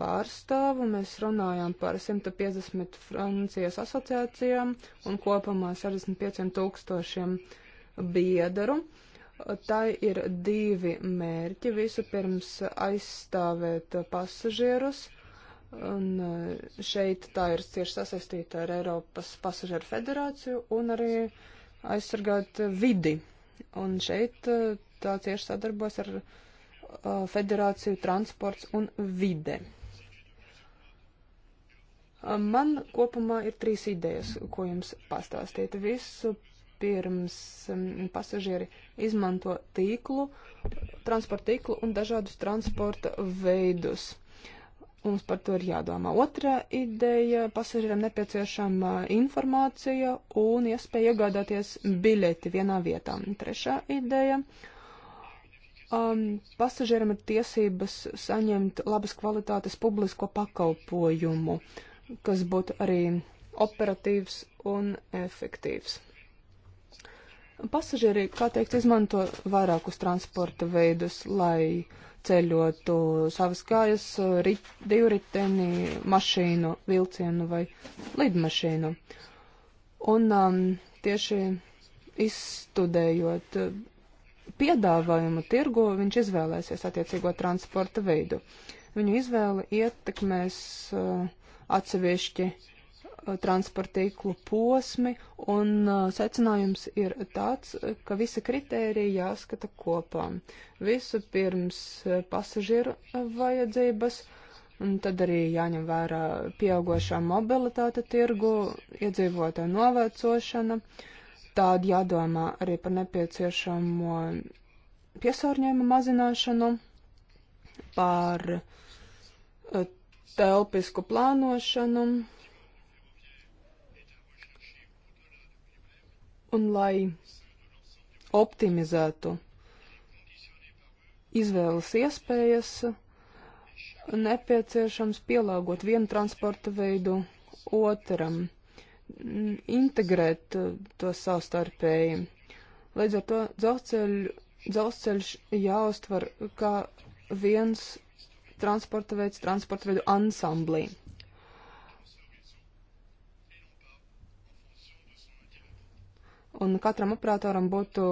pārstāvu. Mēs runājām par 150 Francijas asociācijām un kopumā 65 tūkstošiem biedru. Tā ir divi mērķi. Vispirms aizstāvēt pasažierus, un eh, šeit tā ir cieši sasaistīta ar Eiropas pasažieru federāciju, un arī aizsargāt vidi Un šeit uh, tā cieši sadarbojas ar uh, Federāciju transports un vide. Uh, man kopumā ir trīs idejas, ko jums pastāstīt. Visu pirms um, pasažieri izmanto tīklu, transporta tīklu un dažādus transporta veidus. Uh, Mums par to ir jādomā. Otra ideja - pasažieram nepieciešama informācija un iespēja iegādāties biļeti vienā vietā. Trešā ideja um, - pasažieram ir tiesības saņemt labas kvalitātes publisko pakalpojumu, kas būtu arī operatīvs un efektīvs. Pasažieri, kā teikt, izmanto vairākus transporta veidus, lai uh, ceļotu savas kājas, uh, rit, divriteni, mašīnu, vilcienu vai lidmašīnu. Un um, tieši izstudējot uh, piedāvājumu tirgu, viņš izvēlēsies attiecīgo transporta veidu. Viņu izvēle ietekmēs uh, atsevišķi uh, Uh, transportīklu posmi, un uh, secinājums ir tāds, uh, ka visi kritēriji jāskata kopā. Visu pirms pasažieru vajadzības, un tad arī jāņem vērā pieaugošā mobilitāte tirgu, iedzīvotāju novecošana, tādi jādomā arī par nepieciešamo piesārņojumu mazināšanu, par telpisku plānošanu un lai optimizētu izvēles iespējas, nepieciešams pielāgot vienu transporta veidu otram, integrēt uh, to savstarpēji. Līdz ar to dzelzceļu, dzelzceļš jāuztver kā viens transporta veids transporta veidu ansamblī. un katram operatoram būtu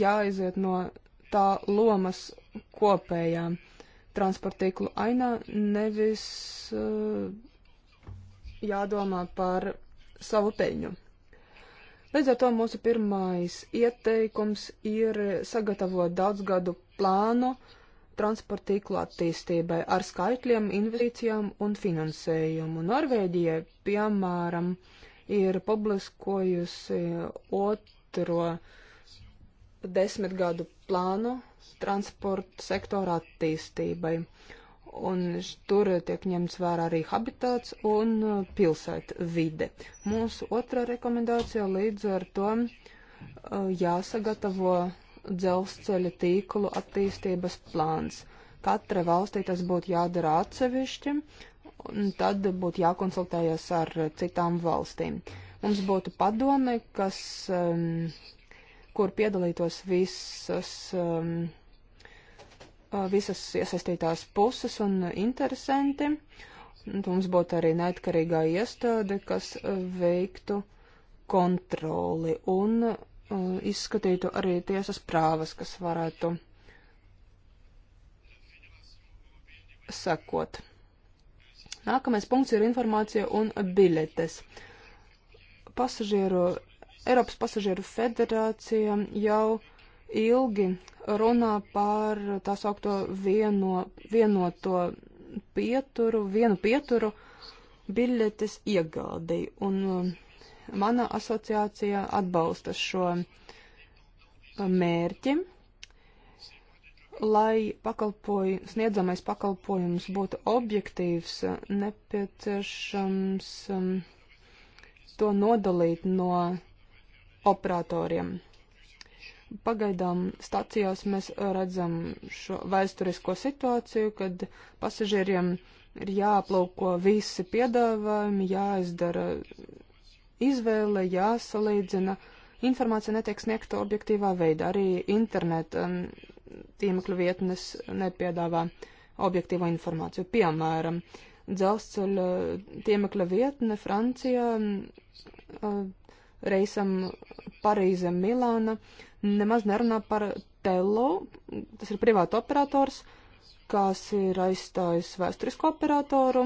jāiziet no tā lomas kopējā transporta tīklu ainā, nevis uh, jādomā par savu peļņu. Līdz ar to mūsu pirmais ieteikums ir sagatavot daudzgadu plānu transporta tīklu attīstībai ar skaitļiem, investīcijām un finansējumu. Norvēģijai, piemēram, uh, ir publiskojusi otro desmitgadu plānu transporta sektora attīstībai. Un tur tiek ņemts vērā arī habitāts un uh, pilsēta vide. Mūsu otrā rekomendācija līdz ar to uh, jāsagatavo dzelzceļa tīklu attīstības plāns. Katra valstī tas būtu jādara atsevišķi, tad būtu jākonsultējas ar citām valstīm. Mums būtu padome, kas, um, kur piedalītos visas, um, uh, visas iesaistītās puses un interesanti. Un mums būtu arī neatkarīgā iestāde, kas veiktu kontroli un uh, izskatītu arī tiesas prāvas, kas varētu sekot. Nākamais punkts ir informācija un biļetes. Pasažieru, Eiropas pasažieru federācija jau ilgi runā par tā saukto vieno, vienoto pieturu, vienu pieturu biļetes iegādī. Un uh, mana asociācija atbalsta šo uh, mērķi lai pakalpoju, sniedzamais pakalpojums būtu objektīvs, nepieciešams um, to nodalīt no operatoriem. Pagaidām stācijās mēs redzam šo vēsturisko situāciju, kad pasažieriem ir jāaplauko visi piedāvājumi, jāizdara izvēle, jāsalīdzina. Informācija netiek sniegta objektīvā veidā. Arī interneta um, tīmekļa vietnes nepiedāvā objektīvo informāciju. Piemēram, dzelzceļa tīmekļa vietne Francijā eh, reisam Parīze Milāna nemaz nerunā par Tello, tas ir privāta operators, kas ir aizstājis vēsturisku operatoru,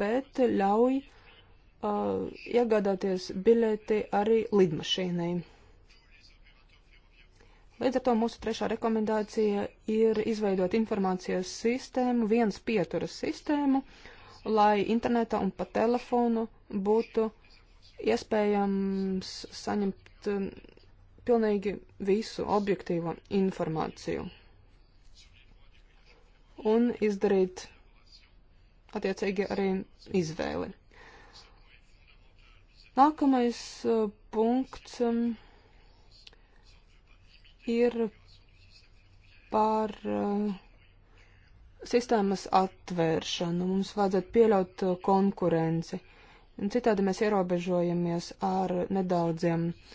bet ļauj uh, iegādāties biļeti arī lidmašīnai. Līdz ar to mūsu trešā rekomendācija ir izveidot informācijas sistēmu, viens pieturas sistēmu, lai internetā un pa telefonu būtu iespējams saņemt um, pilnīgi visu objektīvo informāciju un izdarīt attiecīgi arī izvēli. Nākamais uh, punkts. Um, ir par eh, sistēmas atvēršanu. Mums vajadzētu pieļaut eh, konkurenci. Un citādi mēs ierobežojamies ar nedaudziem eh,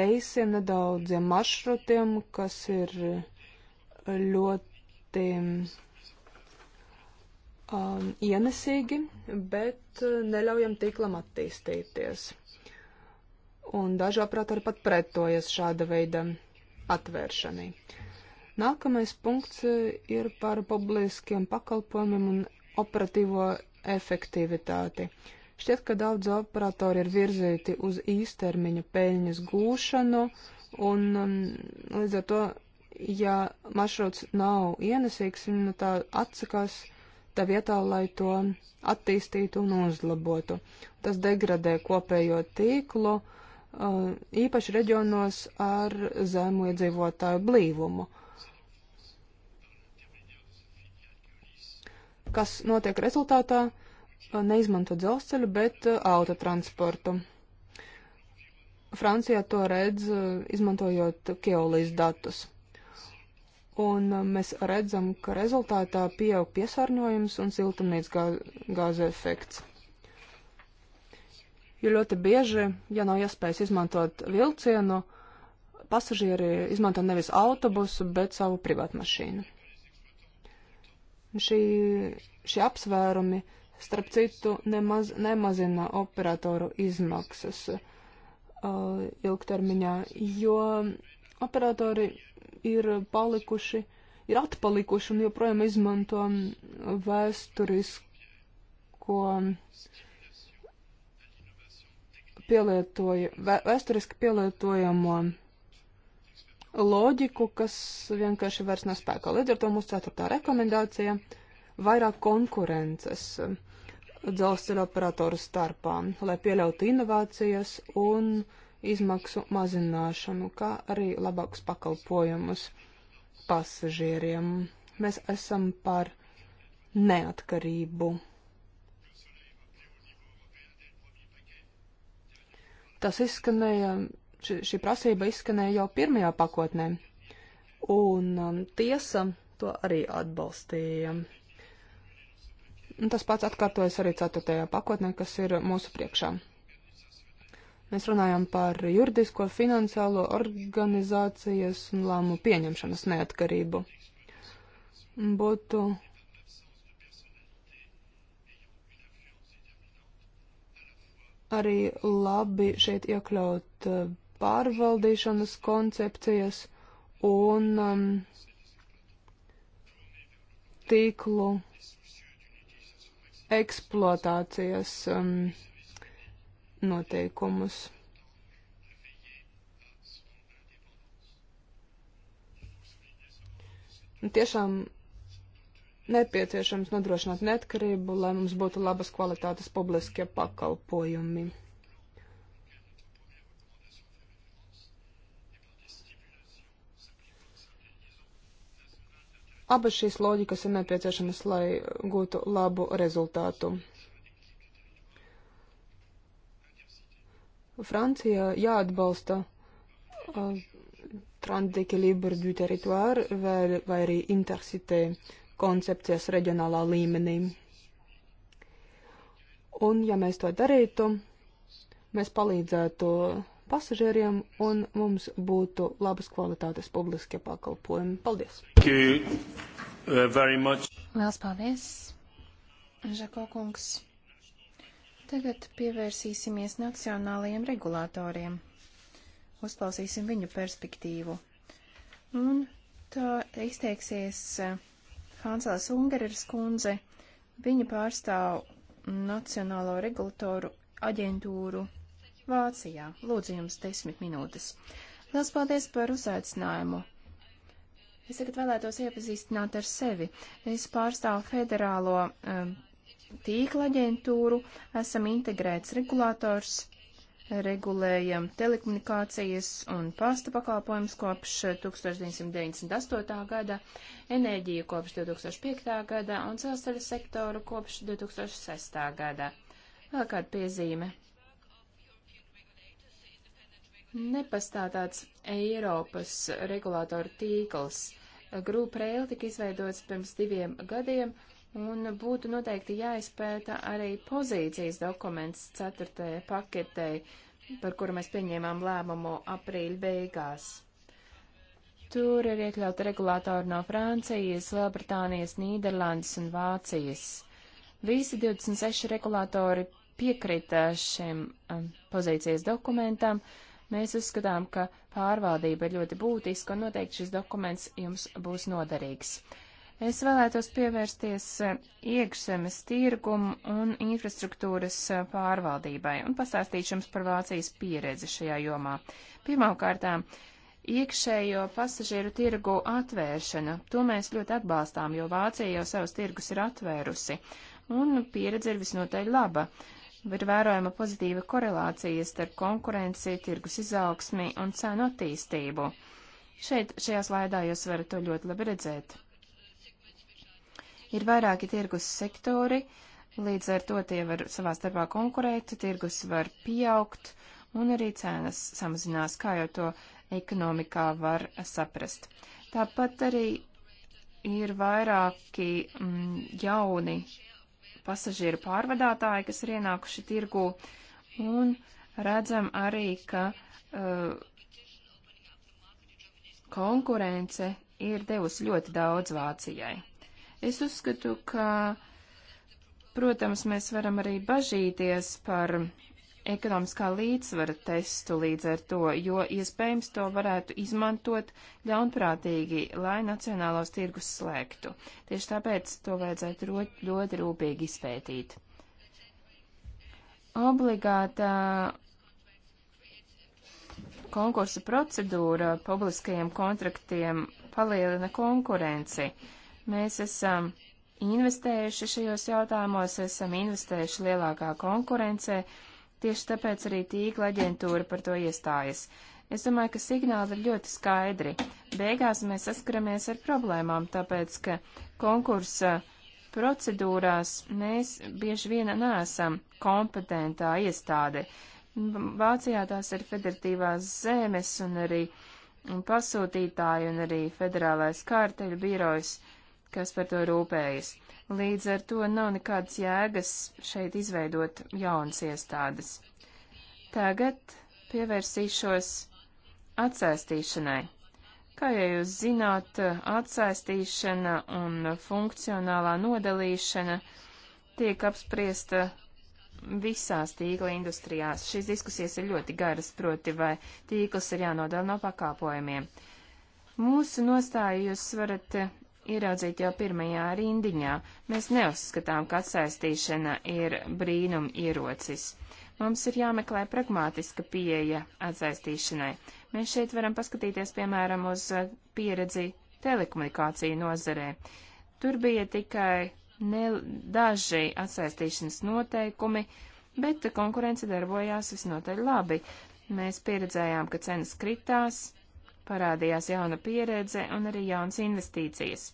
reisiem, nedaudziem maršrutiem, kas ir ļoti um, ienesīgi, bet neļaujam tīklam attīstīties. Un daži operātori pat pretojas šāda veida atvēršanai. Nākamais punkts eh, ir par publiskiem pakalpojumiem un operatīvo efektivitāti. Šķiet, ka daudz operatori ir virzīti uz īstermiņa peļņas gūšanu, un um, līdz ar to, ja maršruts nav ienesīgs, viņa nu, tā atsakās tā vietā, lai to attīstītu un uzlabotu. Tas degradē kopējo tīklu, uh, Um, īpaši reģionos ar zemu iedzīvotāju blīvumu. Kas notiek rezultātā? Neizmanto dzelzceļu, bet uh, autotransportu. Francijā to redz, uh, izmantojot Keolijas datus. Un uh, mēs redzam, ka rezultātā pieaug piesārņojums un siltumnīcas gāze efekts jo ļoti bieži, ja nav iespējas izmantot vilcienu, pasažieri izmanto nevis autobusu, bet savu privātu mašīnu. Šī, šie apsvērumi, starp citu, nemaz, nemazina operatoru izmaksas uh, ilgtermiņā, jo operatori ir palikuši, ir atpalikuši un joprojām izmanto vēsturisko uh, pielietoja, vēsturiski pielietojamo loģiku, kas vienkārši vairs nav spēkā. Līdz ar to mūsu ceturtā rekomendācija - vairāk konkurences dzelzceļa operatoru starpā, lai pieļautu inovācijas un izmaksu mazināšanu, kā arī labākus pakalpojumus pasažieriem. Mēs esam par neatkarību Tas izskanēja, šī, šī prasība izskanēja jau pirmajā pakotnē, un um, tiesa to arī atbalstīja. Un tas pats atkārtojas arī ceturtajā pakotnē, kas ir mūsu priekšā. Mēs runājam par juridisko, finansiālo organizācijas un lēmu pieņemšanas neatkarību. Būtu arī labi šeit iekļaut eh, pārvaldīšanas koncepcijas un um, tīklu eksploatācijas um, noteikumus. Tiešām nepieciešams nodrošināt neatkarību, lai mums būtu labas kvalitātes publiskie pakalpojumi. Abas šīs loģikas ir nepieciešamas, lai gūtu labu rezultātu. Francija jāatbalsta uh, Trans d'équilibre du territoire vai, vai arī intercité koncepcijas reģionālā līmenī. Un, ja mēs to darītu, mēs palīdzētu pasažieriem un mums būtu labas kvalitātes publiskie pakalpojumi. Paldies! Uh, Lielas paldies, Žako kungs! Tagad pievērsīsimies nacionālajiem regulātoriem. Uzklausīsim viņu perspektīvu. Un tā izteiksies uh, Hansels Ungereres kundze. Viņa pārstāv Nacionālo regulatoru aģentūru Vācijā. Lūdzu jums desmit minūtes. Liels paldies par uzaicinājumu. Es tagad vēlētos iepazīstināt ar sevi. Es pārstāvu federālo um, tīkla aģentūru, esam integrēts regulators regulējam telekomunikācijas un pasta pakalpojumus kopš 1998. Eh, gada, enerģiju kopš 2005. gada un celstaļu sektoru kopš 2006. gada. Vēl kāda piezīme. Nepastāv tāds Eiropas regulātoru tīkls. Grupa Rail tika izveidots pirms diviem gadiem Un būtu noteikti jāizpēta arī pozīcijas dokuments ceturtajai paketei, par kuru mēs pieņēmām lēmumu aprīļa beigās. Tur ir iekļauti regulātori no Francijas, Lielbritānijas, Nīderlandes un Vācijas. Visi 26 regulātori piekrita šim um, pozīcijas dokumentam. Mēs uzskatām, ka pārvaldība ir ļoti būtiska un noteikti šis dokuments jums būs noderīgs. Es vēlētos pievērsties eh, iekšzemes tirgumu un infrastruktūras eh, pārvaldībai un pastāstīt jums par Vācijas pieredzi šajā jomā. Pirmkārtām, iekšējo pasažieru tirgu atvēršana. To mēs ļoti atbalstām, jo Vācija jau savus tirgus ir atvērusi, un pieredze ir visnotaļ laba. Ir vērojama pozitīva korelācija starp konkurenci, tirgus izaugsmi un cenu attīstību. Šeit, šajā slaidā jūs varat to ļoti labi redzēt. Ir vairāki tirgus sektori, līdz ar to tie var savā starpā konkurēt, tirgus var pieaugt un arī cenas samazinās, kā jau to ekonomikā var saprast. Tāpat arī ir vairāki mm, jauni pasažieru pārvadātāji, kas ir ienākuši tirgū, un redzam arī, ka uh, konkurence ir devusi ļoti daudz Vācijai. Es uzskatu, ka, protams, mēs varam arī bažīties par ekonomiskā līdzsvara testu līdz ar to, jo iespējams to varētu izmantot ļaunprātīgi, lai nacionālos tirgus slēgtu. Tieši tāpēc to vajadzētu ļoti rūpīgi izpētīt. Obligātā konkursa procedūra publiskajiem kontraktiem palielina konkurenci. Uh, Mēs esam investējuši šajos jautājumos, esam investējuši lielākā konkurencē, tieši tāpēc arī tīkla aģentūra par to iestājas. Es domāju, ka signāli ir ļoti skaidri. Beigās mēs saskaramies ar problēmām, tāpēc, ka konkursa procedūrās mēs bieži vien neesam kompetentā iestāde. Vācijā tās ir federatīvās zemes un arī pasūtītāji un arī federālais kārteļu birojs. Uh, kas par to rūpējas. Līdz ar to nav nekādas jēgas šeit izveidot jaunas iestādes. Tagad pievērsīšos atsaistīšanai. Kā jau jūs zināt, atsaistīšana un funkcionālā nodalīšana tiek apspriesta visās tīkla industrijās. Šīs diskusijas ir ļoti garas, proti, vai tīkls ir jānodala no pakāpojumiem. Mūsu nostāju jūs varat ieraudzīt jau pirmajā rindiņā. Mēs neuzskatām, ka atsaistīšana ir brīnum ierocis. Mums ir jāmeklē pragmātiska pieeja atsaistīšanai. Mēs šeit varam paskatīties, piemēram, uz uh, pieredzi telekomunikāciju nozarē. Tur bija tikai ne, daži atsaistīšanas noteikumi, bet konkurence darbojās visnotaļ labi. Mēs pieredzējām, ka cenas kritās, parādījās jauna pieredze un arī jaunas investīcijas.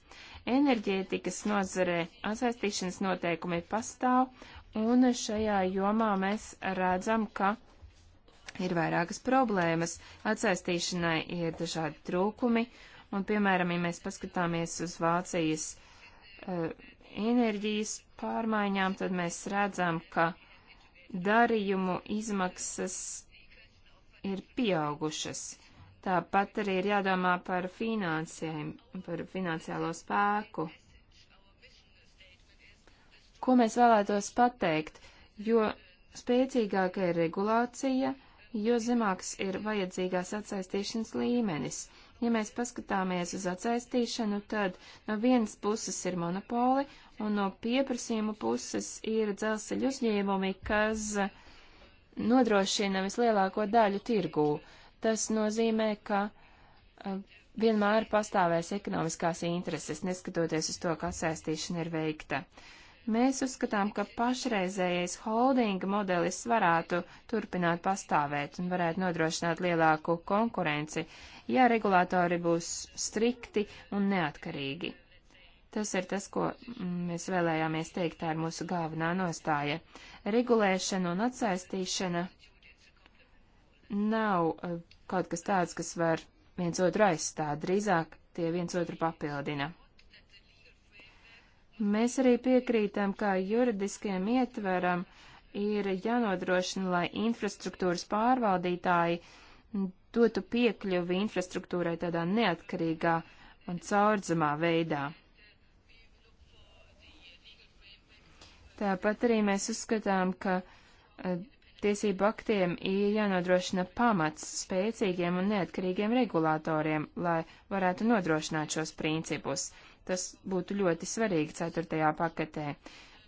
Enerģētikas nozarē atsaistīšanas noteikumi pastāv, un šajā jomā mēs redzam, ka ir vairākas problēmas. Atsaistīšanai ir dažādi trūkumi, un, piemēram, ja mēs paskatāmies uz Vācijas uh, enerģijas pārmaiņām, tad mēs redzam, ka darījumu izmaksas ir pieaugušas. Tāpat arī ir jādomā par finansēm, par finansiālo spēku. Ko mēs vēlētos pateikt? Jo spēcīgāka ir regulācija, jo zemāks ir vajadzīgās atsaistīšanas līmenis. Ja mēs paskatāmies uz atsaistīšanu, tad no vienas puses ir monopoli, un no pieprasījuma puses ir dzelzceļu uzņēmumi, kas nodrošina vislielāko daļu tirgū. Tas nozīmē, ka vienmēr pastāvēs ekonomiskās intereses, neskatoties uz to, ka atsaistīšana ir veikta. Mēs uzskatām, ka pašreizējais holdinga modelis varētu turpināt pastāvēt un varētu nodrošināt lielāku konkurenci, ja regulātori būs strikti un neatkarīgi. Tas ir tas, ko mēs vēlējāmies teikt, tā ir mūsu galvenā nostāja. Regulēšana un atsaistīšana nav eh, kaut kas tāds, kas var viens otru aizstāt, drīzāk tie viens otru papildina. Mēs arī piekrītam, ka juridiskajam ietveram ir jānodrošina, lai infrastruktūras pārvaldītāji dotu piekļuvi infrastruktūrai tādā neatkarīgā un caurdzamā veidā. Tāpat arī mēs uzskatām, ka eh, Tiesību aktiem ir jānodrošina pamats spēcīgiem un neatkarīgiem regulātoriem, lai varētu nodrošināt šos principus. Tas būtu ļoti svarīgi ceturtajā paketē.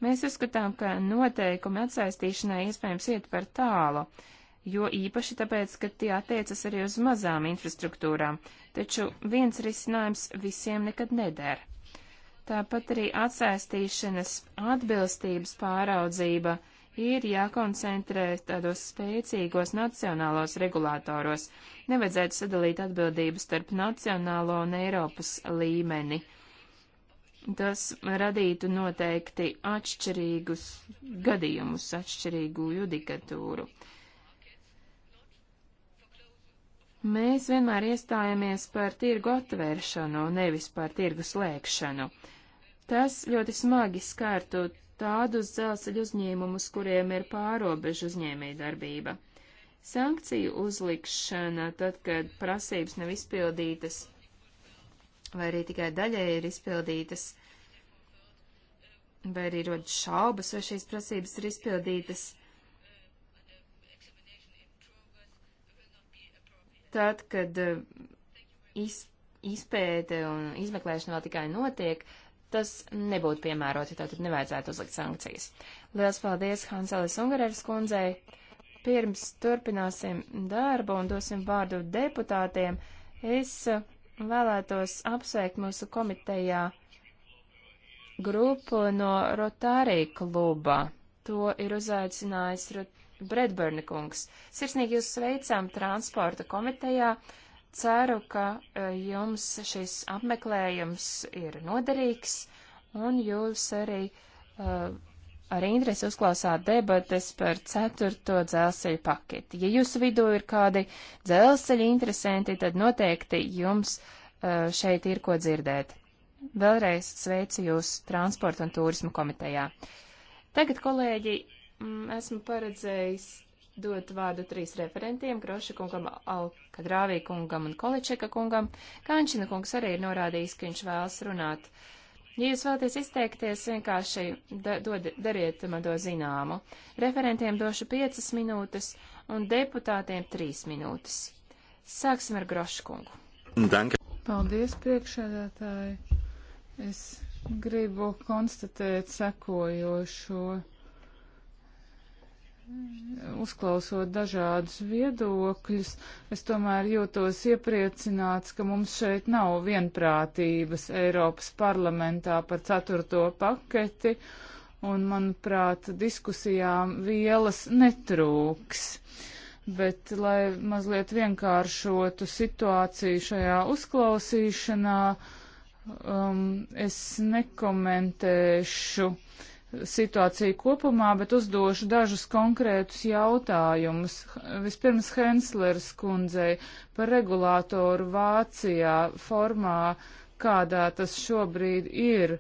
Mēs uzskatām, ka noteikumi atsaistīšanai iespējams iet par tālu, jo īpaši tāpēc, ka tie attiecas arī uz mazām infrastruktūrām, taču viens risinājums visiem nekad neder. Tāpat arī atsaistīšanas atbilstības pāraudzība ir jākoncentrē tādos spēcīgos nacionālos regulātoros. Nevajadzētu sadalīt atbildības starp nacionālo un Eiropas līmeni. Tas radītu noteikti atšķirīgus gadījumus, atšķirīgu judikatūru. Mēs vienmēr iestājamies par tirgu atvēršanu, nevis par tirgu slēgšanu. Tas ļoti smagi skārtu tādus dzelzceļu uzņēmumus, kuriem ir pārobežu uzņēmēja darbība. Sankciju uzlikšana, tad, kad prasības nav izpildītas vai arī tikai daļēji ir izpildītas, vai arī rodas šaubas, vai šīs prasības ir izpildītas, tad, kad eh, iz, izpēte un izmeklēšana vēl tikai notiek, uh, tas nebūtu piemēroti, tātad nevajadzētu uzlikt sankcijas. Lielas paldies Hanselis Ungareres kundzei. Pirms turpināsim darbu un dosim vārdu deputātiem, es vēlētos apsveikt mūsu komitejā grupu no Rotārī kluba. To ir uzaicinājis Bredburni kungs. Sirsnīgi jūs sveicām transporta komitejā. Uh, Ceru, ka e, jums šis apmeklējums ir noderīgs un jūs arī uh, ar interesi uzklausāt debates par ceturto dzelzceļu paketi. Ja jūsu vidū ir kādi dzelzceļa interesanti, tad noteikti jums uh, šeit ir ko dzirdēt. Vēlreiz sveicu jūs transporta un turisma komitejā. Tagad, kolēģi, esmu paredzējis dot vārdu trīs referentiem - Groša kungam, Alkadrāvī kungam un Količeka kungam. Kančina kungs arī ir norādījis, ka viņš vēlas runāt. Ja jūs vēlaties izteikties, vienkārši da, dod, dariet man to zināmu. Referentiem došu piecas minūtes un deputātiem trīs minūtes. Sāksim ar Groša kungu. Danke. Paldies, priekšēdētāji. Es gribu konstatēt sekojošo uzklausot dažādus viedokļus, es tomēr jūtos iepriecināts, ka mums šeit nav vienprātības Eiropas parlamentā par ceturto paketi, un, manuprāt, diskusijām vielas netrūks. Bet, lai mazliet vienkāršotu situāciju šajā uzklausīšanā, um, es nekomentēšu situāciju kopumā, bet uzdošu dažus konkrētus jautājumus. Vispirms Henslers kundzei par regulātoru Vācijā formā, kādā tas šobrīd ir.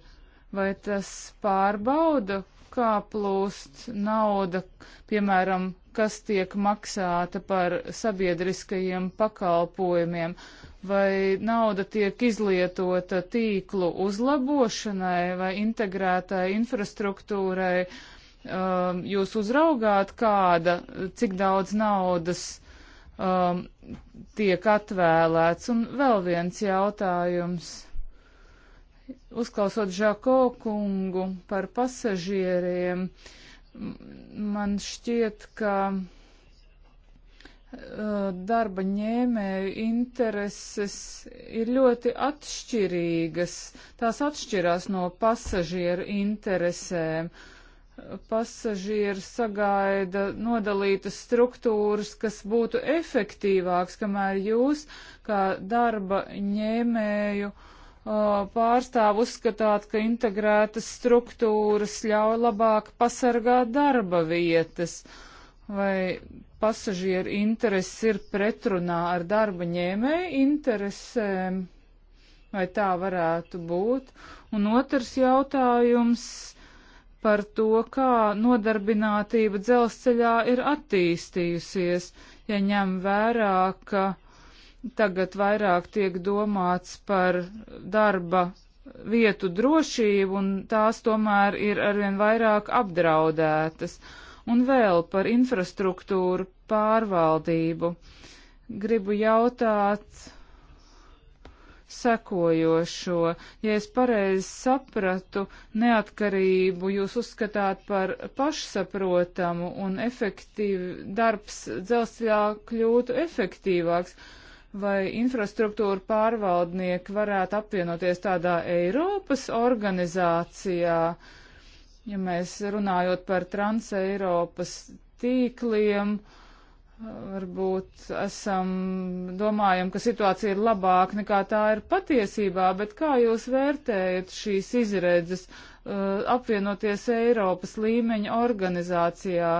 Vai tas pārbauda, kā plūst nauda, piemēram, kas tiek maksāta par sabiedriskajiem pakalpojumiem, vai nauda tiek izlietota tīklu uzlabošanai vai integrētai infrastruktūrai. Um, jūs uzraugāt, kāda, cik daudz naudas um, tiek atvēlēts. Un vēl viens jautājums. Uzklausot Žako kungu par pasažieriem, man šķiet, ka Eh, darba ņēmēju intereses ir ļoti atšķirīgas. Tās atšķirās no pasažieru interesēm. Pasažieri sagaida nodalītas struktūras, kas būtu efektīvāks, kamēr jūs, kā darba ņēmēju, eh, pārstāv uzskatāt, ka integrētas struktūras ļauj labāk pasargāt darba vietas vai pasažieru intereses ir pretrunā ar darba ņēmēju interesēm, vai tā varētu būt. Un otrs jautājums par to, kā nodarbinātība dzelzceļā ir attīstījusies, ja ņem vērā, ka tagad vairāk tiek domāts par darba vietu drošību un tās tomēr ir arvien vairāk apdraudētas. Uh, Un vēl par infrastruktūru pārvaldību. Gribu jautāt sekojošo. Ja es pareizi sapratu, neatkarību jūs uzskatāt par pašsaprotamu un efektīvu darbs dzelzceļā kļūtu efektīvāks, vai infrastruktūra pārvaldnieki varētu apvienoties tādā Eiropas organizācijā, uh, ja mēs runājot par transeiropas tīkliem, varbūt esam, domājam, ka situācija ir labāka nekā tā ir patiesībā, bet kā jūs vērtējat šīs izredzes uh, apvienoties Eiropas līmeņa organizācijā,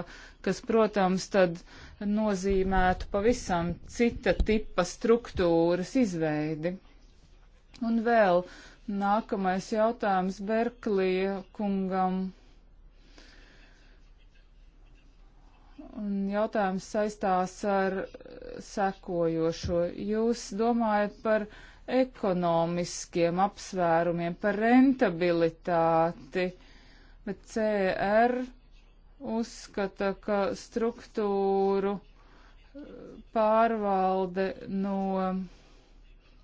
kas, protams, tad nozīmētu pavisam cita tipa struktūras izveidi? Un vēl nākamais jautājums Berklija kungam. Un jautājums saistās ar eh, sekojošo. Jūs domājat par ekonomiskiem apsvērumiem, par rentabilitāti, bet CR uzskata, ka struktūru eh, pārvalde no,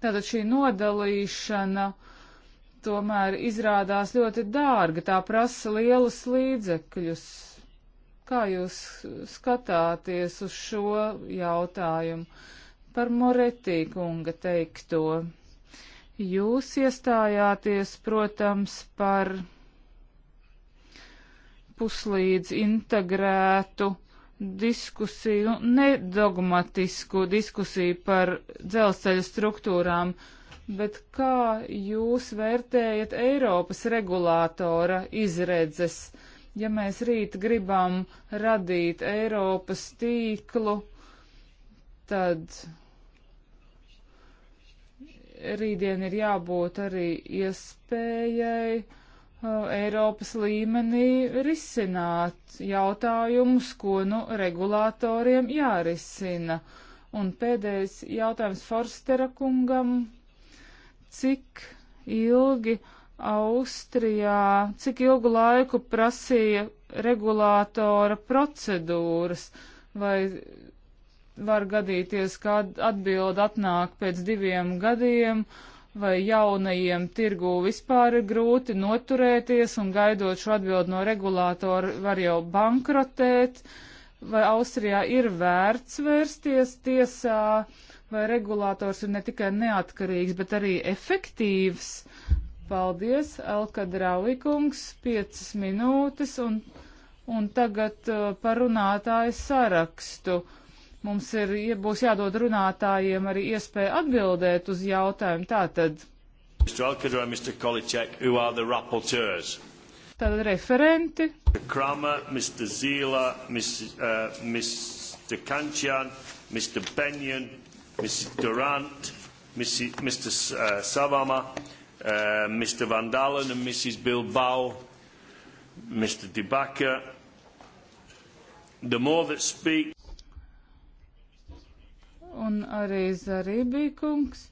tātad šī nodalīšana tomēr izrādās ļoti dārga, tā prasa lielus līdzekļus Kā jūs skatāties uz šo jautājumu par Moretī kunga teikto? Jūs iestājāties, protams, par puslīdz integrētu diskusiju, nu, nedogmatisku diskusiju par dzelzceļa struktūrām, bet kā jūs vērtējat Eiropas regulātora izredzes? Uh, Ja mēs rīt gribam radīt Eiropas tīklu, tad rītdien ir jābūt arī iespējai uh, Eiropas līmenī risināt jautājumus, ko nu regulātoriem jārisina. Un pēdējais jautājums Forstera kungam. Cik ilgi Austrijā, cik ilgu laiku prasīja regulātora procedūras, vai var gadīties, ka atbildi atnāk pēc diviem gadiem, vai jaunajiem tirgū vispār ir grūti noturēties un gaidot šo atbildi no regulātora var jau bankrotēt, vai Austrijā ir vērts vērsties tiesā, vai regulātors ir ne tikai neatkarīgs, bet arī efektīvs Paldies, Elka Draulikungs, piecas minūtes un, un tagad uh, par runātāju sarakstu. Mums ir, ja būs jādod runātājiem arī iespēja atbildēt uz jautājumu. Tātad. Mr. Alcadra, Mr. Kolicek, who are the rapporteurs? Tātad referenti. Mr. Kramer, Mr. Zila, Ms, uh, Mr. Kanchian, Mr. Benyon, Mrs. Durant, Mrs., Mr. Uh, Savama, uh, eh, Mr Van Dalen and Mrs Bilbao, Mr De Backer. The more that speak... Un arī Zarībī kungs.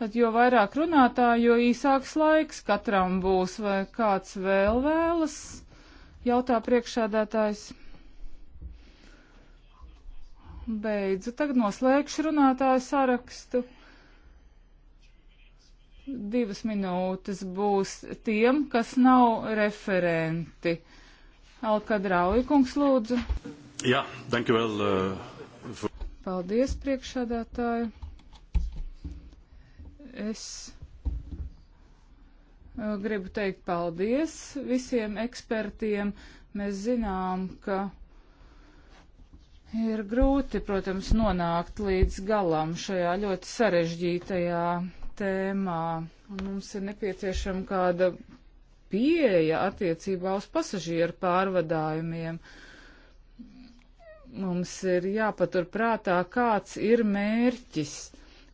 Tad jo vairāk runātāju, jo īsāks laiks katram būs, vai kāds vēl vēlas, jautā priekšādātājs. Beidzu, tagad noslēgšu runātāju sarakstu divas minūtes būs tiem, kas nav referenti. Alkadrauji, kungs, lūdzu. Jā, thank you well. Uh, for... Paldies, priekšādātāji. Es uh, gribu teikt paldies visiem ekspertiem. Mēs zinām, ka ir grūti, protams, nonākt līdz galam šajā ļoti sarežģītajā tēmā, un mums ir nepieciešama kāda pieeja attiecībā uz pasažieru pārvadājumiem. Mums ir jāpaturprātā, kāds ir mērķis,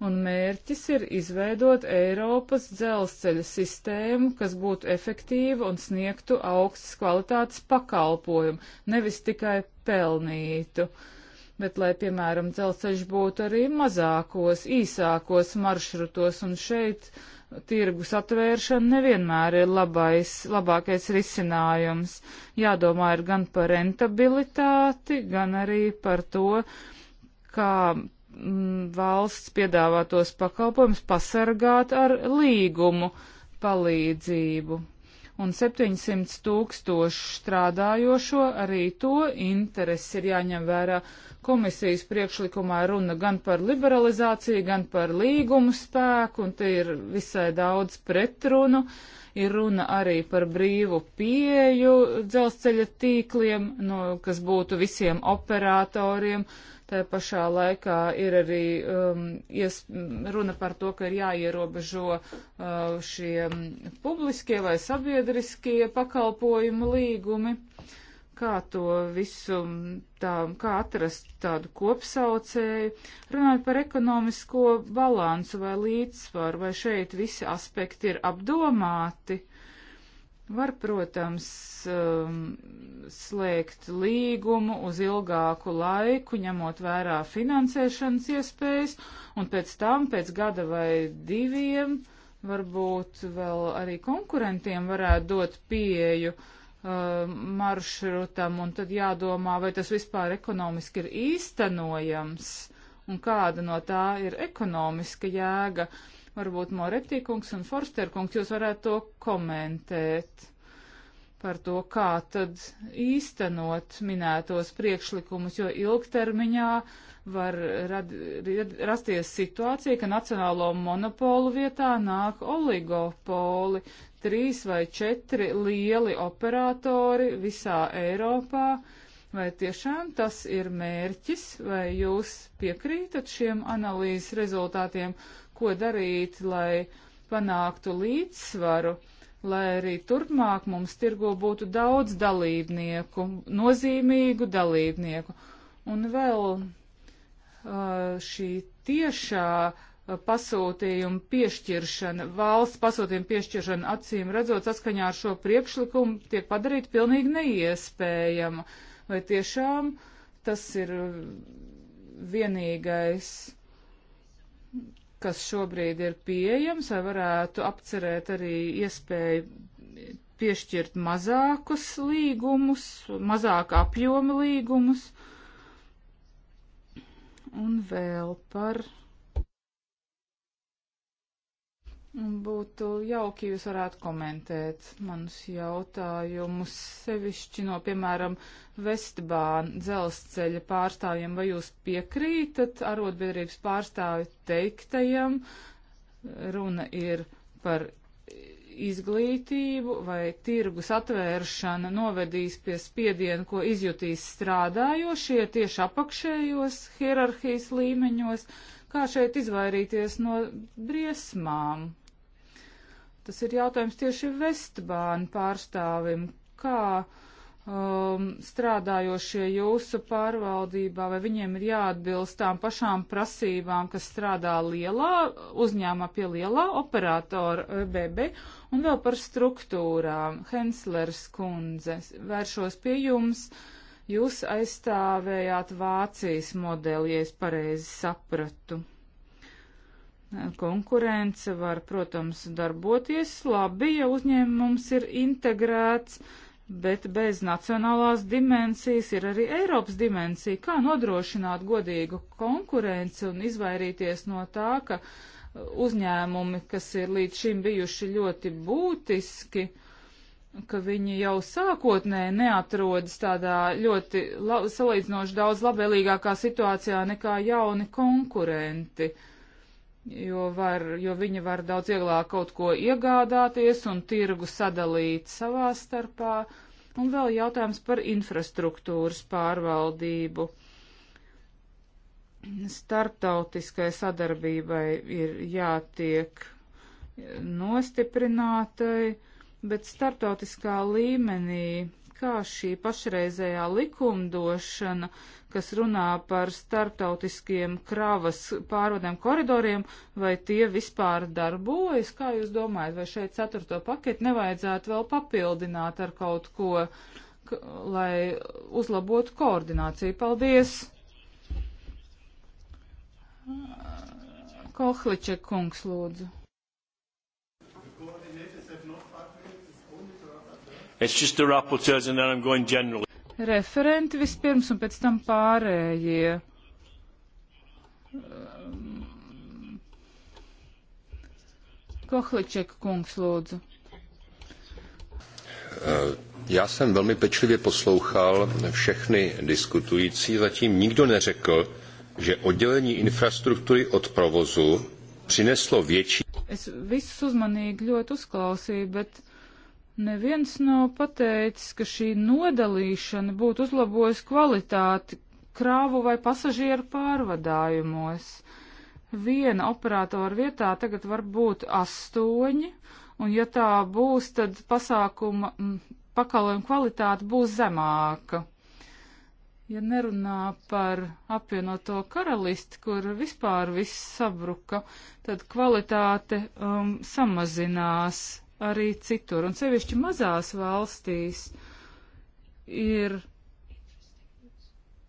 un mērķis ir izveidot Eiropas dzelzceļa sistēmu, kas būtu efektīva un sniegtu augstas kvalitātes pakalpojumu, nevis tikai pelnītu. Uh, bet lai, piemēram, dzelceļš būtu arī mazākos, īsākos maršrutos, un šeit tirgus atvēršana nevienmēr ir labais, labākais risinājums. Jādomā ir gan par rentabilitāti, gan arī par to, kā mm, valsts piedāvātos pakalpojumus pasargāt ar līgumu palīdzību un 700 tūkstošu strādājošo, arī to interesi ir jāņem vērā. Komisijas priekšlikumā runa gan par liberalizāciju, gan par līgumu spēku, un te ir visai daudz pretrunu. Ir runa arī par brīvu pieeju dzelzceļa tīkliem, no, kas būtu visiem operatoriem. Uh, Tā pašā laikā ir arī um, ies, runa par to, ka ir jāierobežo uh, šie publiskie vai sabiedriskie pakalpojumu līgumi. Kā to visu, tā, kā atrast tādu kopsaucēju, runājot par ekonomisko balansu vai līdzsvaru, vai šeit visi aspekti ir apdomāti. Uh, Var, protams, um, slēgt līgumu uz ilgāku laiku, ņemot vērā finansēšanas iespējas, un pēc tam, pēc gada vai diviem, varbūt vēl arī konkurentiem varētu dot pieeju um, maršrutam, un tad jādomā, vai tas vispār ekonomiski ir īstenojams, un kāda no tā ir ekonomiska jēga. Uh, Varbūt Moretīkungs un Forsterkungs jūs varētu to komentēt par to, kā tad īstenot minētos priekšlikumus, jo ilgtermiņā var rad, rasties situācija, ka nacionālo monopolu vietā nāk oligopoli, trīs vai četri lieli operatori visā Eiropā. Vai tiešām tas ir mērķis, vai jūs piekrītat šiem analīzes rezultātiem, ko darīt, lai panāktu līdzsvaru, lai arī turpmāk mums tirgo būtu daudz dalībnieku, nozīmīgu dalībnieku. Un vēl šī tiešā pasūtījumu piešķiršana, valsts pasūtījumu piešķiršana acīm redzot saskaņā ar šo priekšlikumu tiek padarīta pilnīgi neiespējama. Vai tiešām tas ir vienīgais, kas šobrīd ir pieejams, vai varētu apcerēt arī iespēju piešķirt mazākus līgumus, mazāka apjoma līgumus. Un vēl par Būtu jauki, jūs varētu komentēt manus jautājumus, sevišķi no, piemēram, Vestbāna dzelzceļa pārstāvjiem. Vai jūs piekrītat arotbiedrības pārstāvi teiktajam? Runa ir par izglītību vai tirgus atvēršana novedīs pie spiediena, ko izjutīs strādājošie tieši apakšējos hierarhijas līmeņos. Kā šeit izvairīties no briesmām? Tas ir jautājums tieši Vestbānu pārstāvim, kā um, strādājošie jūsu pārvaldībā, vai viņiem ir jāatbilst tām pašām prasībām, kas strādā lielā uzņēmumā pie lielā operatora BB, e un vēl par struktūrām. Henslers kundze, vēršos pie jums. Jūs aizstāvējāt Vācijas modeli, ja es pareizi sapratu. Konkurence var, protams, darboties labi, ja uzņēmums ir integrēts, bet bez nacionālās dimensijas ir arī Eiropas dimensija. Kā nodrošināt godīgu konkurenci un izvairīties no tā, ka uzņēmumi, kas ir līdz šim bijuši ļoti būtiski, ka viņi jau sākotnēji neatrodas tādā ļoti salīdzinoši daudz labvēlīgākā situācijā nekā jauni konkurenti. Uh, jo, var, jo viņi var daudz vieglāk kaut ko iegādāties un tirgu sadalīt savā starpā. Un vēl jautājums par infrastruktūras pārvaldību. Startautiskai sadarbībai ir jātiek nostiprinātai, bet startautiskā līmenī kā šī pašreizējā likumdošana, kas runā par starptautiskiem kravas pārvadēm koridoriem, vai tie vispār darbojas? Kā jūs domājat, vai šeit ceturto paketu nevajadzētu vēl papildināt ar kaut ko, lai uzlabotu koordināciju? Paldies! Kohliča kungs lūdzu. It's just the rapporteurs and then I'm going generally. Referenti vispirms un pēc tam pārējie. Kohliček kungs lūdzu. Eh, já jsem velmi pečlivě poslouchal všechny diskutující. Zatím nikdo neřekl, že oddělení infrastruktury od provozu přineslo větší. Es visus uzmanīgi ļoti uzklausīju, bet uh, Neviens nav pateicis, ka šī nodalīšana būtu uzlabojusi kvalitāti krāvu vai pasažieru pārvadājumos. Viena operātora vietā tagad var būt astoņi, un ja tā būs, tad pasākuma pakalpojuma kvalitāte būs zemāka. Ja nerunā par apvienoto karalisti, kur vispār viss sabruka, tad kvalitāte um, samazinās arī citur, un sevišķi mazās valstīs ir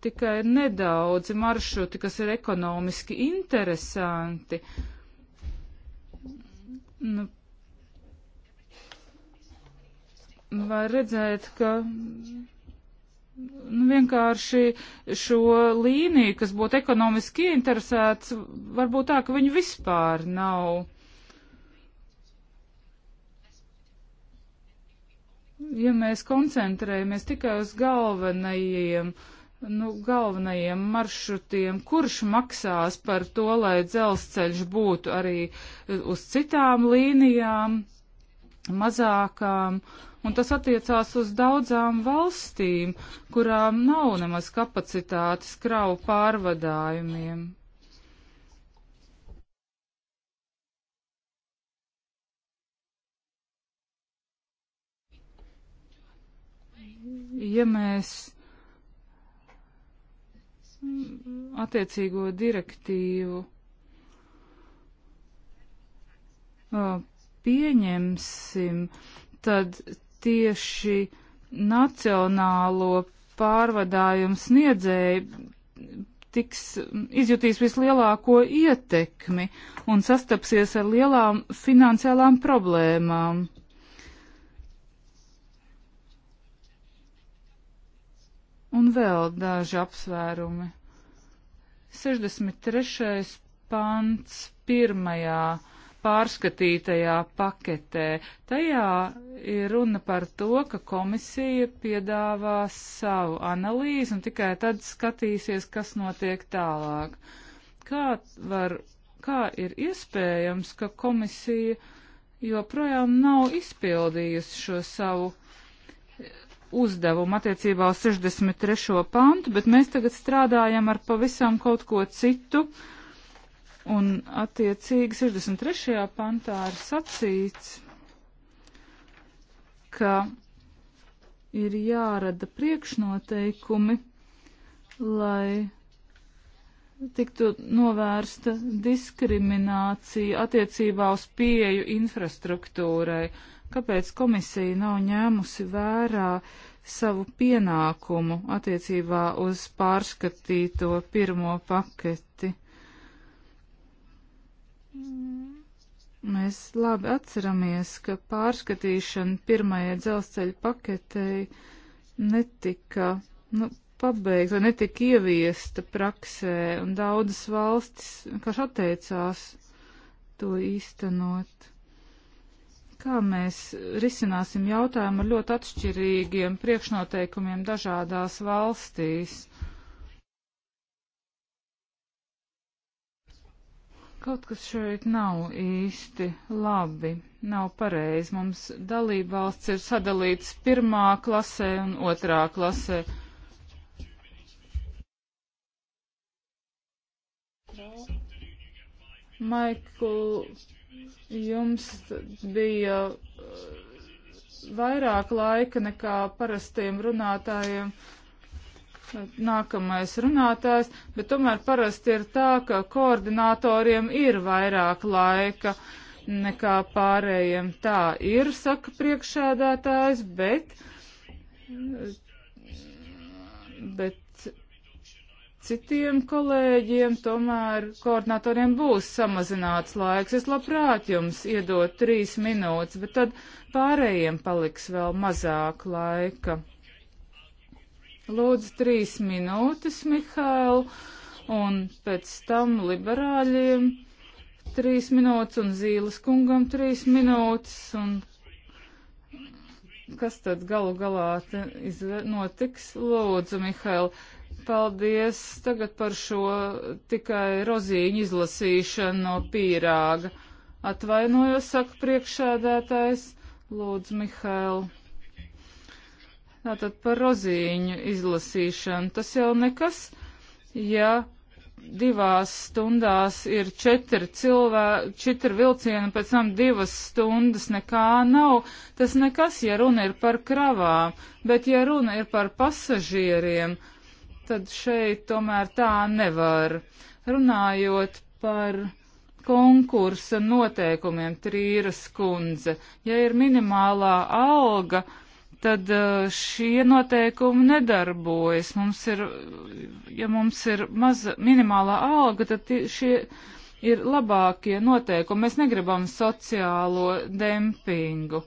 tikai nedaudzi maršruti, kas ir ekonomiski interesanti. Nu, var redzēt, ka nu, vienkārši šo līniju, kas būtu ekonomiski interesēts, varbūt tā, ka viņu vispār nav. ja mēs koncentrējamies tikai uz galvenajiem, nu, galvenajiem maršrutiem, kurš maksās par to, lai dzelzceļš būtu arī uz citām līnijām, mazākām, un tas attiecās uz daudzām valstīm, kurām nav nemaz kapacitātes kravu pārvadājumiem. ja mēs attiecīgo direktīvu pieņemsim, tad tieši nacionālo pārvadājumu sniedzēji tiks izjutīs vislielāko ietekmi un sastapsies ar lielām finansiālām problēmām. Un vēl daži apsvērumi. 63. pants pirmajā pārskatītajā paketē. Tajā ir runa par to, ka komisija piedāvās savu analīzi un tikai tad skatīsies, kas notiek tālāk. Kā, var, kā ir iespējams, ka komisija joprojām nav izpildījusi šo savu uzdevumu attiecībā uz 63. pantu, bet mēs tagad strādājam ar pavisam kaut ko citu. Un attiecīgi 63. pantā ir sacīts, ka ir jārada priekšnoteikumi, lai tiktu novērsta diskriminācija attiecībā uz pieju infrastruktūrai. Kāpēc komisija nav ņēmusi vērā savu pienākumu attiecībā uz pārskatīto pirmo paketi? Mēs labi atceramies, ka pārskatīšana pirmajai dzelzceļa paketei netika, nu, pabeigta, netika ieviesta praksē, un daudzas valstis vienkārši atteicās to īstenot. Kā mēs risināsim jautājumu ar ļoti atšķirīgiem priekšnoteikumiem dažādās valstīs? Kaut kas šeit nav īsti labi, nav pareizi. Mums dalība valsts ir sadalīts pirmā klasē un otrā klasē Maikl, jums bija uh, vairāk laika nekā parastiem runātājiem. Nākamais runātājs, bet tomēr parasti ir tā, ka koordinatoriem ir vairāk laika nekā pārējiem. Tā ir, saka priekšēdētājs, bet, bet citiem kolēģiem tomēr koordinatoriem būs samazināts laiks. Es labprāt jums iedot trīs minūtes, bet tad pārējiem paliks vēl mazāk laika. Lūdzu, trīs minūtes, Mihāl, un pēc tam liberāļiem trīs minūtes, un Zīles kungam trīs minūtes, un kas tad galu galā izver... notiks? Lūdzu, Mihail, paldies tagad par šo tikai rozīņu izlasīšanu no pīrāga. Atvainojos, saka priekšēdētājs, lūdzu, Mihail. Tātad par rozīņu izlasīšanu. Tas jau nekas, ja divās stundās ir četri cilvēki, četri vilcieni, pēc tam divas stundas nekā nav. Tas nekas, ja runa ir par kravām, bet ja runa ir par pasažieriem, tad šeit tomēr tā nevar. Runājot par konkursa noteikumiem, Trīras kundze, ja ir minimālā alga, tad eh, šie noteikumi nedarbojas. Mums ir, ja mums ir maza minimālā alga, tad šie ir labākie noteikumi. Mēs negribam sociālo dempingu.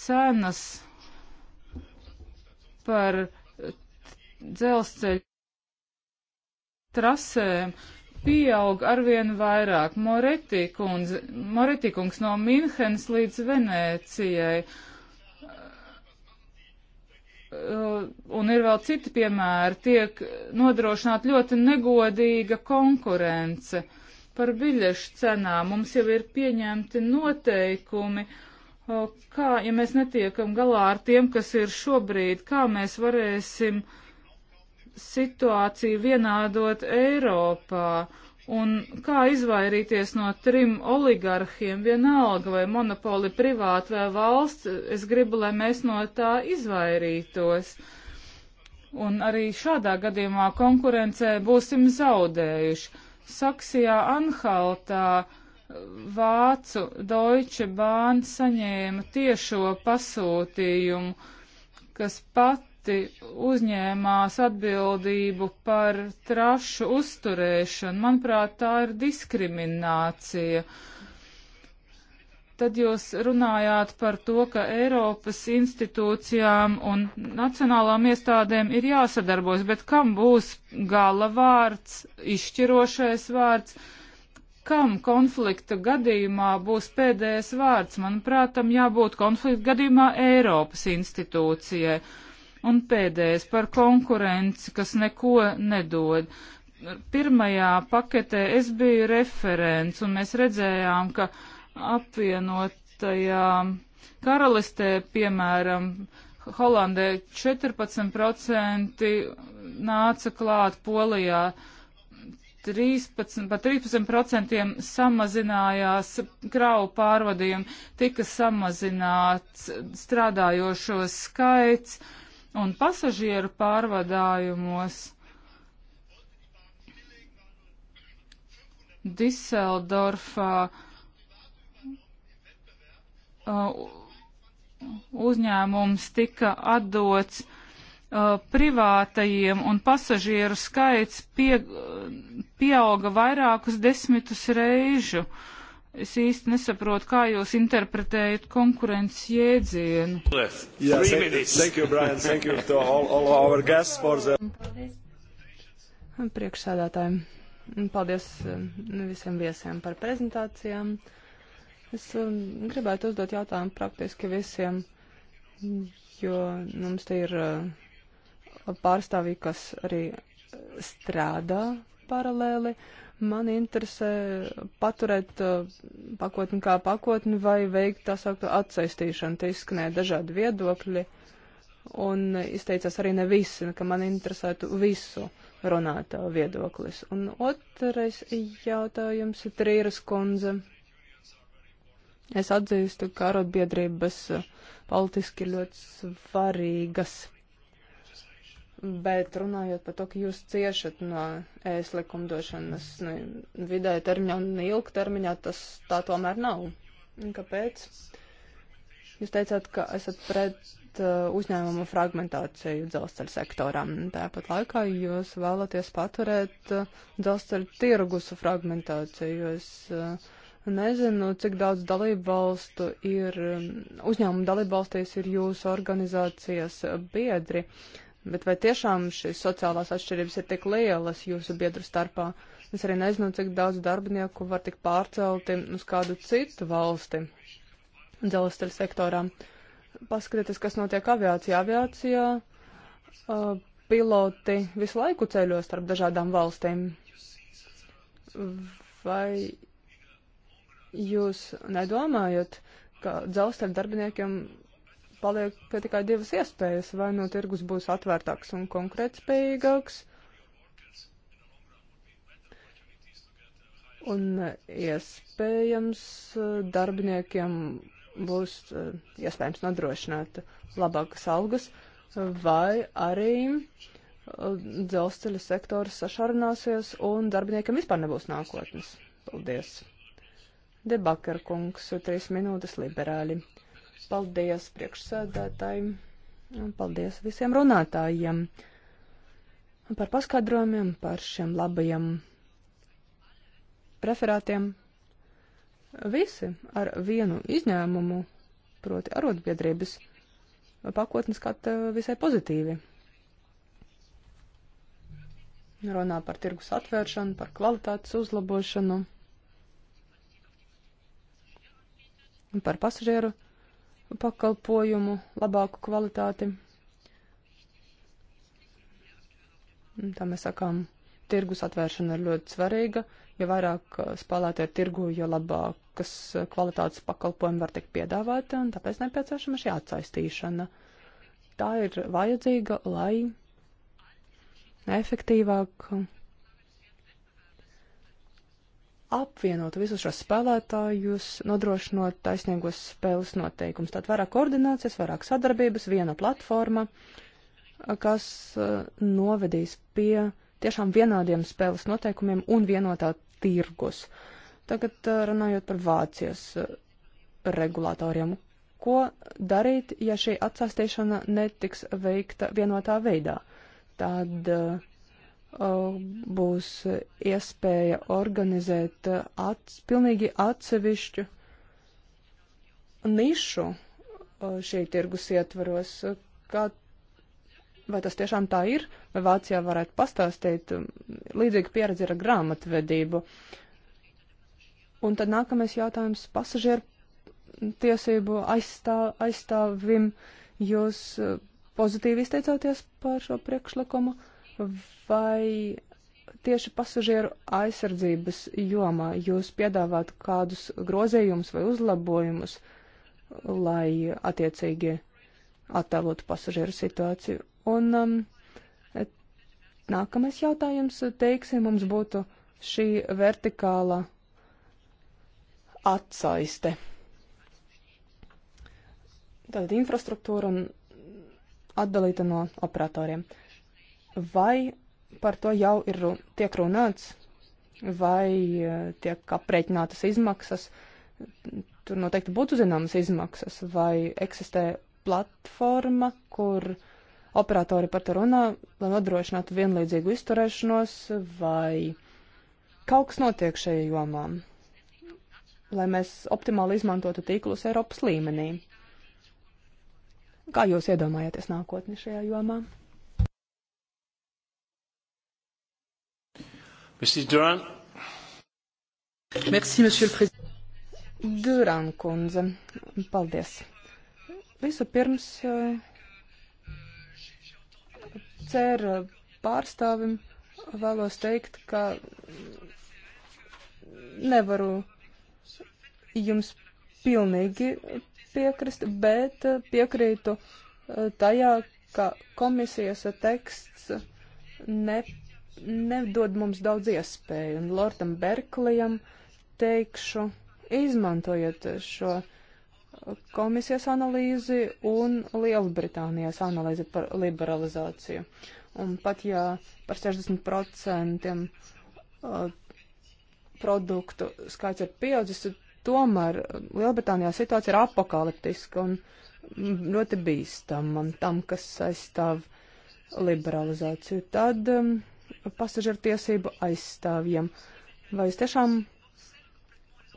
Cenas par dzelzceļa trasēm pieaug arvien vairāk. Moretikums, Moretikums no Minhenes līdz Venēcijai. Uh, un ir vēl citi piemēri, tiek nodrošināta ļoti negodīga konkurence par biļešu cenām. Mums jau ir pieņemti noteikumi, uh, kā, ja mēs netiekam galā ar tiem, kas ir šobrīd, kā mēs varēsim uh, situāciju vienādot Eiropā un kā izvairīties no trim oligarhiem vienalga vai monopoli privāti vai valsts, es gribu, lai mēs no tā izvairītos. Un arī šādā gadījumā konkurencē būsim zaudējuši. Saksijā Anhaltā Vācu Deutsche Bahn saņēma tiešo pasūtījumu, kas pat valsti uzņēmās atbildību par trašu uzturēšanu. Manuprāt, tā ir diskriminācija. Tad jūs runājāt par to, ka Eiropas institūcijām un nacionālām iestādēm ir jāsadarbos, bet kam būs gala vārds, izšķirošais vārds, kam konflikta gadījumā būs pēdējais vārds? Manuprāt, tam jābūt konflikta gadījumā Eiropas institūcijai. Un pēdējais par konkurenci, kas neko nedod. Pirmajā paketē es biju referents, un mēs redzējām, ka apvienotajā karalistē, piemēram, Holandē 14% nāca klāt, Polijā 13, par 13% samazinājās kravu pārvadījumi, tika samazināts strādājošo skaits un pasažieru pārvadājumos. Diseldorfā uh, uzņēmums tika atdots uh, privātajiem un pasažieru skaits pie, uh, pieauga vairākus desmitus reižu. Uh, Es īsti nesaprotu, kā jūs interpretējat konkurences jēdzienu. Yes, thank you, Brian. Thank you to all, all our guests for the... Paldies. Priekšsēdētājiem. Paldies eh, visiem viesiem par prezentācijām. Es eh, gribētu uzdot jautājumu praktiski visiem, jo mums te ir eh, pārstāvji, kas arī strādā paralēli. Uh, Man interesē paturēt uh, pakotni kā pakotni vai veikt tā sauktu atsaistīšanu. Te izskanēja dažādi viedokļi un izteicās arī ne visi, ka man interesētu visu runātā eh, viedoklis. Un otrais jautājums ir Trīras kundze. Es atzīstu, ka arotbiedrības eh, politiski ļoti svarīgas Bet runājot par to, ka jūs ciešat no ēst likumdošanas ne, nu, vidē termiņā un ilgtermiņā, tas tā tomēr nav. Kāpēc? Jūs teicāt, ka esat pret uh, uzņēmumu fragmentāciju dzelzceļa sektoram. Tāpat laikā jūs vēlaties paturēt uh, dzelzceļa tirgus fragmentāciju. Es uh, nezinu, cik daudz dalību valstu ir, um, uzņēmumu dalību valstīs ir jūsu organizācijas biedri. Uh, Bet vai tiešām šīs sociālās atšķirības ir tik lielas jūsu biedru starpā? Es arī nezinu, cik daudz darbinieku var tik pārcelti uz kādu citu valsti dzelzceļa sektorā. Paskatieties, kas notiek aviācijā. Aviācijā uh, piloti visu laiku ceļo starp dažādām valstīm. Vai jūs nedomājat, ka dzelzceļa darbiniekiem paliek tikai divas iespējas. Vai no tirgus būs atvērtāks un konkrētspējīgāks, un eh, iespējams eh, darbiniekiem būs eh, iespējams nodrošināt labākas algas, vai arī dzelzceļa sektors sašarināsies un darbiniekiem vispār nebūs nākotnes. Paldies! Debakar kungs, trīs minūtes liberāļi. Paldies priekšsēdētājiem un paldies visiem runātājiem par paskaidrojumiem, par šiem labajiem referātiem. Visi ar vienu izņēmumu, proti arotbiedrības, pakotnes skata eh, visai pozitīvi. Runā par tirgus atvēršanu, par kvalitātes uzlabošanu, par pasažieru pakalpojumu, labāku kvalitāti. Tā mēs sakām, tirgus atvēršana ir ļoti svarīga. Jo vairāk uh, spēlētāji ir tirgu, jo labākas uh, kvalitātes pakalpojumi var tikt piedāvāti, un tāpēc nepieciešama šī atsaistīšana. Tā ir vajadzīga, lai efektīvāk apvienot visus šos spēlētājus, nodrošinot taisnīgos spēles noteikumus. Tātad vairāk koordinācijas, vairāk sadarbības, viena platforma, kas eh, novedīs pie tiešām vienādiem spēles noteikumiem un vienotā tirgus. Tagad eh, runājot par Vācijas eh, regulātoriem. Ko darīt, ja šī atsāstīšana netiks veikta vienotā veidā? Tad uh, būs iespēja organizēt ats, pilnīgi atsevišķu nišu šī tirgus ietvaros. Kā, vai tas tiešām tā ir? Vai Vācijā varētu pastāstīt? Līdzīga pieredze ir ar grāmatvedību. Un tad nākamais jautājums - pasažieru tiesību aizstāv, aizstāvim. Jūs pozitīvi izteicāties par šo priekšlikumu. Uh, vai tieši pasažieru aizsardzības jomā jūs piedāvātu kādus grozējumus vai uzlabojumus, lai attiecīgi attēlotu pasažieru situāciju? Un um, nākamais jautājums, teiksim, mums būtu šī vertikāla atsaiste. Tātad infrastruktūra un atdalīta no operatoriem. Uh, vai par to jau ir run tiek runāts, vai eh, tiek aprēķinātas izmaksas, tur noteikti būtu zināmas izmaksas, vai eksistē platforma, kur operatori par to runā, lai nodrošinātu vienlīdzīgu izturēšanos, vai kaut kas notiek šajā jomā, lai mēs optimāli izmantotu tīklus Eiropas līmenī. Kā jūs iedomājaties nākotni šajā jomā? Mrs. Duran. Merci, monsieur le président. Duran kundze, paldies. Visu pirms eh, ceru eh, pārstāvim vēlos teikt, ka nevaru jums pilnīgi piekrist, bet eh, piekrītu tajā, ka komisijas teksts ne nedod mums daudz iespēju. Un Lordam Berklijam teikšu, izmantojiet šo komisijas analīzi un Lielbritānijas analīzi par liberalizāciju. Un pat ja par 60% uh, produktu skaits ir pieaudzis, tomēr Lielbritānijā situācija ir apakaliptiska un ļoti bīstama tam, kas aizstāv liberalizāciju. Tad um, pasažieru tiesību aizstāvjiem. Vai jūs tiešām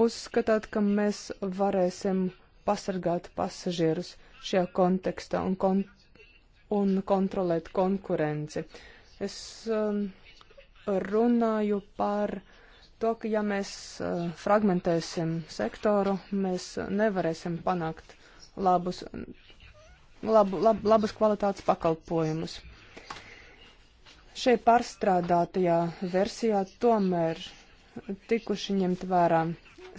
uzskatāt, ka mēs varēsim pasargāt pasažierus šajā kontekstā un, kon un kontrolēt konkurenci? Es um, runāju par to, ka ja mēs uh, fragmentēsim sektoru, mēs nevarēsim panākt labus, labu, lab, labus kvalitātes pakalpojumus. Šai pārstrādātajā versijā tomēr tikuši ņemt vērā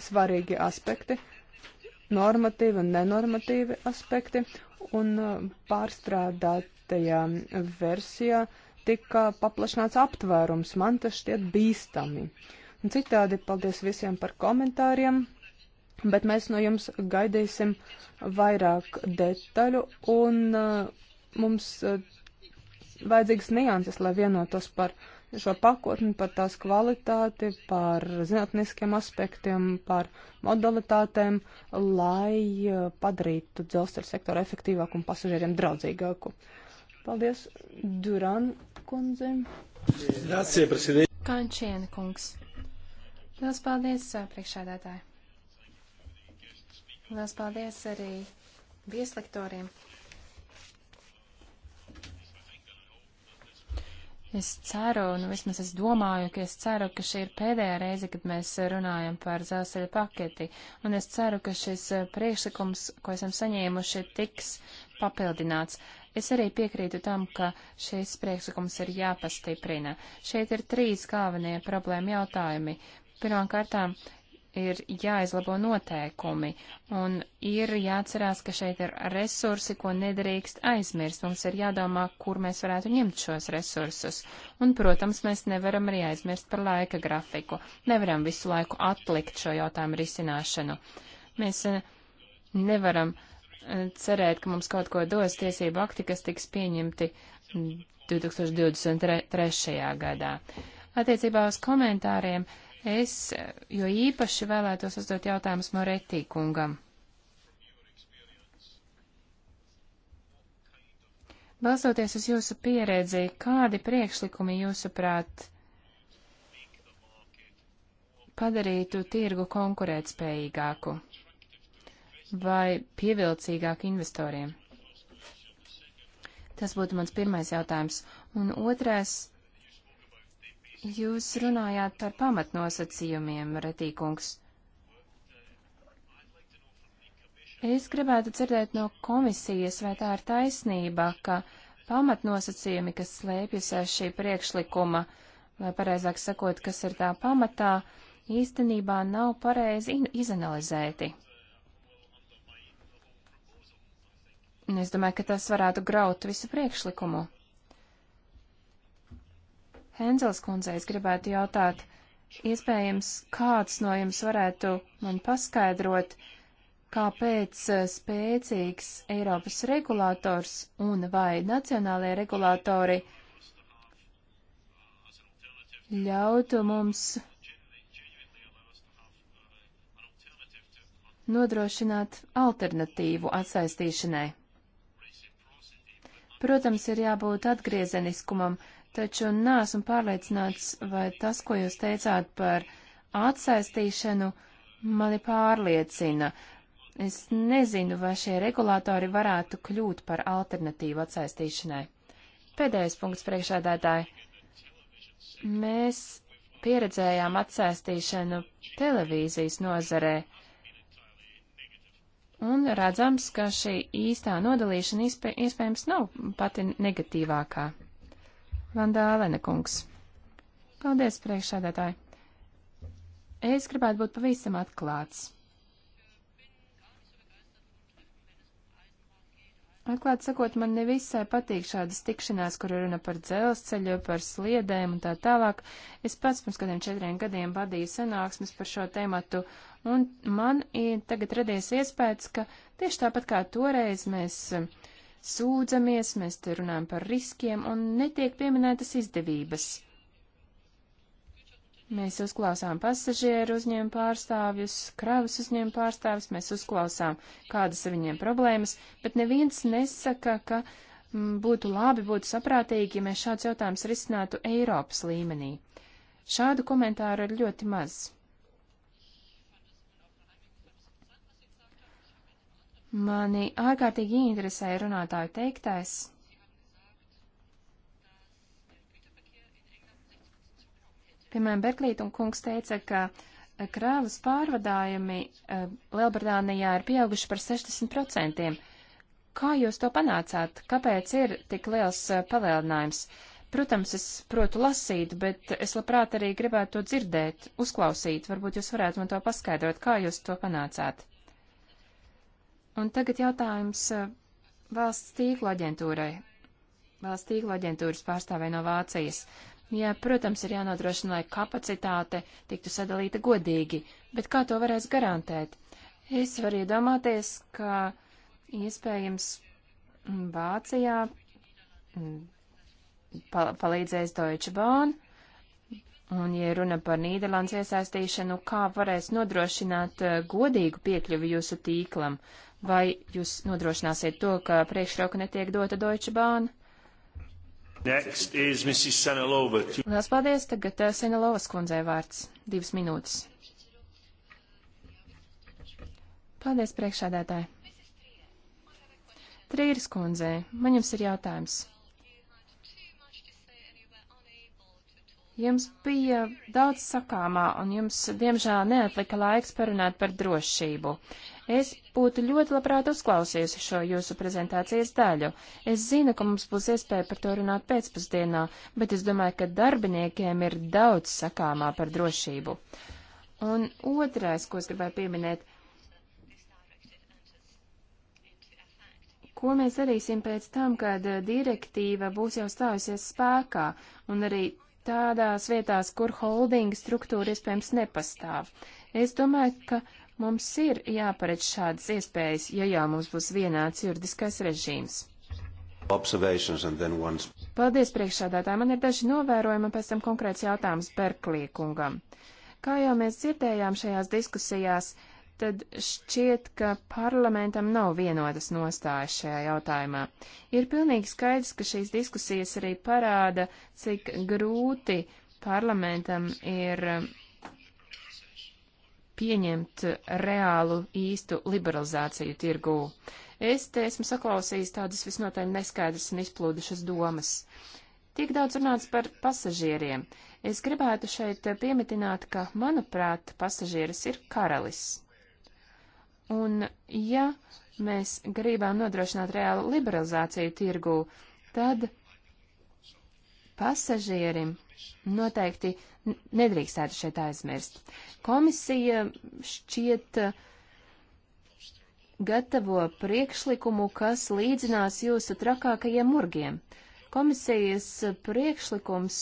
svarīgi aspekti, normatīvi un nenormatīvi aspekti, un uh, pārstrādātajā versijā tika paplašināts aptvērums. Man tas šķiet bīstami. Un citādi paldies visiem par komentāriem, bet mēs no jums gaidīsim vairāk detaļu, un uh, mums uh, vajadzīgas nianses, lai vienotos par šo pakotni, par tās kvalitāti, par zinātniskiem aspektiem, par modalitātēm, lai eh, padarītu dzelzceļa sektoru efektīvāku un pasažieriem draudzīgāku. Paldies, Duran kundze. Grazie, prezident. Kančiena kungs. Lielas paldies, eh, priekšādātāji. Lielas paldies arī vieslektoriem. Es ceru, nu vismaz es domāju, ka es ceru, ka šī ir pēdējā reize, kad mēs runājam par dzelzceļa paketi, un es ceru, ka šis eh, priekšlikums, ko esam saņēmuši, tiks papildināts. Es arī piekrītu tam, ka šis priekšlikums ir jāpastiprina. Šeit ir trīs galvenie problēma jautājumi. Pirmkārtām ir jāizlabo noteikumi, un ir jāatcerās, ka šeit ir resursi, ko nedrīkst aizmirst. Mums ir jādomā, kur mēs varētu ņemt šos resursus. Un, protams, mēs nevaram arī aizmirst par laika grafiku. Nevaram visu laiku atlikt šo jautājumu risināšanu. Mēs eh, nevaram eh, cerēt, ka mums kaut ko dos tiesību akti, kas tiks pieņemti 2023. gadā. Attiecībā uz komentāriem Es jo īpaši vēlētos uzdot jautājumus Moretī kungam. Balstoties uz jūsu pieredzi, kādi priekšlikumi jūsuprāt padarītu tirgu konkurētspējīgāku vai pievilcīgāku investoriem? Tas būtu mans pirmais jautājums. Un otrais Jūs runājāt par pamatnosacījumiem, Retīkungs. Es gribētu dzirdēt no komisijas, vai tā ir taisnība, ka pamatnosacījumi, kas slēpjas aiz šī priekšlikuma, vai pareizāk sakot, kas ir tā pamatā, īstenībā nav pareizi izanalizēti. Es domāju, ka tas varētu graut visu priekšlikumu. Henzels kundzei es gribētu jautāt, iespējams, kāds no jums varētu man paskaidrot, kāpēc eh, spēcīgs Eiropas regulators un vai nacionālajie regulatori ļautu mums nodrošināt alternatīvu atsaistīšanai. Protams, ir jābūt atgriezeniskumam, taču nesmu pārliecināts, vai tas, ko jūs teicāt par atsaistīšanu, mani pārliecina. Es nezinu, vai šie regulātori varētu kļūt par alternatīvu atsaistīšanai. Pēdējais punkts priekšādātāji. Mēs pieredzējām atsaistīšanu televīzijas nozarē. Un redzams, ka šī īstā nodalīšana iespējams nav pati negatīvākā. Vandālene kungs. Paldies, priekšsēdētāji. Es gribētu būt pavisam atklāts. Atklāt sakot, man nevisai patīk šādas tikšanās, kur runa par dzelzceļu, par sliedēm un tā tālāk. Es pats pirms kādiem četriem gadiem vadīju sanāksmes par šo tēmatu, un man tagad radies iespējas, ka tieši tāpat kā toreiz mēs sūdzamies, mēs te runājam par riskiem un netiek pieminētas izdevības. Mēs uzklausām pasažieru uzņēmu pārstāvjus, kravas uzņēmu pārstāvjus, mēs uzklausām, kādas ir viņiem problēmas, bet neviens nesaka, ka m, mm, būtu labi, būtu saprātīgi, ja mēs šāds jautājums risinātu Eiropas līmenī. Šādu komentāru ir ļoti maz. Mani ārkārtīgi interesē runātāju teiktais. Piemēram, Beklīt un kungs teica, ka eh, krāvas pārvadājumi eh, Lielbritānijā ir pieauguši par 60%. Kā jūs to panācāt? Kāpēc ir tik liels eh, palielinājums? Protams, es protu lasīt, bet es labprāt arī gribētu to dzirdēt, uzklausīt. Varbūt jūs varētu man to paskaidrot, kā jūs to panācāt. Un tagad jautājums eh, valsts tīkla aģentūrai. Valsts tīkla aģentūras pārstāvē no Vācijas. Jā, protams, ir jānodrošina, lai kapacitāte tiktu sadalīta godīgi, bet kā to varēs garantēt? Es varu iedomāties, ka iespējams mm, Vācijā mm, pal palīdzēs Deutsche Bahn, un, ja runa par Nīderlandes iesaistīšanu, kā varēs nodrošināt eh, godīgu piekļuvi jūsu tīklam, Vai jūs nodrošināsiet to, ka priekšroka netiek dota Deutsche Bahn? Next is Mrs. Senelova. Lielas paldies, tagad eh, Senelovas kundzei vārds. Divas minūtes. Paldies, priekšādētāji. Trīras kundzei, man jums ir jautājums. Jums bija daudz sakāmā, un jums, diemžēl, neatlika laiks parunāt par drošību. Uh, Es būtu ļoti labprāt uzklausījusi šo jūsu prezentācijas daļu. Es zinu, ka mums būs iespēja par to runāt pēcpusdienā, bet es domāju, ka darbiniekiem ir daudz sakāmā par drošību. Un otrais, ko es gribēju pieminēt, ko mēs darīsim pēc tam, kad eh, direktīva būs jau stājusies spēkā un arī tādās vietās, kur holdinga struktūra iespējams nepastāv. Es domāju, ka Mums ir jāparedz šādas iespējas, ja jau mums būs vienāds juridiskais režīms. Paldies priekšādātāji. Man ir daži novērojumi, pēc tam konkrēts jautājums Berklī kungam. Kā jau mēs dzirdējām šajās diskusijās, tad šķiet, ka parlamentam nav vienotas nostājas šajā jautājumā. Ir pilnīgi skaidrs, ka šīs diskusijas arī parāda, cik grūti parlamentam ir pieņemt reālu īstu liberalizāciju tirgū. Es te esmu saklausījis tādas visnotaļ neskaidras un izplūdušas domas. Tik daudz runāts par pasažieriem. Es gribētu šeit piemitināt, ka, manuprāt, pasažieris ir karalis. Un, ja mēs gribam nodrošināt reālu liberalizāciju tirgū, tad pasažierim noteikti nedrīkstētu šeit aizmirst. Komisija šķiet eh, gatavo priekšlikumu, kas līdzinās jūsu trakākajiem murgiem. Komisijas priekšlikums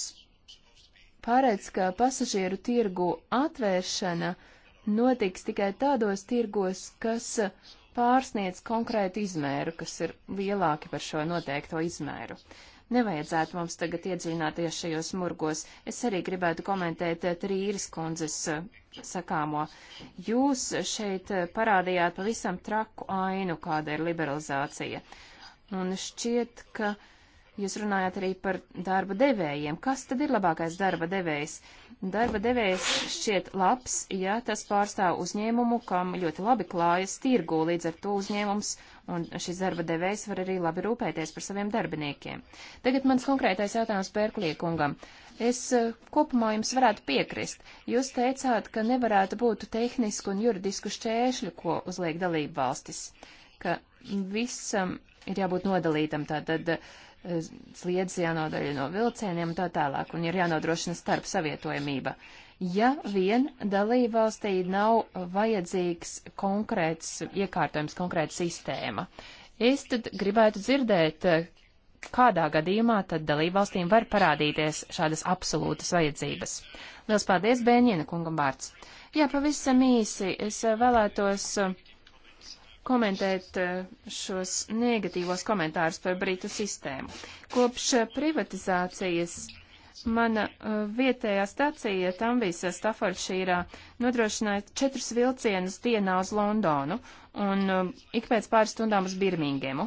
paredz, ka pasažieru tirgu atvēršana notiks tikai tādos tirgos, kas pārsniedz konkrētu izmēru, kas ir lielāki par šo noteikto izmēru. Nevajadzētu mums tagad iedziļināties šajos murgos. Es arī gribētu komentēt eh, Trīris kundzes eh, sakāmo. Jūs šeit eh, parādījāt pavisam traku ainu, kāda ir liberalizācija. Un šķiet, ka. Jūs runājāt arī par darba devējiem. Kas tad ir labākais darba devējs? Darba devējs šķiet labs, ja tas pārstāv uzņēmumu, kam ļoti labi klājas tirgū, līdz ar to uzņēmums un šis darba devējs var arī labi rūpēties par saviem darbiniekiem. Tagad mans konkrētais jautājums Pērkliekungam. Es eh, kopumā jums varētu piekrist. Jūs teicāt, ka nevarētu būt tehnisku un juridisku šķēršļu, ko uzliek dalību valstis, ka visam ir jābūt nodalītam tātad eh, sliedz jānodaļ no vilcieniem un tā tālāk, un ir jānodrošina starp savietojamība. Uh, ja vien dalībvalstī nav vajadzīgs konkrēts iekārtojums, konkrēta sistēma. Es tad gribētu dzirdēt, kādā gadījumā tad dalībvalstīm var parādīties šādas absolūtas vajadzības. Liels paldies, Bēņina kungam vārds. Jā, pavisam īsi, es vēlētos uh, komentēt uh, šos negatīvos komentārus par Britu sistēmu. Kopš uh, privatizācijas Mana uh, vietējā stacija Tambīsā Staforšīrā nodrošināja četrus vilcienus dienā uz Londonu un uh, ik pēc pāris stundām uz Birmingemu.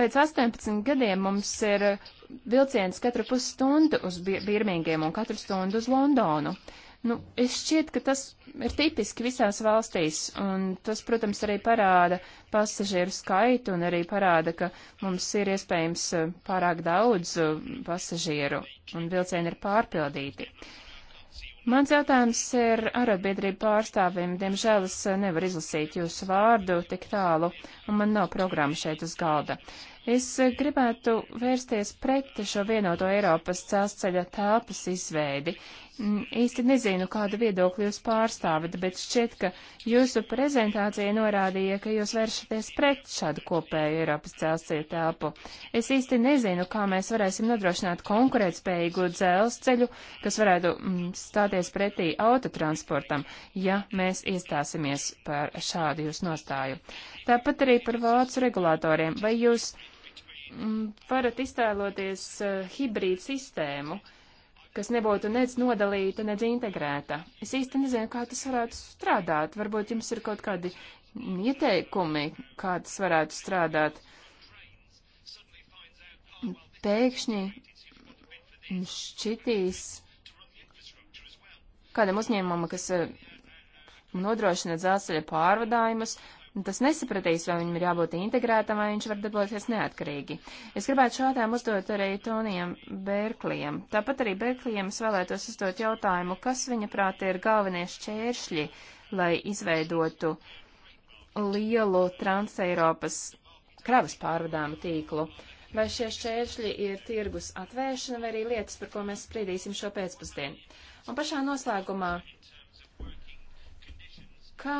Pēc 18 gadiem mums ir uh, vilciens katru pusstundu uz Birmingemu un katru stundu uz Londonu. Uh, Nu, es šķiet, ka tas ir tipiski visās valstīs, un tas, protams, arī parāda pasažieru skaitu un arī parāda, ka mums ir iespējams eh, pārāk daudz eh, pasažieru un vilcieni ir pārpildīti. Mans jautājums ir arotbiedrību pārstāvim. Diemžēl es nevaru izlasīt jūsu vārdu tik tālu, un man nav programma šeit uz galda. Es eh, gribētu vērsties pret šo vienoto Eiropas celsceļa telpas izveidi. Mm, īsti nezinu, kādu viedokli jūs pārstāvat, bet šķiet, ka jūsu prezentācija norādīja, ka jūs vēršaties pret šādu kopēju Eiropas celsceļa telpu. Es īsti nezinu, kā mēs varēsim nodrošināt konkurētspējīgu dzelzceļu, kas varētu mm, stāties pretī autotransportam, ja mēs iestāsimies par šādu jūsu nostāju. Uh, Tāpat arī par vācu regulātoriem. Vai jūs mm, varat iztēloties eh, hibrīd sistēmu, kas nebūtu nec nodalīta, nec integrēta? Es īsti nezinu, kā tas varētu strādāt. Varbūt jums ir kaut kādi ieteikumi, kā tas varētu strādāt. Pēkšņi šķitīs kādam uzņēmumam, kas eh, nodrošina dzelzceļa pārvadājumus, tas nesapratīs, vai viņam ir jābūt integrētam, vai viņš var darboties neatkarīgi. Es gribētu šādām uzdot arī Tonijam Bērklijam. Tāpat arī Bērklijam es vēlētos uzdot jautājumu, kas viņa prāti ir galvenie šķēršļi, lai izveidotu lielu transeiropas kravas pārvadāmu tīklu. Vai šie šķēršļi ir tirgus atvēršana vai arī lietas, par ko mēs spriedīsim šo pēcpusdienu? Un pašā noslēgumā, kā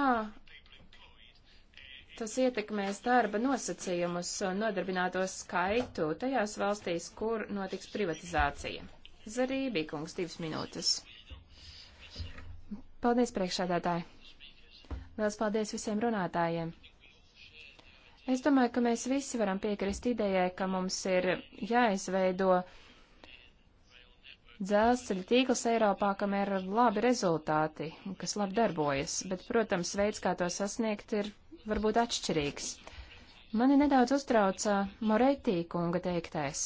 Tas ietekmēs darba nosacījumus un nodarbināto skaitu tajās valstīs, kur notiks privatizācija. Zarībī, kungs, divas minūtes. Paldies, priekšādātāji. Liels paldies visiem runātājiem. Es domāju, ka mēs visi varam piekrist idejai, ka mums ir jāizveido dzelzceļa tīkls Eiropā, kam ir labi rezultāti un kas labi darbojas, bet, protams, veids, kā to sasniegt, ir var būt atšķirīgs. Mani nedaudz uztrauca Moretī kunga teiktais.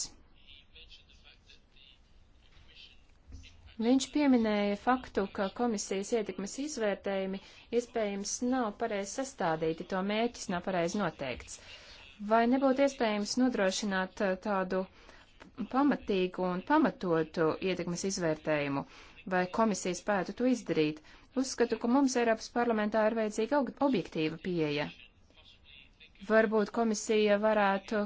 Viņš pieminēja faktu, ka komisijas ietekmes izvērtējumi iespējams nav pareizi sastādīti, to mērķis nav pareizi noteikts. Vai nebūtu iespējams nodrošināt uh, tādu pamatīgu un pamatotu ietekmes izvērtējumu, vai komisija spētu to izdarīt? Uzskatu, ka mums Eiropas parlamentā ir vajadzīga objektīva pieeja. Varbūt komisija varētu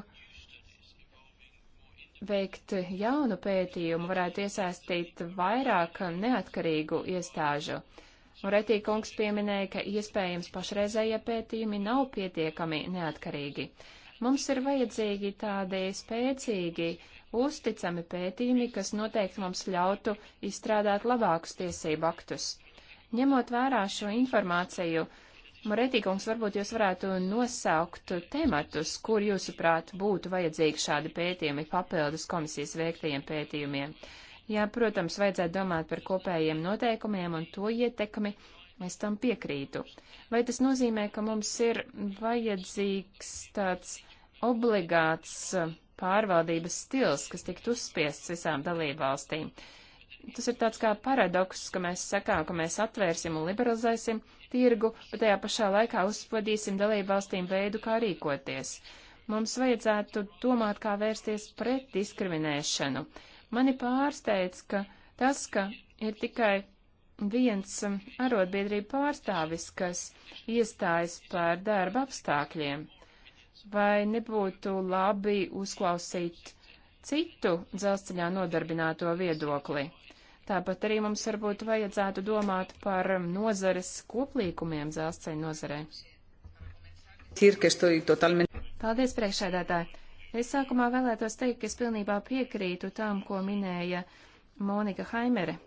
veikt jaunu pētījumu, varētu iesaistīt vairāk neatkarīgu iestāžu. Retī kungs pieminēja, ka iespējams pašreizējie pētījumi nav pietiekami neatkarīgi. Mums ir vajadzīgi tādi spēcīgi, uzticami pētījumi, kas noteikti mums ļautu izstrādāt labākus tiesību aktus. Ņemot vērā šo informāciju, Moretīkungs, varbūt jūs varētu nosaukt tematus, kur jūsuprāt būtu vajadzīgi šādi pētījumi papildus komisijas veiktajiem pētījumiem. Jā, protams, vajadzētu domāt par kopējiem noteikumiem un to ietekmi. Es tam piekrītu. Vai tas nozīmē, ka mums ir vajadzīgs tāds obligāts uh, pārvaldības stils, kas tiktu uzspiests visām dalībvalstīm? valstīm? tas ir tāds kā paradoks, ka mēs sakām, ka mēs atvērsim un liberalizēsim tirgu, bet tajā pašā laikā uzspodīsim dalībvalstīm veidu, kā rīkoties. Mums vajadzētu domāt, kā vērsties pret diskriminēšanu. Mani pārsteidz, ka tas, ka ir tikai viens arotbiedrība pārstāvis, kas iestājas par darba apstākļiem. Vai nebūtu labi uzklausīt citu dzelzceļā nodarbināto viedokli? Tāpat arī mums varbūt vajadzētu domāt par nozares koplīkumiem dzelzceļa nozarē. Paldies, priekšēdētāji! Es sākumā vēlētos teikt, ka es pilnībā piekrītu tam, ko minēja Monika Haimere.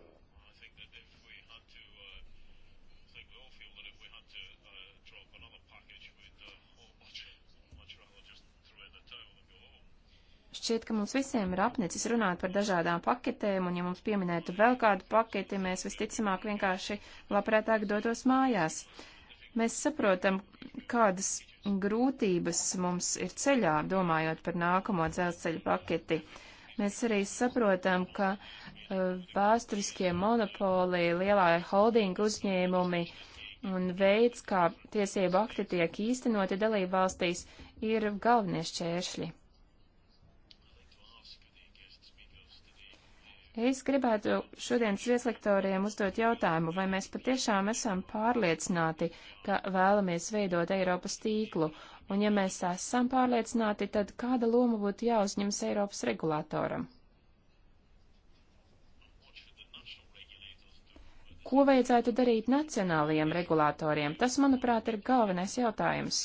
Šķiet, ka mums visiem ir apnicis runāt par dažādām paketēm, un ja mums pieminētu vēl kādu paketi, mēs visticamāk vienkārši labprātāk dotos mājās. Mēs saprotam, kādas grūtības mums ir ceļā, domājot par nākamo dzelzceļa paketi. Mēs arī saprotam, ka uh, vēsturiskie monopoli, lielā holdinga uzņēmumi un veids, kā tiesību akti tiek īstenoti dalībvalstīs, ir galvenie šķēršļi. Es gribētu šodienas vieslektoriem uzdot jautājumu, vai mēs patiešām esam pārliecināti, ka vēlamies veidot Eiropas tīklu, un ja mēs esam pārliecināti, tad kāda loma būtu jāuzņems Eiropas regulātoram? Ko vajadzētu darīt nacionālajiem regulātoriem? Tas, manuprāt, ir galvenais jautājums,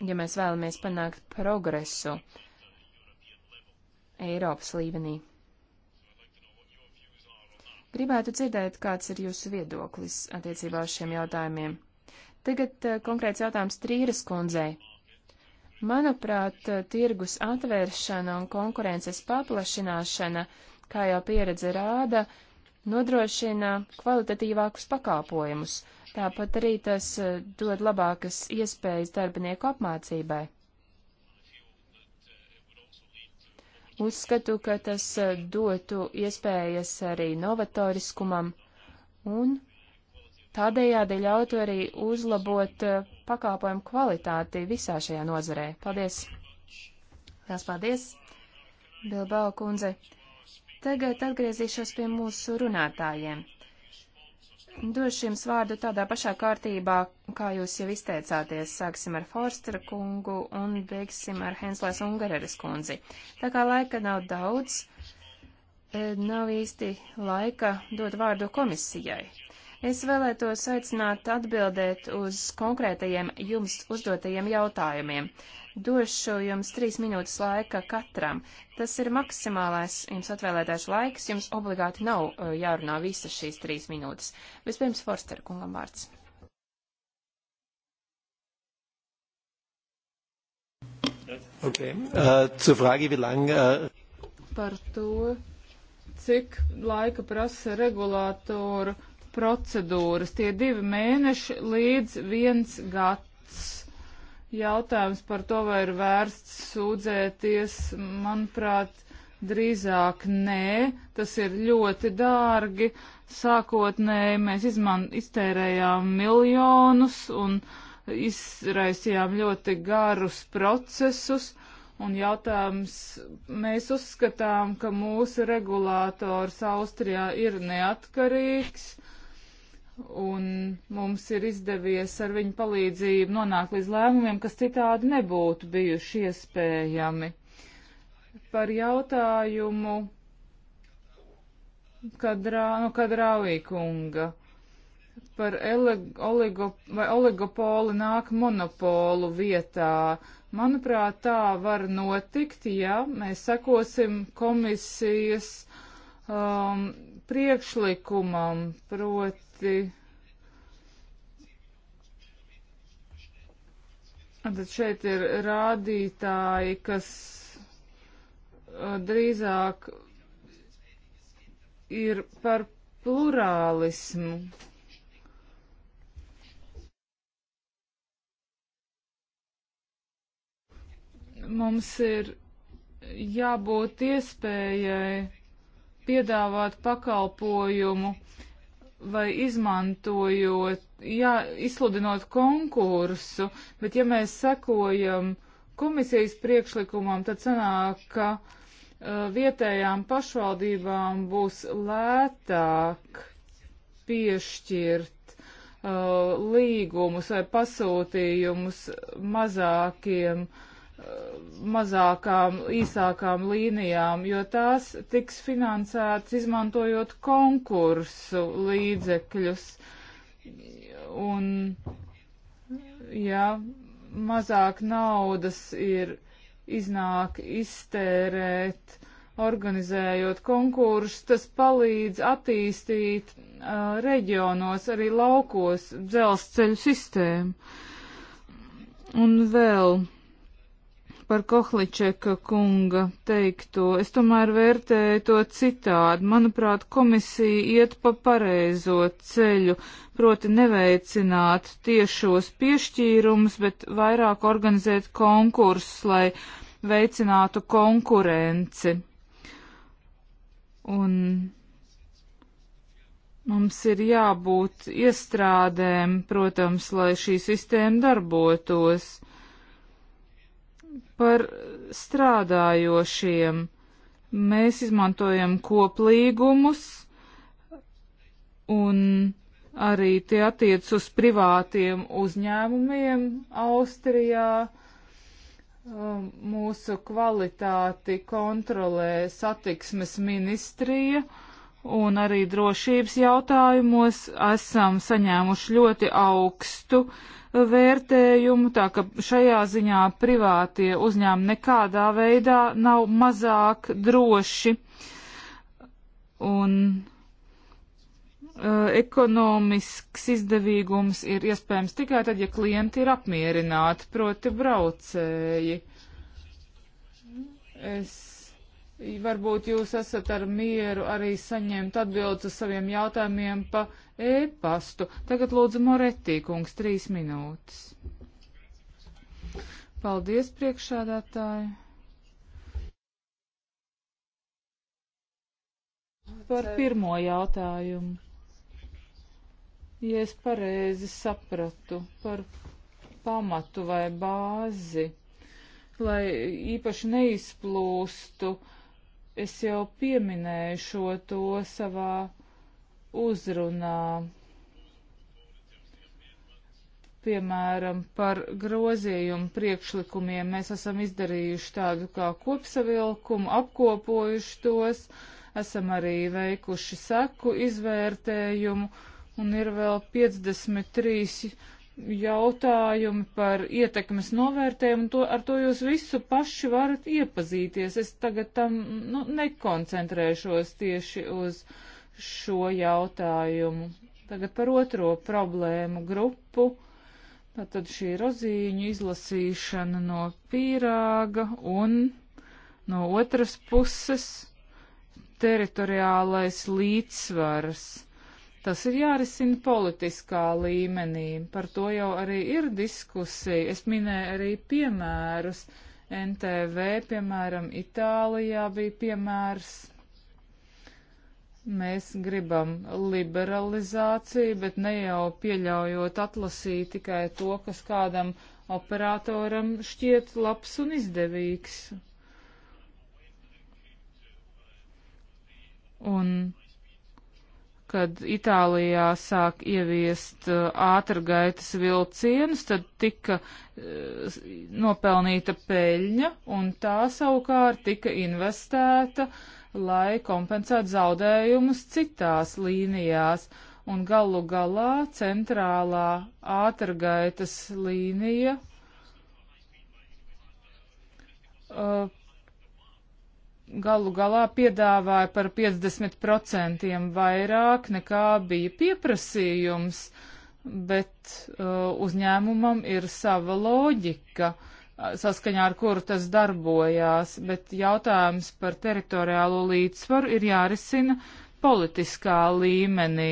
ja mēs vēlamies panākt progresu Eiropas līmenī. Gribētu dzirdēt, kāds ir jūsu viedoklis attiecībā uz šiem jautājumiem. Tagad eh, konkrēts jautājums Trīras kundzei. Manuprāt, eh, tirgus atvēršana un konkurences paplašināšana, kā jau pieredze rāda, nodrošina kvalitatīvākus pakāpojumus, tāpat arī tas eh, dod labākas iespējas darbinieku apmācībai. Uzskatu, ka tas eh, dotu iespējas arī novatoriskumam un tādējādi ļautu arī uzlabot eh, pakāpojumu kvalitāti visā šajā nozarē. Paldies! Lielas paldies, Bilbao kundze! Tagad atgriezīšos pie mūsu runātājiem. Došu jums vārdu tādā pašā kārtībā, kā jūs jau izteicāties. Sāksim ar Forstera kungu un beigsim ar Henslēs Ungareres kundzi. Tā kā laika nav daudz, eh, nav īsti laika dot vārdu komisijai. Es vēlētos aicināt atbildēt uz konkrētajiem jums uzdotajiem jautājumiem. Došu jums trīs minūtes laika katram. Tas ir maksimālais jums atvēlētais laiks, jums obligāti nav uh, jārunā visas šīs trīs minūtes. Vispirms Forster kungam vārds. Okay. Uh, zur Frage, wie lang, uh... Par to, cik laika prasa regulātoru procedūras. Tie divi mēneši līdz viens gads. Jautājums par to, vai ir vērsts sūdzēties, manuprāt, drīzāk nē. Tas ir ļoti dārgi. Sākotnēji mēs izman, iztērējām miljonus un izraisījām ļoti garus procesus. Un jautājums, mēs uzskatām, ka mūsu regulātors Austrijā ir neatkarīgs un mums ir izdevies ar viņu palīdzību nonākt līdz lēmumiem, kas citādi nebūtu bijuši iespējami. Par jautājumu Kadrā, no nu, Kadrāvīkunga par oligo, vai oligopoli nāk monopolu vietā. Manuprāt, tā var notikt, ja mēs sekosim komisijas um, priekšlikumam, proti ļoti. Tad šeit ir rādītāji, kas drīzāk ir par plurālismu. Mums ir jābūt iespējai piedāvāt pakalpojumu vai izmantojot, jā, izsludinot konkursu, bet ja mēs sekojam komisijas priekšlikumam, tad sanāk, ka uh, vietējām pašvaldībām būs lētāk piešķirt uh, līgumus vai pasūtījumus mazākiem uh, mazākām, īsākām līnijām, jo tās tiks finansētas izmantojot konkursu līdzekļus. Un, ja mazāk naudas ir iznāk iztērēt, organizējot konkursus, tas palīdz attīstīt uh, reģionos, arī laukos dzelzceļu sistēmu. Un vēl par Kohličeka kunga teikto. Es tomēr vērtēju to citādi. Manuprāt, komisija iet pa pareizo ceļu, proti neveicināt tiešos piešķīrumus, bet vairāk organizēt konkursus, lai veicinātu konkurenci. Un mums ir jābūt iestrādēm, protams, lai šī sistēma darbotos par strādājošiem. Mēs izmantojam koplīgumus un arī tie attiec uz privātiem uzņēmumiem Austrijā. Um, mūsu kvalitāti kontrolē satiksmes ministrija un arī drošības jautājumos esam saņēmuši ļoti augstu uh, vērtējumu, tā ka šajā ziņā privātie uzņēmumi nekādā veidā nav mazāk droši. Un uh, ekonomisks izdevīgums ir iespējams tikai tad, ja klienti ir apmierināti, proti braucēji. Es Varbūt jūs esat ar mieru arī saņemt atbildes uz saviem jautājumiem pa e-pastu. Tagad lūdzu Moretī, kungs, trīs minūtes. Paldies, priekšādātāji. Par pirmo jautājumu. Ja es pareizi sapratu par pamatu vai bāzi, lai īpaši neizplūstu uh, Es jau pieminēju šo to savā uzrunā. Piemēram, par grozījumu priekšlikumiem mēs esam izdarījuši tādu kā kopsavilkumu, apkopojuši tos, esam arī veikuši seku izvērtējumu un ir vēl 53 jautājumi par ietekmes novērtējumu, to, ar to jūs visu paši varat iepazīties. Es tagad tam nu, nekoncentrēšos tieši uz šo jautājumu. Tagad par otro problēmu grupu. Tātad šī rozīņu izlasīšana no pīrāga un no otras puses teritoriālais līdzsvars Tas ir jārisina politiskā līmenī. Par to jau arī ir diskusija. Es minēju arī piemērus. NTV, piemēram, Itālijā bija piemērs. Mēs gribam liberalizāciju, bet ne jau pieļaujot atlasīt tikai to, kas kādam operatoram šķiet labs un izdevīgs. Un kad Itālijā sāk ieviest uh, ātrgaitas vilcienus, tad tika uh, nopelnīta peļņa un tā savukārt tika investēta, lai kompensētu zaudējumus citās līnijās. Un galu galā centrālā ātrgaitas līnija uh, galu galā piedāvāja par 50% vairāk nekā bija pieprasījums, bet uh, uzņēmumam ir sava loģika, saskaņā ar kuru tas darbojās, bet jautājums par teritoriālo līdzsvaru ir jārisina politiskā līmenī.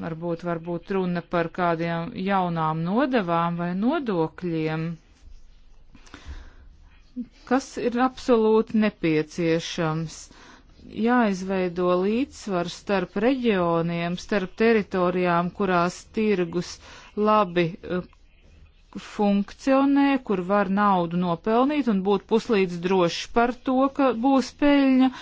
Varbūt, varbūt runa par kādiem jaunām nodevām vai nodokļiem kas ir absolūti nepieciešams. Jāizveido līdzsvars starp reģioniem, starp teritorijām, kurās tirgus labi eh, funkcionē, kur var naudu nopelnīt un būt puslīdz droši par to, ka būs peļņa,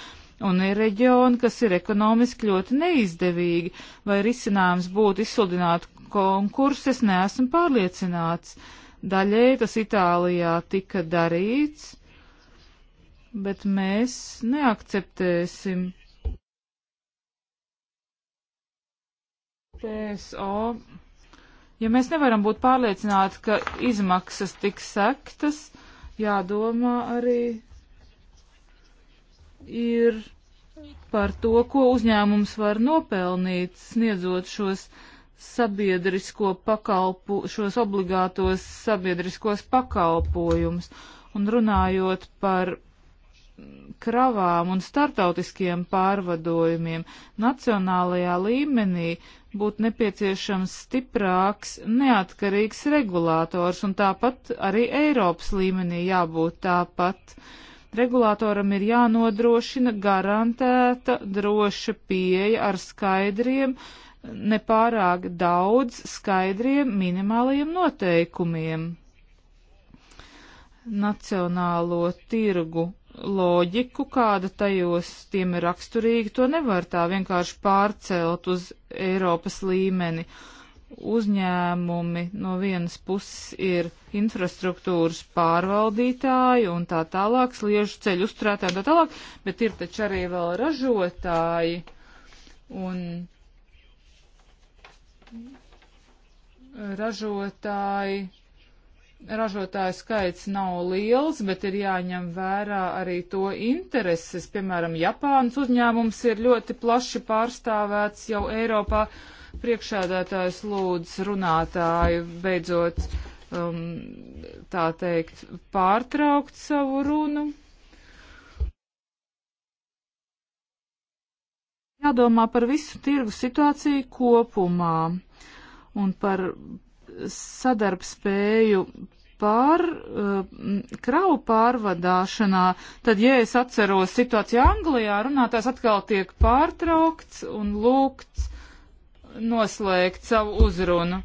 un ir reģioni, kas ir ekonomiski ļoti neizdevīgi, vai risinājums būtu izsludināt konkursus, neesmu pārliecināts. Uh, Daļēji tas Itālijā tika darīts, bet mēs neakceptēsim PSO. Ja mēs nevaram būt pārliecināti, ka izmaksas tiks sektas, jādomā arī ir par to, ko uzņēmums var nopelnīt, sniedzot šos sabiedrisko pakalpu, šos obligātos sabiedriskos pakalpojumus. Un runājot par kravām un startautiskiem pārvadojumiem, nacionālajā līmenī būtu nepieciešams stiprāks, neatkarīgs regulators, un tāpat arī Eiropas līmenī jābūt tāpat. Regulātoram ir jānodrošina garantēta droša pieeja ar skaidriem, uh, nepārāk daudz skaidriem minimālajiem noteikumiem. Nacionālo tirgu loģiku, kāda tajos tiem ir raksturīga, to nevar tā vienkārši pārcelt uz Eiropas līmeni. Uzņēmumi no vienas puses ir infrastruktūras pārvaldītāji un tā tālāk, sliežu ceļu uzturētāji un tā tālāk, bet ir taču arī vēl ražotāji. Un ražotāji, ražotāju skaits nav liels, bet ir jāņem vērā arī to intereses. Piemēram, Japānas uzņēmums ir ļoti plaši pārstāvēts jau Eiropā. Priekšādātājs lūdz runātāju beidzot, um, tā teikt, pārtraukt savu runu. jādomā par visu tirgu situāciju kopumā un par sadarbspēju pār uh, kravu pārvadāšanā, tad, ja es atceros situāciju Anglijā, runātājs atkal tiek pārtraukts un lūgts noslēgt savu uzrunu.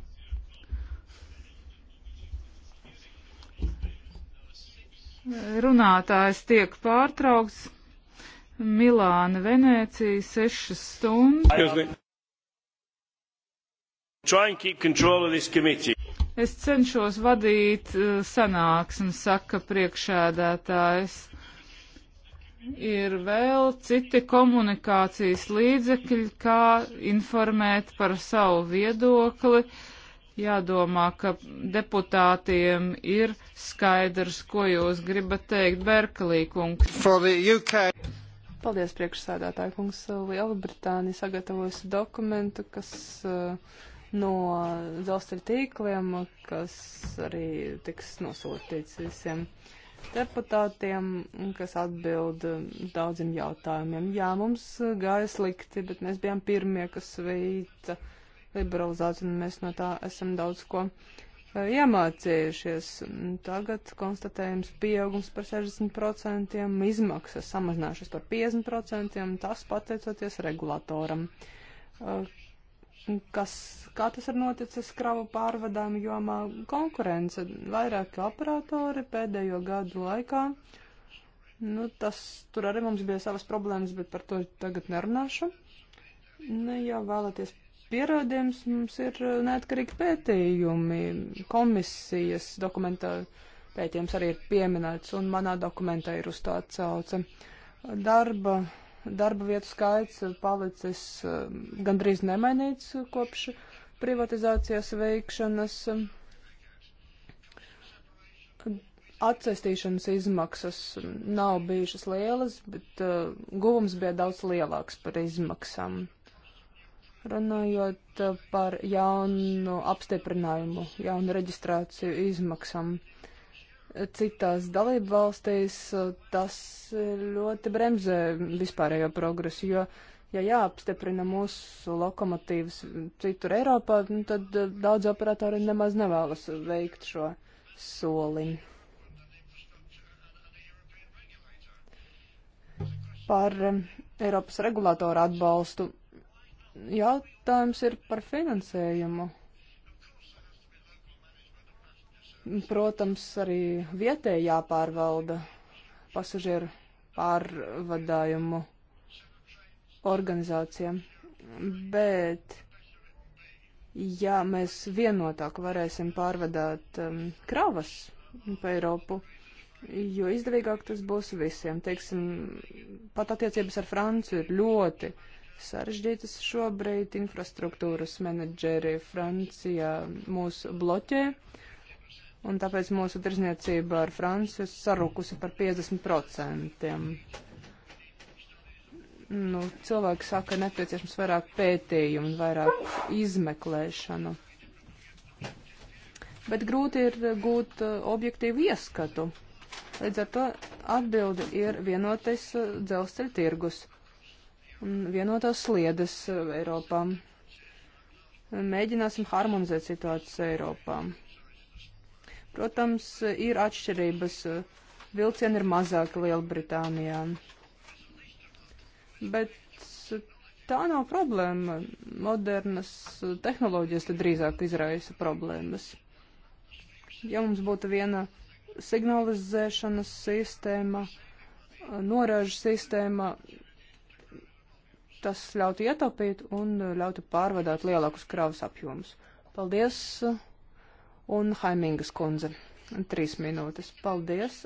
Runātājs tiek pārtraukts. Milāna, Venēcija, sešas stundas. Es cenšos vadīt uh, sanāksmi, saka priekšēdētājs. Ir vēl citi komunikācijas līdzekļi, kā informēt par savu viedokli. Jādomā, ka deputātiem ir skaidrs, ko jūs gribat teikt, Berkelī kungs. Paldies, priekšsēdētāji kungs. Lielbritānija sagatavojusi dokumentu, kas eh, no dzelzceļa tīkliem, kas arī tiks nosūtīts visiem deputātiem, kas atbild daudziem jautājumiem. Jā, mums gāja slikti, bet mēs bijām pirmie, kas veica liberalizāciju, un mēs no tā esam daudz ko Eh, iemācījušies. Mm, tagad konstatējums pieaugums par 60%, izmaksas samazinājušas par 50%, tas pateicoties regulatoram. Eh, kas, kā tas ir noticis kravu pārvadām jomā konkurence? Vairāki operatori pēdējo gadu laikā. Nu, tas tur arī mums bija savas problēmas, bet par to tagad nerunāšu. Nu, ja vēlaties pierādījums, mums ir uh, neatkarīgi pētījumi. Komisijas dokumentā pētījums arī ir pieminēts, un manā dokumentā ir uz to atsauce. Darba, darba vietu skaits palicis uh, gandrīz nemainīts kopš privatizācijas veikšanas. Atcestīšanas izmaksas nav bijušas lielas, bet uh, guvums bija daudz lielāks par izmaksām. Uh, runājot par jaunu apstiprinājumu, jaunu reģistrāciju izmaksām. Citās dalību valstīs eh, tas ļoti bremzē vispārējo progresu, jo, ja jāapstiprina mūsu lokomotīvas citur Eiropā, nu, tad eh, daudz operatori nemaz nevēlas veikt šo soli. Par eh, Eiropas regulātoru atbalstu Jautājums ir par finansējumu. Protams, arī vietēji jāpārvalda pasažieru pārvadājumu organizācijām. Bet, ja mēs vienotāk varēsim pārvadāt um, kravas pa Eiropu, jo izdevīgāk tas būs visiem. Teiksim, pat attiecības ar Franciju ir ļoti uh, sarežģītas šobrīd. Infrastruktūras menedžeri Francijā mūs bloķē, un tāpēc mūsu tirzniecība ar Franciju sarukusi par 50%. Nu, cilvēki saka, nepieciešams vairāk pētījumu, vairāk izmeklēšanu. Bet grūti ir gūt uh, objektīvu ieskatu. Līdz ar to atbildi ir vienotais uh, dzelzceļa tirgus un vienotās sliedas uh, Eiropā. Mēģināsim harmonizēt situāciju Eiropā. Protams, ir atšķirības. Vilcieni ir mazāki Lielbritānijā. Bet uh, tā nav problēma. Modernas uh, tehnoloģijas tad drīzāk izraisa problēmas. Ja mums būtu viena signalizēšanas sistēma, norāžu sistēma, Tas ļautu ietaupīt un ļautu pārvadāt lielākus kravas apjomus. Paldies un Haimingas kundze. Trīs minūtes. Paldies.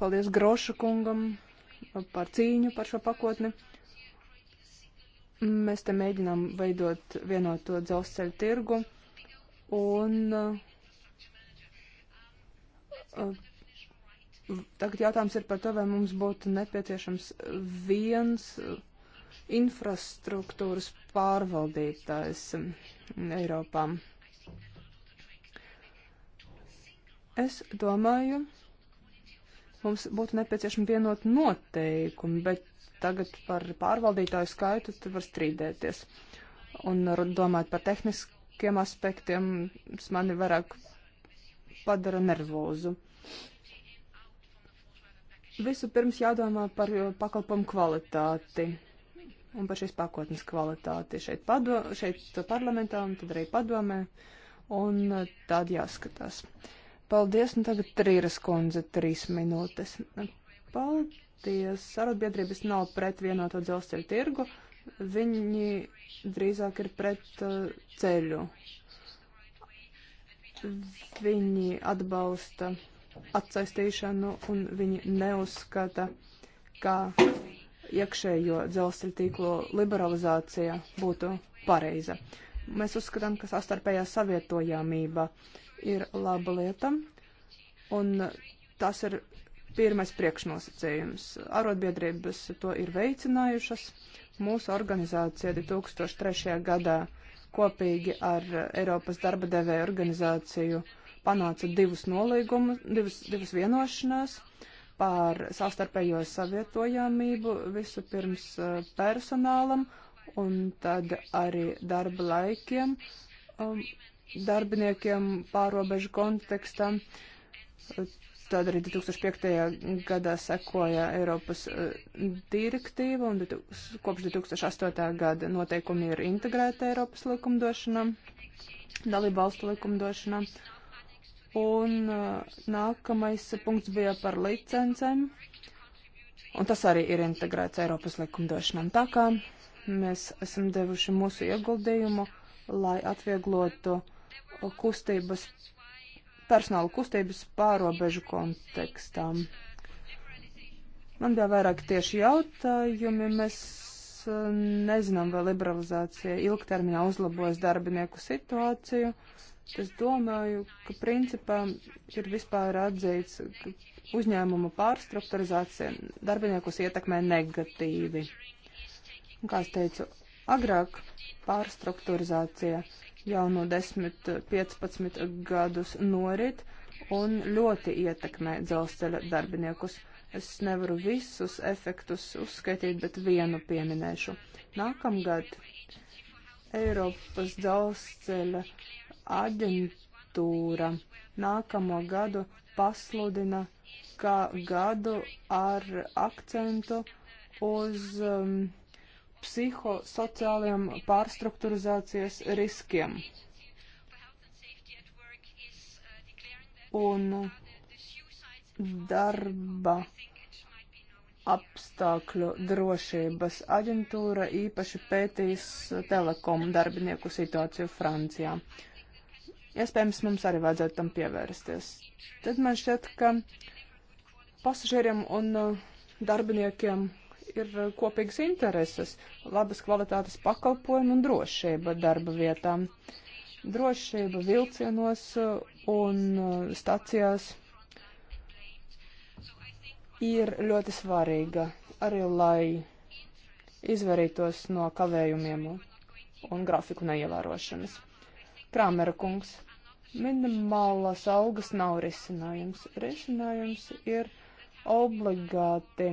Paldies Groša kungam par cīņu par šo pakotni. Mēs te mēģinām veidot vienoto dzelzceļu tirgu un uh, Tagad jautājums ir par to, vai mums būtu nepieciešams viens uh, infrastruktūras pārvaldītājs um, Eiropā. Es domāju, mums būtu nepieciešama vienot noteikumi, bet tagad par pārvaldītāju skaitu tur var strīdēties. Un domāt par tehniskiem aspektiem, tas mani vairāk padara nervozu. Visu pirms jādomā par eh, pakalpojumu kvalitāti un par šīs pakotnes kvalitāti šeit, pado, šeit parlamentā un tad arī padomē. Un eh, tad jāskatās. Paldies, un tagad trīras kundze, trīs minūtes. Paldies, arotbiedrības nav pret vienoto dzelzceļu tirgu, viņi drīzāk ir pret uh, ceļu. Viņi atbalsta atsaistīšanu, un viņi neuzskata, ka iekšējo dzelzceļa tīklo liberalizācija būtu pareiza. Mēs uzskatām, ka sastarpējā savietojamība ir laba lieta, un tas ir pirmais priekšnosacījums. Arotbiedrības to ir veicinājušas. Mūsu organizācija 2003. gadā kopīgi ar Eiropas darba devēja organizāciju uh, panāca divus nolīgumus, divus, divus vienošanās par savstarpējo savietojamību, visu pirms eh, personālam un tad arī darba laikiem, um, darbiniekiem pārobežu kontekstam. Tad arī 2005. gadā sekoja Eiropas eh, direktīva, un kopš 2008. gada noteikumi ir integrēta Eiropas likumdošanā, dalība valstu likumdošanā. Un uh, nākamais punkts bija par licencēm. Un tas arī ir integrēts Eiropas likumdošanām. Tā kā mēs esam devuši mūsu ieguldījumu, lai atvieglotu kustības, personāla kustības pārobežu kontekstām. Man bija vairāk tieši jautājumi. Mēs uh, nezinām, vai liberalizācija ilgtermiņā uzlabos darbinieku situāciju. Uh, Es domāju, ka principā ir vispār atzīts, ka uzņēmuma pārstrukturizācija darbiniekus ietekmē negatīvi. Un, kā es teicu, agrāk pārstrukturizācija jau no 10-15 gadus norit un ļoti ietekmē dzelzceļa darbiniekus. Es nevaru visus efektus uzskaitīt, bet vienu pieminēšu. Nākamgad Eiropas dzelzceļa aģentūra nākamo gadu pasludina kā gadu ar akcentu uz um, psihosociāliem pārstruktūrizācijas riskiem. Un darba apstākļu drošības aģentūra īpaši pētīs telekomu darbinieku situāciju Francijā. Uh, Iespējams, mums arī vajadzētu tam pievērsties. Tad man šķiet, ka pasažieriem un uh, darbiniekiem ir uh, kopīgas intereses - labas kvalitātes pakalpojumi un drošība darba vietām. Drošība vilcienos uh, un stacijās ir ļoti svarīga arī, lai izvarītos no kavējumiem un grafiku neievērošanas. Prāmera kungs, minimālās algas nav risinājums. Risinājums ir obligāti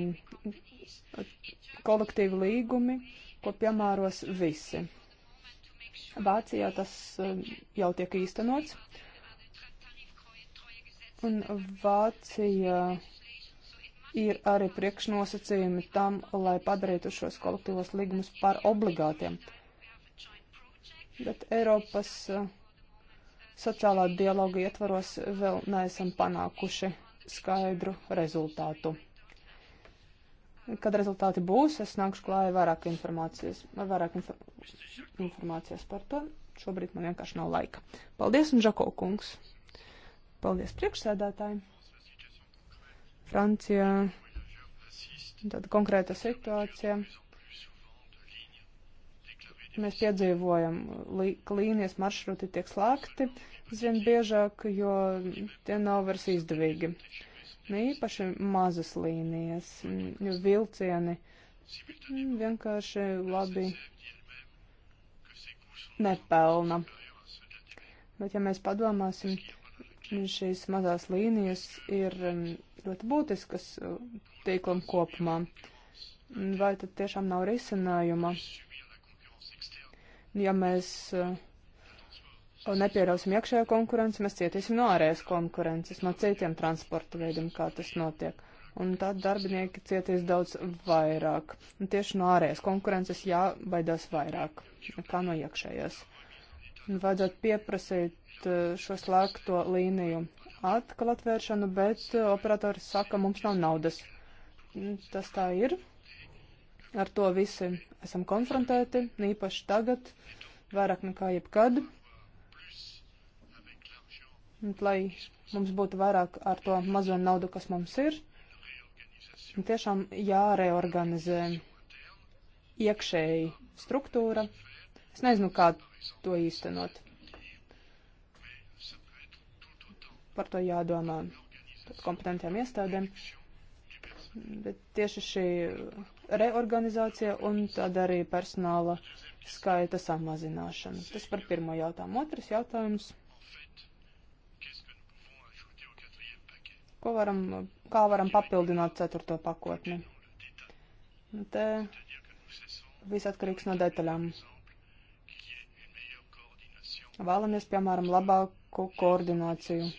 kolektīvi līgumi, ko piemēros visi. Vācijā tas um, jau tiek īstenots. Un Vācija ir arī priekšnosacījumi tam, lai padarītu šos kolektīvos līgumus par obligātiem. Uh, bet Eiropas eh, sociālā dialoga ietvaros vēl neesam panākuši skaidru rezultātu. Kad rezultāti būs, es nākšu klāja vairāk informācijas, ar vairāk infor informācijas par to. Šobrīd man vienkārši nav laika. Paldies, un Žako kungs. Paldies priekšsēdētājiem. Francija. Tāda konkrēta situācija mēs piedzīvojam, ka līnijas maršruti tiek slēgti aizvien biežāk, jo tie nav vairs izdevīgi. Ne īpaši mazas līnijas, jo vilcieni vienkārši labi nepelna. Bet ja mēs padomāsim, šīs mazās līnijas ir um, ļoti būtiskas uh, tīklam kopumā. Vai tad tiešām nav risinājuma? Ja mēs eh, nepieļausim iekšējo konkurenci, mēs cietīsim no ārējas konkurences, no citiem transporta veidiem, kā tas notiek. Un tad darbinieki cietīs daudz vairāk. Un tieši no ārējas konkurences jābaidās vairāk nekā no iekšējās. Un vajadzētu pieprasīt eh, šo slēgto līniju atkal atvēršanu, bet eh, operatori saka, mums nav naudas. Tas tā ir. Ar to visi esam konfrontēti, īpaši tagad, vairāk nekā jebkad. Un, lai mums būtu vairāk ar to mazo naudu, kas mums ir, tiešām jāreorganizē iekšēji struktūra. Es nezinu, kā to īstenot. Par to jādomā kompetentiem iestādēm. Bet tieši šī reorganizācija un tad arī personāla skaita samazināšana. Tas par pirmo jautājumu. Otrs jautājums. Ko varam, kā varam papildināt ceturto pakotni? Nu, te viss atkarīgs no detaļām. Vēlamies, piemēram, labāku koordināciju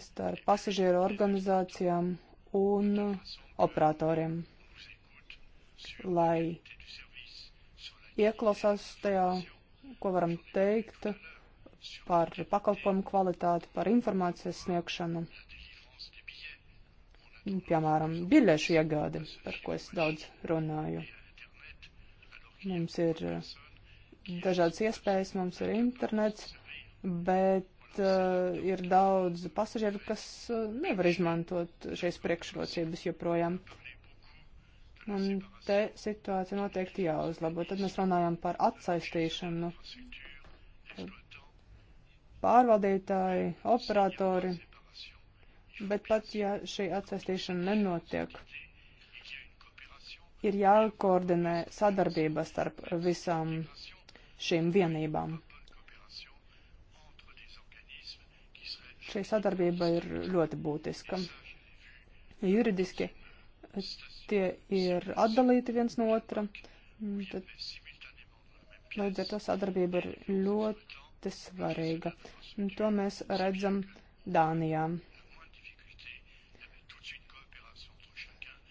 starp pasažieru organizācijām un uh, operatoriem, lai ieklausās tajā, ko varam teikt par pakalpojumu kvalitāti, par informācijas sniegšanu, piemēram, biļešu iegādi, par ko es daudz runāju. Mums ir dažādas iespējas, mums ir internets, bet uh, ir daudz pasažieru, kas uh, nevar izmantot šīs priekšrocības joprojām. Un te situācija noteikti jāuzlabo. Tad mēs runājam par atsaistīšanu. Pārvaldītāji, operatori, bet pat ja šī atsaistīšana nenotiek, ir jākoordinē sadarbība starp visām šīm vienībām. šī sadarbība ir ļoti būtiska. Juridiski eh, tie ir atdalīti viens no otra, mm, tad līdz ar to sadarbība ir ļoti svarīga. Un to mēs redzam Dānijā.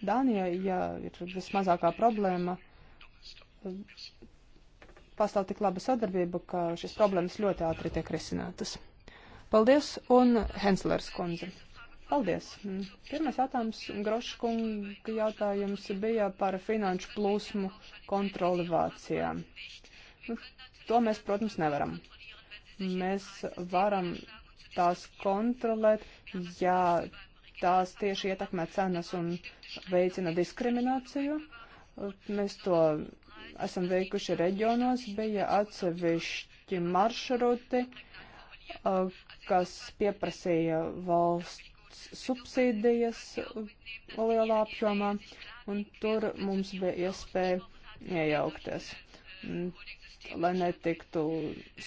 Dānijā, ja ir vismazākā problēma, eh, pastāv tik laba sadarbība, ka šīs problēmas ļoti ātri tiek risinātas. Paldies un Henslers kundze. Paldies. Pirmais jautājums, Groškunga jautājums bija par finanšu plūsmu kontroli Vācijā. Nu, to mēs, protams, nevaram. Mēs varam tās kontrolēt, ja tās tieši ietekmē cenas un veicina diskrimināciju. Mēs to esam veikuši reģionos, bija atsevišķi maršruti. Uh, Uh, kas pieprasīja valsts subsīdijas lielā apjomā, un tur mums bija iespēja iejaukties, mm, lai netiktu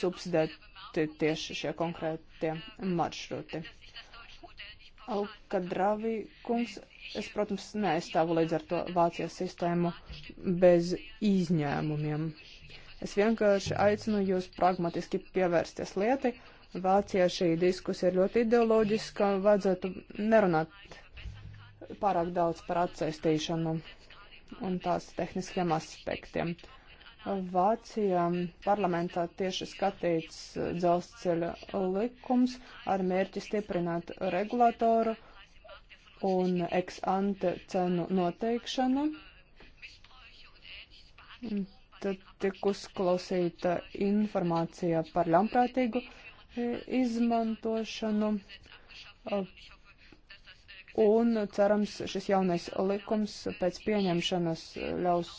subsidēti tieši šie konkrētie maršruti. Alkadravi kungs, es, protams, neaizstāvu līdz ar to Vācijas sistēmu bez izņēmumiem. Es vienkārši aicinu jūs pragmatiski pievērsties lietai, uh, Vācijā šī diskusija ir ļoti ideoloģiska, vajadzētu nerunāt pārāk daudz par atsaistīšanu un tās tehniskiem aspektiem. Vācijā parlamentā tieši skatīts dzelzceļa likums ar mērķi stiprināt regulātoru un ex ante cenu noteikšanu. Tad tik uzklausīta informācija par ļaunprātīgu izmantošanu. Un cerams, šis jaunais likums pēc pieņemšanas ļaus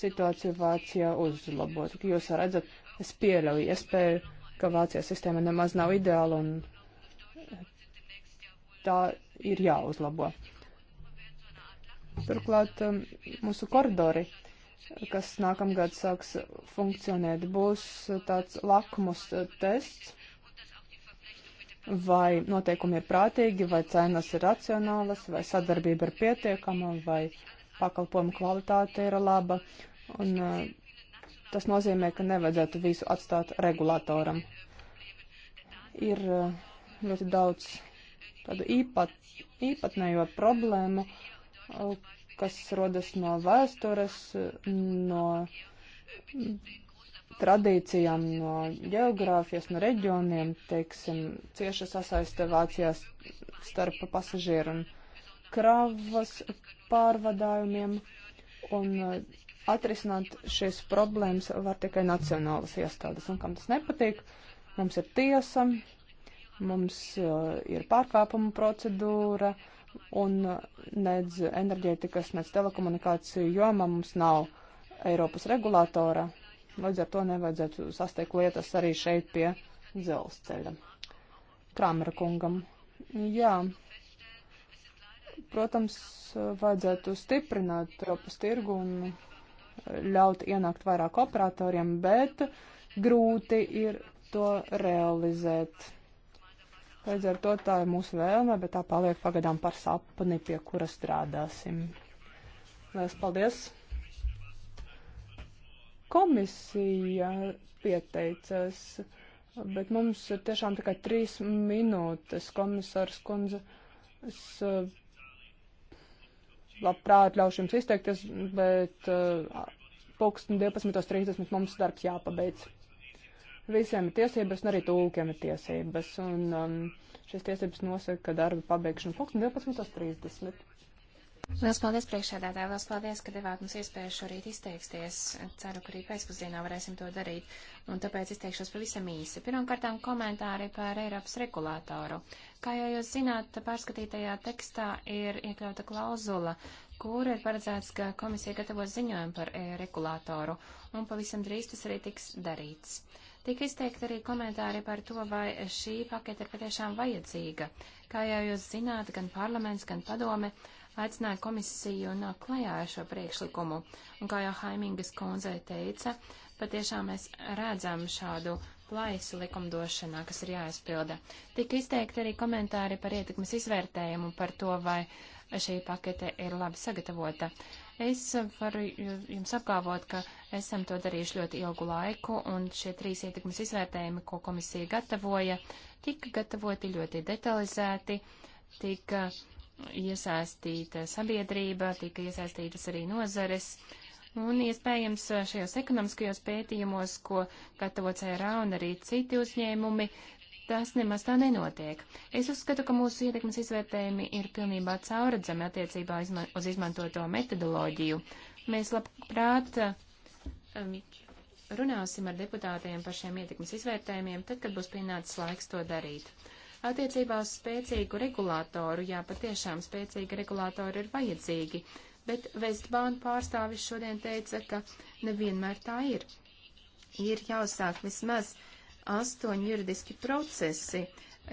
situāciju Vācijā uzlabot. Jūs redzat, es pieļauju iespēju, ka Vācijā sistēma nemaz nav ideāla un tā ir jāuzlabo. Turklāt um, mūsu koridori uh, kas nākamgad sāks funkcionēt, būs tāds lakmus tests, vai noteikumi ir prātīgi, vai cenas ir racionālas, vai sadarbība ir pietiekama, vai pakalpojumu kvalitāte ir laba. Un, eh, tas nozīmē, ka nevajadzētu visu atstāt regulātoram. Ir eh, ļoti daudz tādu īpat, īpatnējo problēmu, kas rodas no vēstures, no tradīcijām, no geogrāfijas, no reģioniem, teiksim, cieša sasaiste Vācijās starp pasažieru un kravas pārvadājumiem. Un uh, atrisināt šīs problēmas var tikai nacionālas iestādes. Un kam tas nepatīk, mums ir tiesa, mums uh, ir pārkāpuma procedūra, uh, un uh, nedz enerģētikas, nedz telekomunikāciju jomā mums nav Eiropas regulātora. Līdz ar to nevajadzētu sasteikt lietas arī šeit pie dzelzceļa. Kramera kungam. Jā, protams, vajadzētu stiprināt Eiropas tirgu un ļaut ienākt vairāk operatoriem, bet grūti ir to realizēt Līdz ar to tā ir mūsu vēlme, bet tā paliek pagadām par sapni, pie kura strādāsim. Lielas paldies! Komisija pieteicās, bet mums ir tiešām tikai trīs minūtes, komisārs kundze. Es eh, labprāt ļaušu jums izteikties, bet uh, pulksten 12.30 mums darbs jāpabeidz. Visiem ir tiesības, un arī tūkiem ir tiesības. Un um, šīs tiesības nosaka, ka darba pabeigšana pulksten 12.30. Liels paldies priekšēdētāji, liels paldies, ka devāt mums iespēju šorīt izteiksties. Ceru, ka arī pēcpusdienā varēsim to darīt, un tāpēc izteikšos pavisam īsi. Pirmkārtām komentāri par Eiropas regulātoru. Kā jau jūs zināt, pārskatītajā tekstā ir iekļauta klauzula, kur ir paredzēts, ka komisija gatavos ziņojumu par e regulātoru, un pavisam drīz tas arī tiks darīts. Tika izteikti arī komentāri par to, vai šī pakete ir patiešām vajadzīga. Kā jau jūs zināt, gan parlaments, gan padome aicināja komisiju nāk klajā ar šo priekšlikumu. Un kā jau Haimingas kundze teica, patiešām mēs redzam šādu plaisu likumdošanā, kas ir jāizpilda. Tika izteikti arī komentāri par ietekmes izvērtējumu, par to, vai šī pakete ir labi sagatavota. Es varu jums apgalvot, ka esam to darījuši ļoti ilgu laiku, un šie trīs ietekmes izvērtējumi, ko komisija gatavoja, tika gatavoti ļoti detalizēti, tika iesaistīta sabiedrība, tika iesaistītas arī nozares. Un iespējams šajos ekonomiskajos pētījumos, ko gatavo CRA un arī citi uzņēmumi, tas nemaz tā nenotiek. Es uzskatu, ka mūsu ietekmes izvērtējumi ir pilnībā cauradzami attiecībā izman uz izmantoto metodoloģiju. Mēs labprāt um, runāsim ar deputātiem par šiem ietekmes izvērtējumiem, tad, kad būs pienācis laiks to darīt. Attiecībā uz spēcīgu regulātoru, jā, patiešām spēcīgi regulātori ir vajadzīgi, bet Vestbāna pārstāvis šodien teica, ka nevienmēr tā ir. Ir jāuzsāk vismaz uh, astoņi juridiski procesi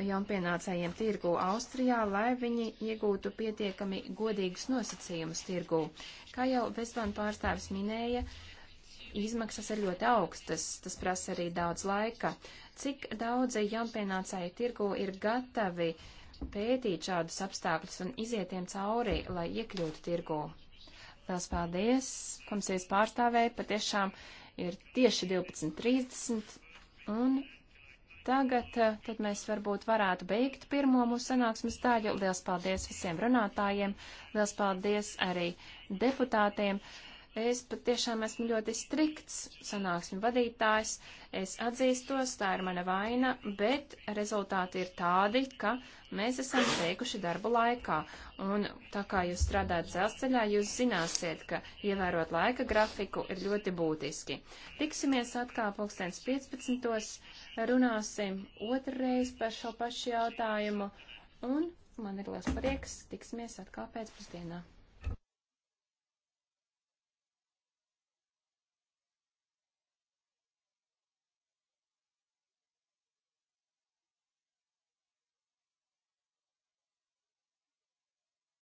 jaunpienācējiem tirgu Austrijā, lai viņi iegūtu pietiekami godīgus nosacījumus tirgu. Kā jau Vestvāna pārstāvis minēja, izmaksas ir ļoti augstas, tas prasa arī daudz laika. Cik daudzi jaunpienācēji tirgu ir gatavi pētīt šādus apstākļus un izietiem cauri, lai iekļūtu tirgu? Liels paldies komisijas pārstāvēji, patiešām ir tieši 12.30 Un tagad eh, tad mēs varbūt varētu beigt pirmo mūsu sanāksmes daļu. Liels paldies visiem runātājiem, liels paldies arī deputātiem. Es patiešām esmu ļoti strikts sanāksmi vadītājs, es atzīstos, tā ir mana vaina, bet rezultāti ir tādi, ka mēs esam teikuši darbu laikā. Un tā kā jūs strādājat dzelzceļā, jūs zināsiet, ka ievērot laika grafiku ir ļoti būtiski. Tiksimies atkal pulkstens 15. runāsim otrreiz par šo pašu jautājumu. Un man ir liels prieks, tiksimies atkal pēcpusdienā.